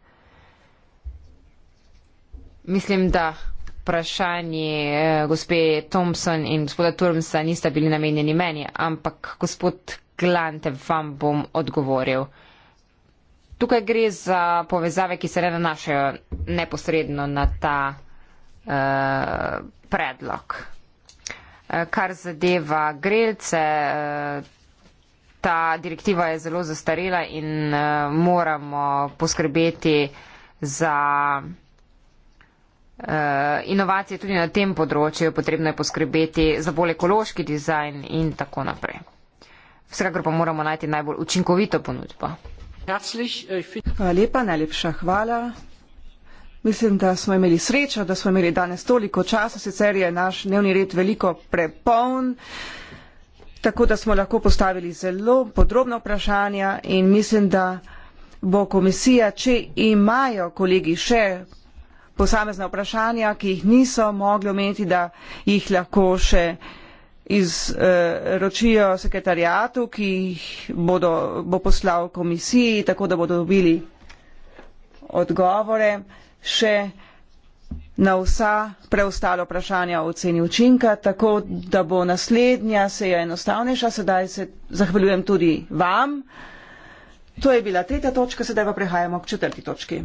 Mislim, da vprašanje eh, gospe Thompson in gospoda Turmsa nista bili namenjeni meni, ampak gospod Glante vam bom odgovoril. Tukaj gre za povezave, ki se ne nanašajo neposredno na ta uh, predlog. Eh, kar zadeva grelce, ta direktiva je zelo zastarela in uh, moramo poskrbeti za uh, inovacije tudi na tem področju. Potrebno je poskrbeti za bolj ekološki dizajn in tako naprej. Vsekakor pa moramo najti najbolj učinkovito ponudbo. Äh, hvala lepa, najlepša hvala. Mislim, da smo imeli srečo, da smo imeli danes toliko časa, sicer je naš dnevni red veliko prepoln tako da smo lahko postavili zelo podrobna vprašanja in mislim, da bo komisija, če imajo kolegi še posamezna vprašanja, ki jih niso mogli omeniti, da jih lahko še izročijo uh, sekretarijatu, ki jih bodo, bo poslal komisiji, tako da bodo dobili odgovore. Še na vsa preostala vprašanja o oceni učinka, tako da bo naslednja seja enostavnejša. Sedaj se zahvaljujem tudi vam. To je bila tretja točka, sedaj pa prehajamo k četrti točki.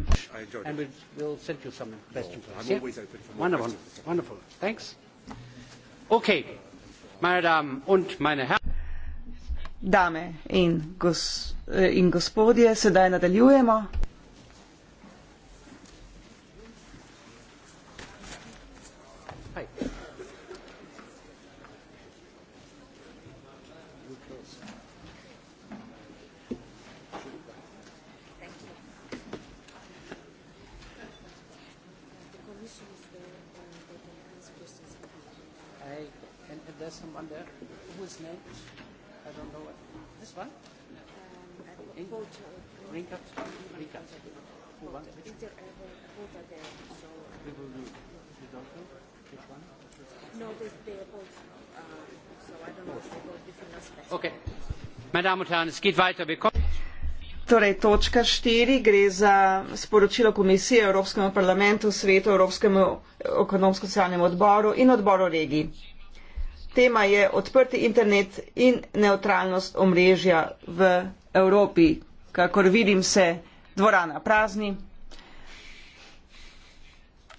Dame in, gos eh, in gospodje, sedaj nadaljujemo. Rinka? Rinka. Who won? Inter both are there, so. Which uh, one? No, they're both. So I don't know if they both different aspects. Okay. Madame Mutan, es geht weiter. Wir kommen. Torej, točka štiri gre za sporočilo Komisije Evropskemu parlamentu, Svetu, Evropskemu ekonomsko-socialnemu odboru in odboru regij. Tema je odprti internet in neutralnost omrežja v Evropi. Kakor vidim, se dvorana prazni.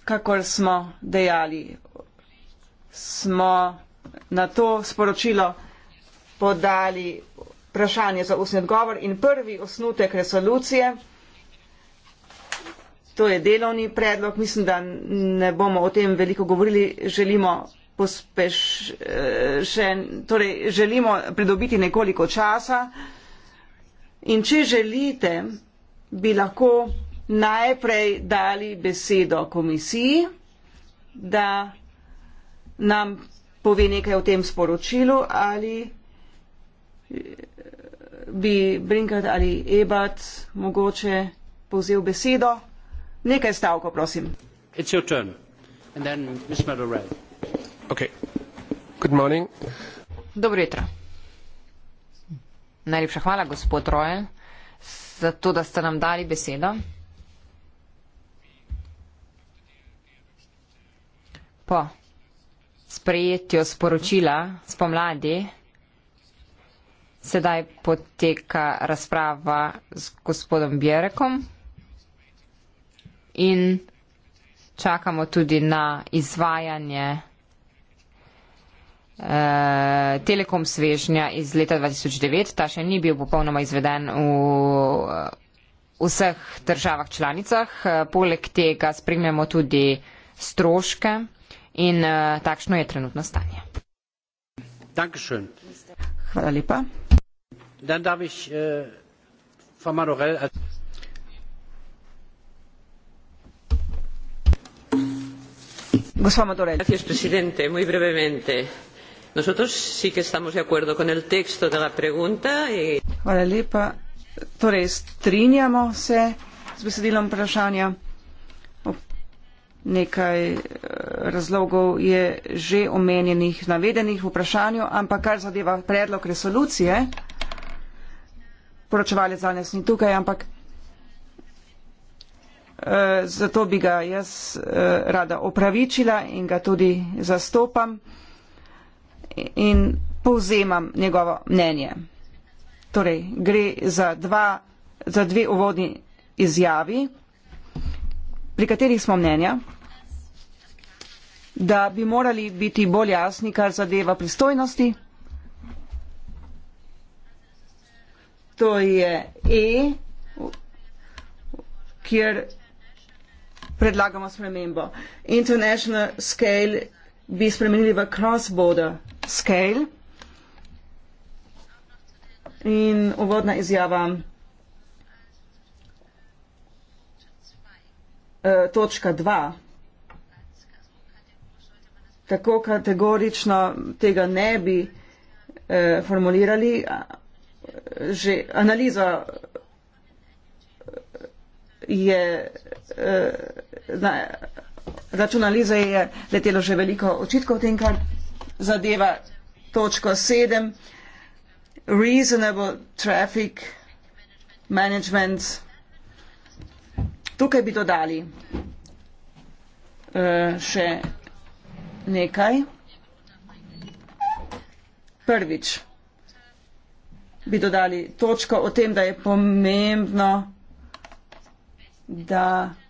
Kakor smo dejali, smo na to sporočilo podali vprašanje za usni odgovor in prvi osnutek resolucije. To je delovni predlog, mislim, da ne bomo o tem veliko govorili. Želimo, pospeš, eh, še, torej, želimo pridobiti nekoliko časa. In če želite, bi lahko najprej dali besedo komisiji, da nam pove nekaj o tem sporočilu ali eh, bi Brinkat ali Ebat mogoče povzel besedo. Nekaj stavko, prosim. Okay. Dobro jutro. Najlepša hvala, gospod Rojen, za to, da ste nam dali besedo. Po sprejetju sporočila spomladi sedaj poteka razprava z gospodom Bjerekom in čakamo tudi na izvajanje eh, Telekom svežnja iz leta 2009. Ta še ni bil popolnoma izveden v eh, vseh državah članicah. Eh, poleg tega spremljamo tudi stroške in eh, takšno je trenutno stanje. Dankeschön. Hvala lepa. Dan da bih eh, äh, Famarorel. Gospod Madorec. Gospod predsednik, zelo brevemente nosotros sí que estamos de acuerdo con el texto de la pregunta. Y... Hvala lepa. Torej, strinjamo se z besedilom vprašanja. Nekaj eh, razlogov je že omenjenih, navedenih v vprašanju, ampak kar zadeva predlog resolucije, poročevalec za nas ni tukaj, ampak eh, zato bi ga jaz eh, rada opravičila in ga tudi zastopam in povzemam njegovo mnenje. Torej, gre za, dva, za dve uvodni izjavi, pri katerih smo mnenja, da bi morali biti bolj jasni, kar zadeva pristojnosti. To je E, kjer predlagamo spremembo. International scale bi spremenili v cross border scale. In uvodna izjava e, točka 2. Tako kategorično tega ne bi e, formulirali. Že analiza e, je Zdaj, računaliza je letelo že veliko očitkov v tem, kar zadeva točko sedem, reasonable traffic management. Tukaj bi dodali eh, še nekaj. Prvič bi dodali točko o tem, da je pomembno, da je pomembno,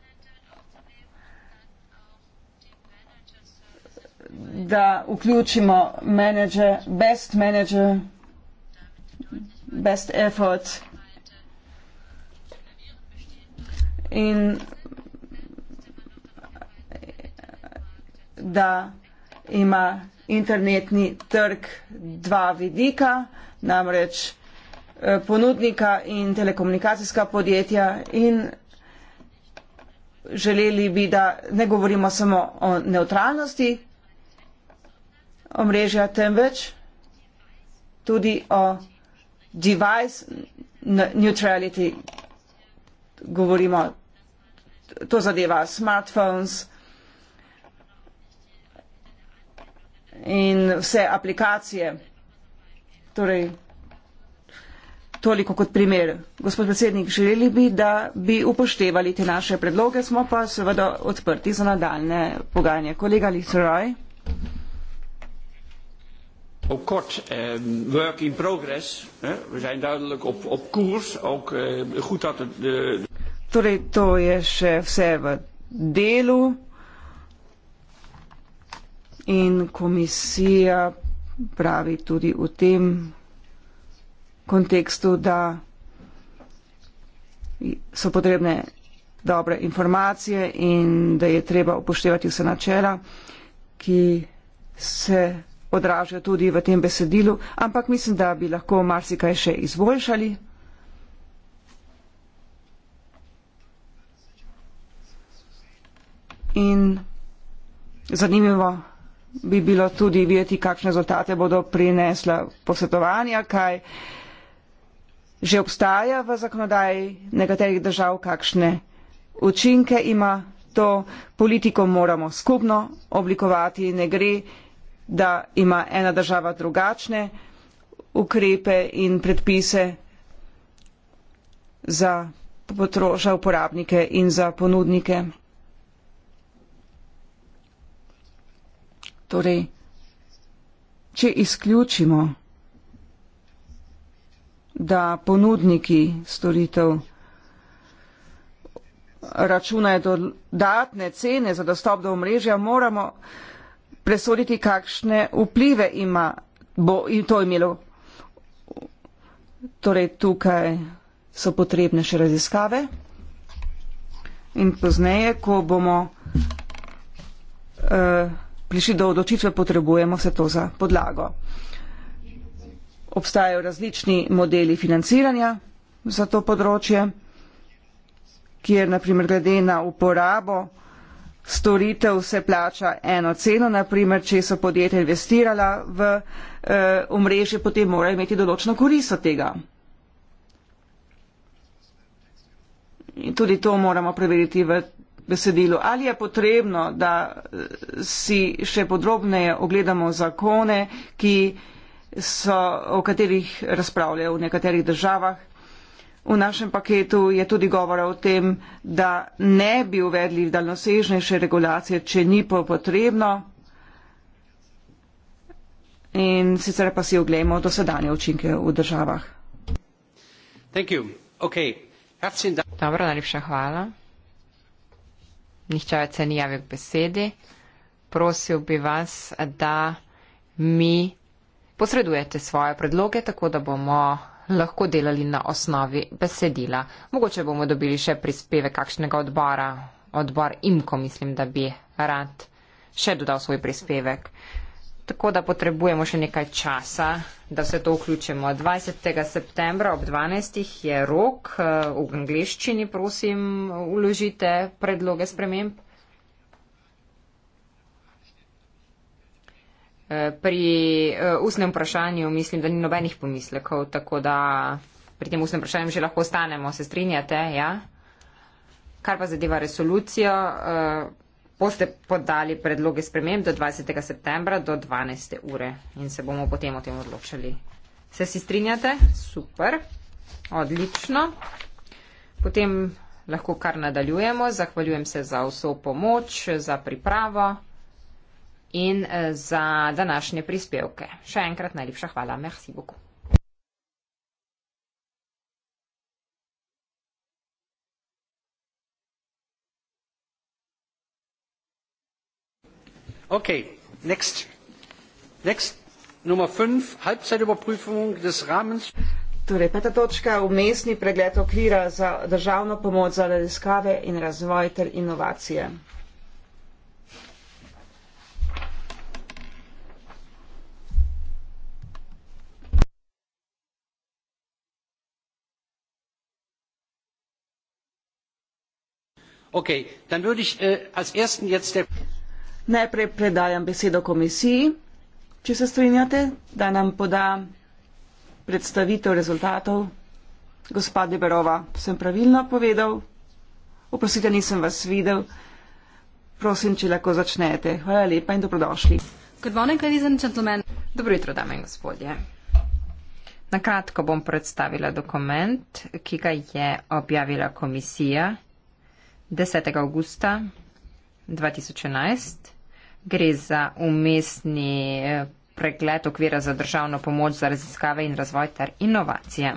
da vključimo manager, best manager, best effort in da ima internetni trg dva vidika, namreč eh, ponudnika in telekomunikacijska podjetja in želeli bi, da ne govorimo samo o neutralnosti, omrežja, temveč tudi o device neutrality govorimo. To zadeva smartphones in vse aplikacije. Torej, toliko kot primer. Gospod predsednik, želeli bi, da bi upoštevali te naše predloge, smo pa seveda odprti za nadaljne pogajanje. Kolega Lisroj ook kort, eh, work in progress. Hè? We zijn duidelijk op, op koers. Ook eh, goed dat het. De, eh, de... Torej, to je še vse v delu in komisija pravi tudi v tem kontekstu, da so potrebne dobre informacije in da je treba upoštevati vse načela, ki se odražajo tudi v tem besedilu, ampak mislim, da bi lahko marsikaj še izboljšali. In zanimivo bi bilo tudi videti, kakšne rezultate bodo prinesla posvetovanja, kaj že obstaja v zakonodaji nekaterih držav, kakšne učinke ima to politiko moramo skupno oblikovati, ne gre da ima ena država drugačne ukrepe in predpise za potroša uporabnike in za ponudnike. Torej, če izključimo, da ponudniki storitev računajo dodatne cene za dostop do omrežja, moramo presoditi, kakšne vplive ima, bo in to imelo. Torej, tukaj so potrebne še raziskave in pozneje, ko bomo eh, prišli do odločitve, potrebujemo vse to za podlago. Obstajajo različni modeli financiranja za to področje, kjer naprimer glede na uporabo storitev se plača eno ceno, naprimer, če so podjetja investirala v eh, omrežje, potem morajo imeti določeno koristo tega. In tudi to moramo preveriti v besedilu. Ali je potrebno, da eh, si še podrobneje ogledamo zakone, ki so, o katerih razpravljajo v nekaterih državah, V našem paketu je tudi govora o tem, da ne bi uvedli daljnosežnejše regulacije, če ni potrebno. In sicer pa si oglejmo dosedanje učinke v državah. Okay. Dobro, najlepša hvala. Nihče več se ni javil k besedi. Prosil bi vas, da mi posredujete svoje predloge, tako da bomo lahko delali na osnovi besedila. Mogoče bomo dobili še prispeve kakšnega odbora, odbor Imko, mislim, da bi rad še dodal svoj prispevek. Tako da potrebujemo še nekaj časa, da se to vključimo. 20. septembra ob 12. je rok, eh, v angliščini prosim, uložite predloge sprememb. Pri eh, ustnem vprašanju mislim, da ni nobenih pomislekov, tako da pri tem ustnem vprašanju že lahko ostanemo, se strinjate, ja? Kar pa zadeva resolucijo, eh, boste podali predloge sprememb do 20. septembra do 12. ure in se bomo potem o tem odločili. Se si strinjate? Super. Odlično. Potem lahko kar nadaljujemo. Zahvaljujem se za vso pomoč, za pripravo in eh, za današnje prispevke. Še enkrat najlepša hvala. Merci beaucoup. Okay, next. Next, number 5, Halbzeitüberprüfung des Rahmens. Torej, peta točka, umestni pregled okvira za državno pomoč za raziskave in razvoj ter inovacije. Äh, najprej predajam besedo komisiji če se strinjate da nam poda predstavitev rezultatov gospa deberova sem pravilno povedal oprostite nisem vas videl prosim če lahko začnete hvala lepa in dobrodošli dobro jutro dame in gospodje na kratko bom predstavila dokument ki ga je objavila komisija 10. augusta 2011. Gre za umestni eh, pregled okvira za državno pomoč za raziskave in razvoj ter inovacije.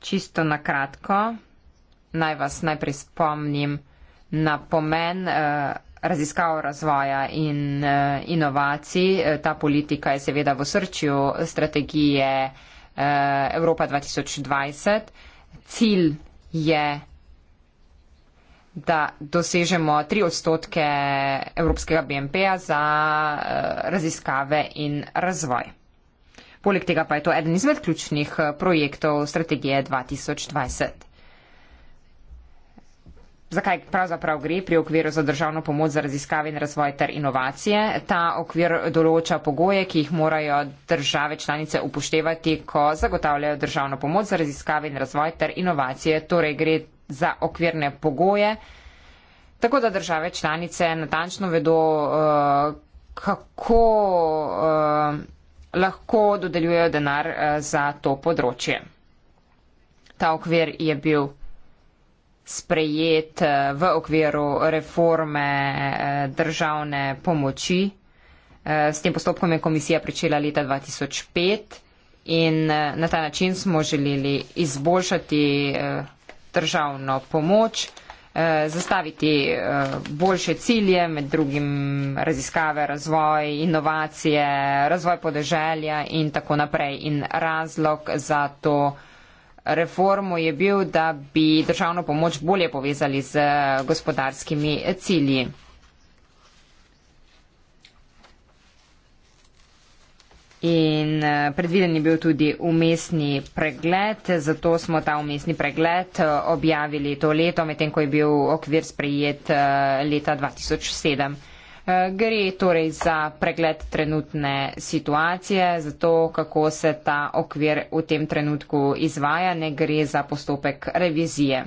Čisto na kratko, naj vas najprej spomnim na pomen eh, raziskav razvoja in eh, inovacij. Ta politika je seveda v srčju strategije Evropa 2020. Cilj je da dosežemo 3 odstotke evropskega BNP-ja za eh, raziskave in razvoj. Poleg tega pa je to eden izmed ključnih eh, projektov strategije 2020. Zakaj pravzaprav gre pri okviru za državno pomoč za raziskave in razvoj ter inovacije? Ta okvir določa pogoje, ki jih morajo države članice upoštevati, ko zagotavljajo državno pomoč za raziskave in razvoj ter inovacije. Torej gre za okvirne pogoje, tako da države članice natančno vedo, eh, kako eh, lahko dodeljujejo denar eh, za to področje. Ta okvir je bil sprejet v okviru reforme državne pomoči. S tem postopkom je komisija pričela leta 2005 in na ta način smo želeli izboljšati državno pomoč, eh, zastaviti eh, boljše cilje, med drugim raziskave, razvoj, inovacije, razvoj podeželja in tako naprej. In razlog za to reformo je bil, da bi državno pomoč bolje povezali z gospodarskimi cilji. in eh, predviden je bil tudi umestni pregled, zato smo ta umestni pregled eh, objavili to leto, medtem ko je bil okvir sprejet eh, leta 2007. Gre torej za pregled trenutne situacije, za to, kako se ta okvir v tem trenutku izvaja, ne gre za postopek revizije.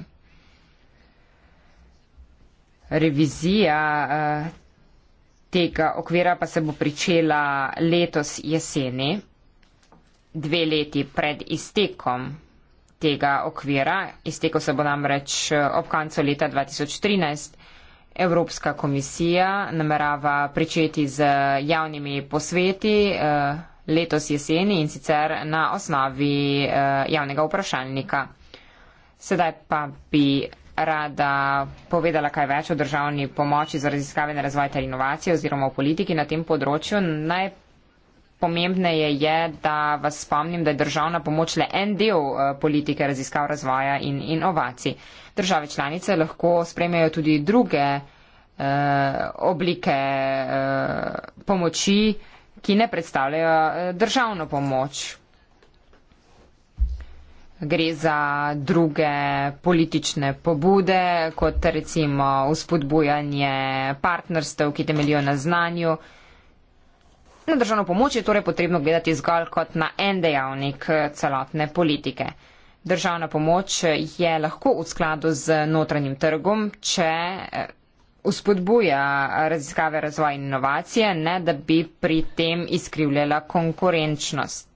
Revizija. Uh, tega okvira pa se bo pričela letos jeseni, dve leti pred iztekom tega okvira. Iztekel se bo namreč eh, ob koncu leta 2013. Evropska komisija namerava pričeti z javnimi posveti eh, letos jeseni in sicer na osnovi eh, javnega vprašalnika. Sedaj pa bi rada povedala kaj več o državni pomoči za raziskave in razvoj ter inovacije oziroma o politiki na tem področju. Naj Pomembneje je, da vas spomnim, da je državna pomoč le en del eh, politike raziskav razvoja in inovacij. Države članice lahko spremljajo tudi druge eh, oblike eh, pomoči, ki ne predstavljajo eh, državno pomoč. Gre za druge politične pobude, kot recimo uspodbujanje partnerstev, ki temeljijo na znanju. Na državno pomoč je torej potrebno gledati zgolj kot na en dejavnik celotne politike. Državna pomoč je lahko v skladu z notranjim trgom, če uspodbuja eh, raziskave, razvoj in inovacije, ne da bi pri tem izkrivljala konkurenčnost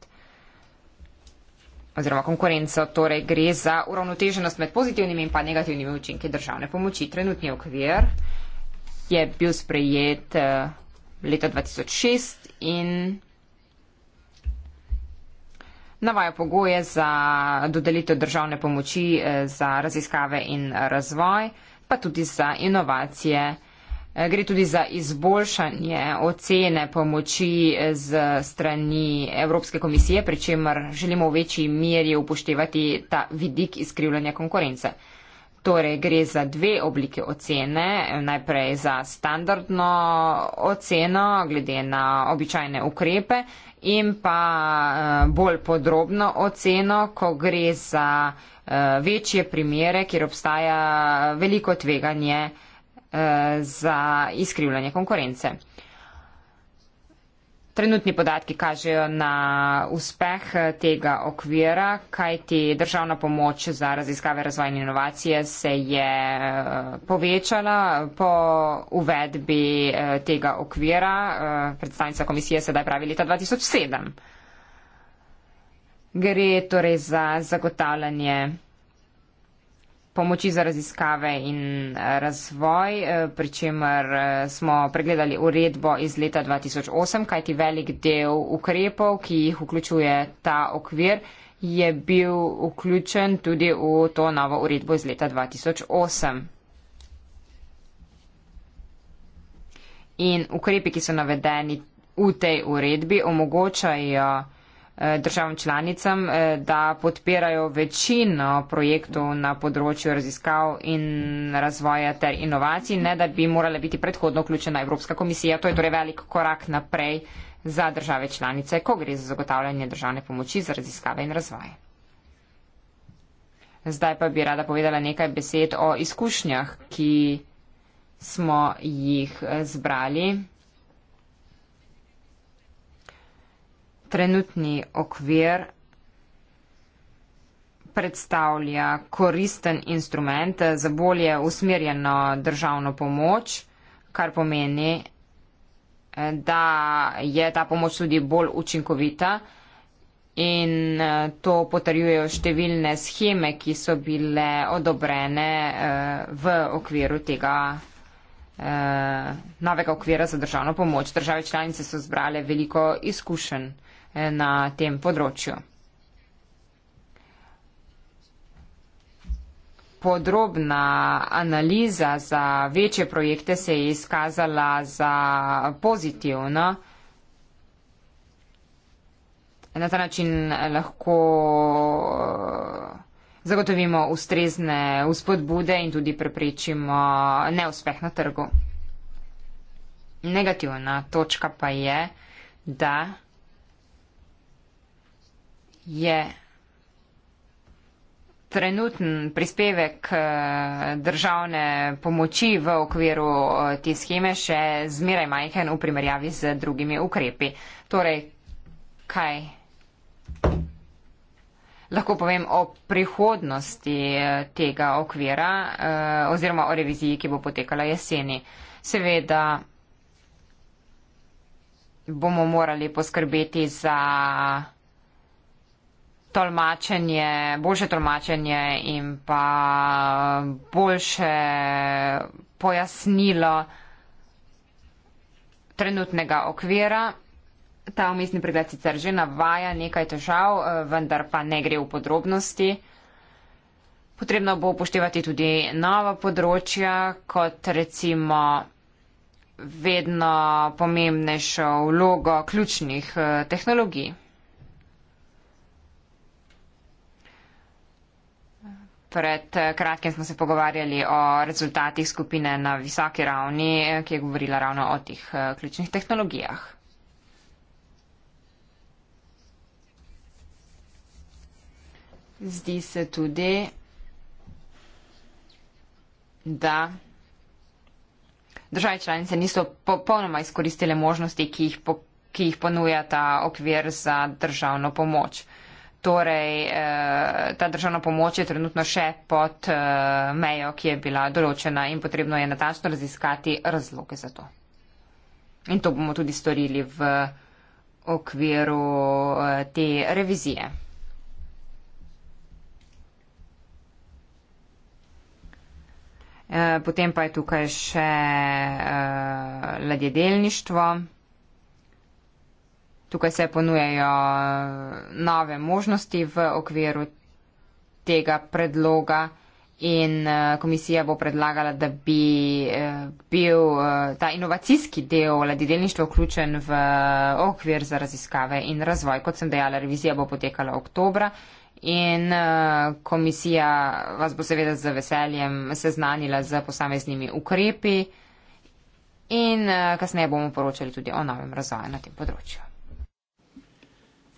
oziroma konkurenco. Torej gre za uravnoteženost med pozitivnimi in pa negativnimi učinki državne pomoči. Trenutni okvir je bil sprejet eh, leta 2006 in navaja pogoje za dodelitev državne pomoči eh, za raziskave in razvoj, pa tudi za inovacije. Eh, gre tudi za izboljšanje ocene pomoči eh, z strani Evropske komisije, pri čemer želimo v večji meri upoštevati ta vidik izkrivljanja konkurence. Torej gre za dve oblike ocene. Najprej za standardno oceno glede na običajne ukrepe in pa eh, bolj podrobno oceno, ko gre za večje primere, kjer obstaja veliko tveganje Eh, za iskrivljanje konkurence. Trenutni podatki kažejo na uspeh eh, tega okvira, kajti državna pomoč za raziskave, razvoj in inovacije se je eh, povečala po uvedbi tega okvira. Predstavnica komisije sedaj pravi leta 2007. Gre torej za zagotavljanje pomoči za raziskave in eh, razvoj, eh, pri čemer eh, smo pregledali uredbo iz leta 2008, kajti velik del ukrepov, ki jih vključuje ta okvir, je bil vključen tudi v to novo uredbo iz leta 2008. In ukrepi, ki so navedeni v tej uredbi, omogočajo državam članicam, eh, da podpirajo večino projektov na področju raziskav in razvoja ter inovacij, ne da bi morala biti predhodno vključena Evropska komisija. To je torej velik korak naprej za države članice, ko gre za zagotavljanje državne pomoči za raziskave in razvoj. Zdaj pa bi rada povedala nekaj besed o izkušnjah, ki smo jih zbrali. trenutni okvir predstavlja koristen instrument za bolje usmerjeno državno pomoč, kar pomeni, da je ta pomoč tudi bolj učinkovita in eh, to potrjujejo številne scheme, ki so bile odobrene eh, v okviru tega eh, novega okvira za državno pomoč. Države članice so zbrale veliko izkušenj na tem področju. Podrobna analiza za večje projekte se je izkazala za pozitivno. Na ta način lahko eh, zagotovimo ustrezne uspodbude in tudi preprečimo neuspeh na trgu. Negativna točka pa je, da je trenuten prispevek eh, državne pomoči v okviru eh, te scheme še zmeraj majhen v primerjavi z drugimi ukrepi. Torej, kaj lahko povem o prihodnosti eh, tega okvira oziroma o reviziji, ki bo potekala jeseni. Seveda bomo morali poskrbeti za tolmačenje, boljše tolmačenje in pa boljše pojasnilo trenutnega okvira. Ta umestni pregled sicer že navaja nekaj težav, vendar pa ne gre v podrobnosti. Potrebno bo upoštevati tudi nova področja, kot recimo vedno pomembnejšo vlogo ključnih eh, tehnologij. Pred eh, kratkim smo se pogovarjali o rezultatih skupine na visoki ravni, eh, ki je govorila ravno o tih eh, ključnih tehnologijah. Zdi se tudi, da države članice niso popolnoma izkoristile možnosti, ki jih, po, ki jih ponuja ta okvir za državno pomoč. Torej, eh, ta državna pomoč je trenutno še pod eh, mejo, ki je bila določena in potrebno je natančno raziskati razloge za to. In to bomo tudi storili v okviru eh, te revizije. Potem pa je tukaj še ladjedelništvo tukaj se ponujejo eh, nove možnosti v okviru tega predloga in eh, komisija bo predlagala, da bi eh, bil ta inovacijski del ladidelništva vključen v okvir za raziskave in razvoj. Kot sem dejala, revizija bo potekala oktobra. In komisija vas bo seveda z veseljem seznanila z posameznimi ukrepi in kasneje bomo poročali tudi o novem razvoju na tem področju.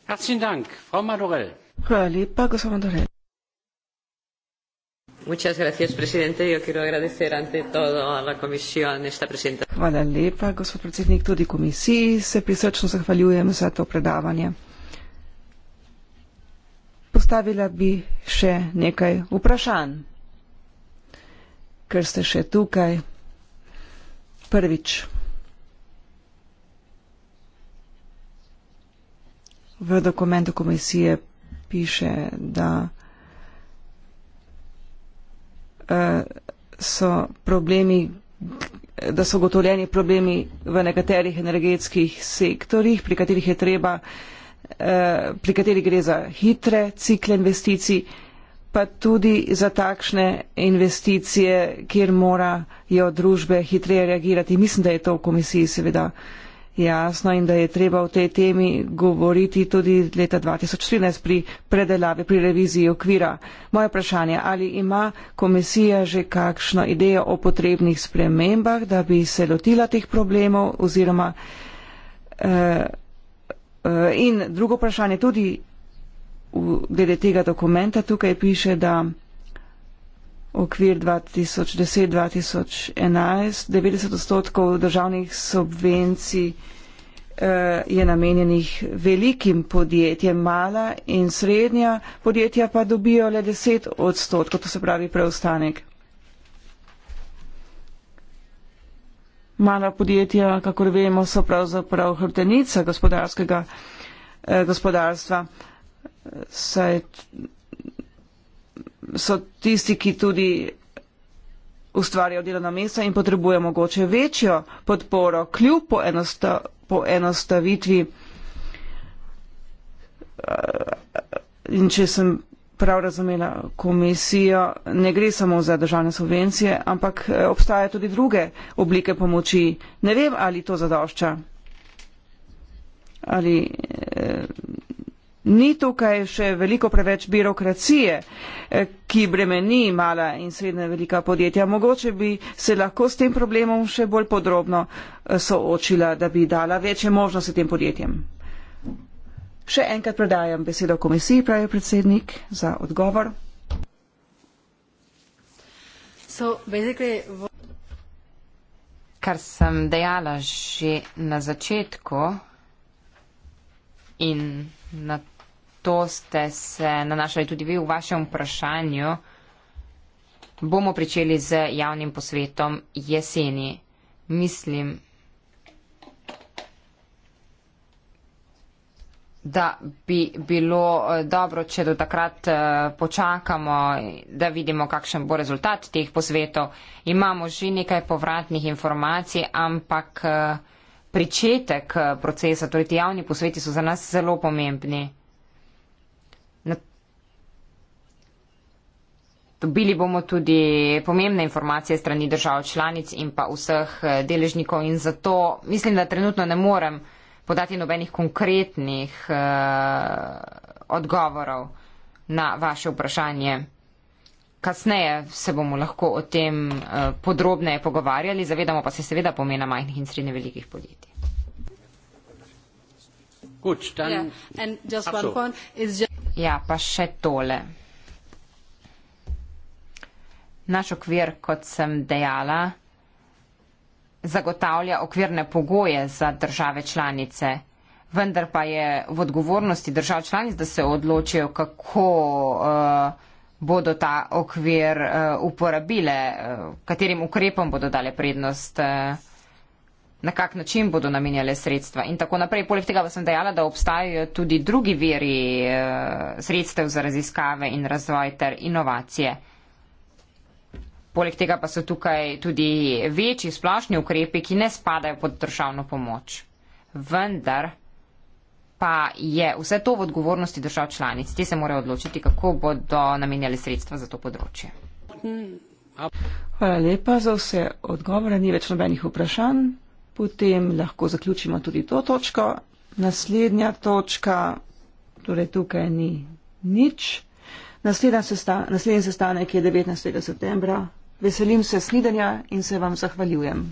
Herzlichen Dank, Frau Madurell. Hvala lepa, gospod Madurell. Muchas gracias, presidente. Yo quiero agradecer ante todo a la comisión esta presentación. Hvala lepa, gospod predsednik, tudi komisiji se prisrčno zahvaljujem za to predavanje. Postavila bi še nekaj vprašanj, ker ste še tukaj prvič. v dokumentu komisije piše, da eh, so problemi, da so gotovljeni problemi v nekaterih energetskih sektorjih, pri katerih je treba, eh, pri katerih gre za hitre cikle investicij, pa tudi za takšne investicije, kjer morajo družbe hitreje reagirati. Mislim, da je to v komisiji seveda uh, jasno in da je treba o tej temi govoriti tudi leta 2013 pri predelavi, pri reviziji okvira. Moje vprašanje, ali ima komisija že kakšno idejo o potrebnih spremembah, da bi se lotila teh problemov oziroma eh, eh in drugo vprašanje tudi glede tega dokumenta, tukaj piše, da okvir 2010-2011. 90 odstotkov državnih subvencij eh, je namenjenih velikim podjetjem, mala in srednja podjetja pa dobijo le 10 odstotkov, to se pravi preostanek. Mala podjetja, kakor vemo, so pravzaprav hrtenica gospodarskega eh, gospodarstva, saj so tisti, ki tudi ustvarjajo delovna mesta in potrebuje mogoče večjo podporo kljub po, enosta, po enostavitvi. Eh, in če sem prav razumela komisijo, ne gre samo za državne subvencije, ampak eh, obstajajo tudi druge oblike pomoči. Ne vem, ali to zadošča. Ali eh, Ni tukaj še veliko preveč birokracije, eh, ki bremeni mala in srednja velika podjetja. Mogoče bi se lahko s tem problemom še bolj podrobno eh, soočila, da bi dala večje možnosti tem podjetjem. Še enkrat predajam besedo komisiji, pravi predsednik, za odgovor. So, Kar sem dejala že na začetku in na to, to ste se nanašali tudi vi v vašem vprašanju, bomo pričeli z javnim posvetom jeseni. Mislim, da bi bilo eh, dobro, če do takrat eh, počakamo, da vidimo, kakšen bo rezultat teh posvetov. Imamo že nekaj povratnih informacij, ampak. Eh, pričetek procesa, torej ti javni posveti so za nas zelo pomembni. Dobili bomo tudi pomembne informacije strani držav članic in pa vseh eh, deležnikov in zato mislim, da trenutno ne morem podati nobenih konkretnih uh, odgovorov na vaše vprašanje. Kasneje se bomo lahko o tem uh, podrobneje pogovarjali, zavedamo pa se seveda pomena majhnih in srednje velikih podjetij. Ja, pa še tole. Naš okvir, kot sem dejala, zagotavlja okvirne pogoje za države članice, vendar pa je v odgovornosti držav članic, da se odločijo, kako uh, bodo ta okvir uh, uporabile, uh, katerim ukrepom bodo dale prednost, uh, na kak način bodo namenjale sredstva in tako naprej. Poleg tega pa sem dejala, da obstajajo tudi drugi veri uh, sredstev za raziskave in razvoj ter inovacije. Poleg tega pa so tukaj tudi večji splošni ukrepi, ki ne spadajo pod državno pomoč. Vendar pa je vse to v odgovornosti držav članic. Te se morajo odločiti, kako bodo namenjali sredstva za to področje. Hvala lepa za vse odgovore. Ni več nobenih vprašanj. Potem lahko zaključimo tudi to točko. Naslednja točka, torej tukaj ni nič. Naslednji sestanek je 19. septembra Veselim se snidanja in se vam zahvaljujem.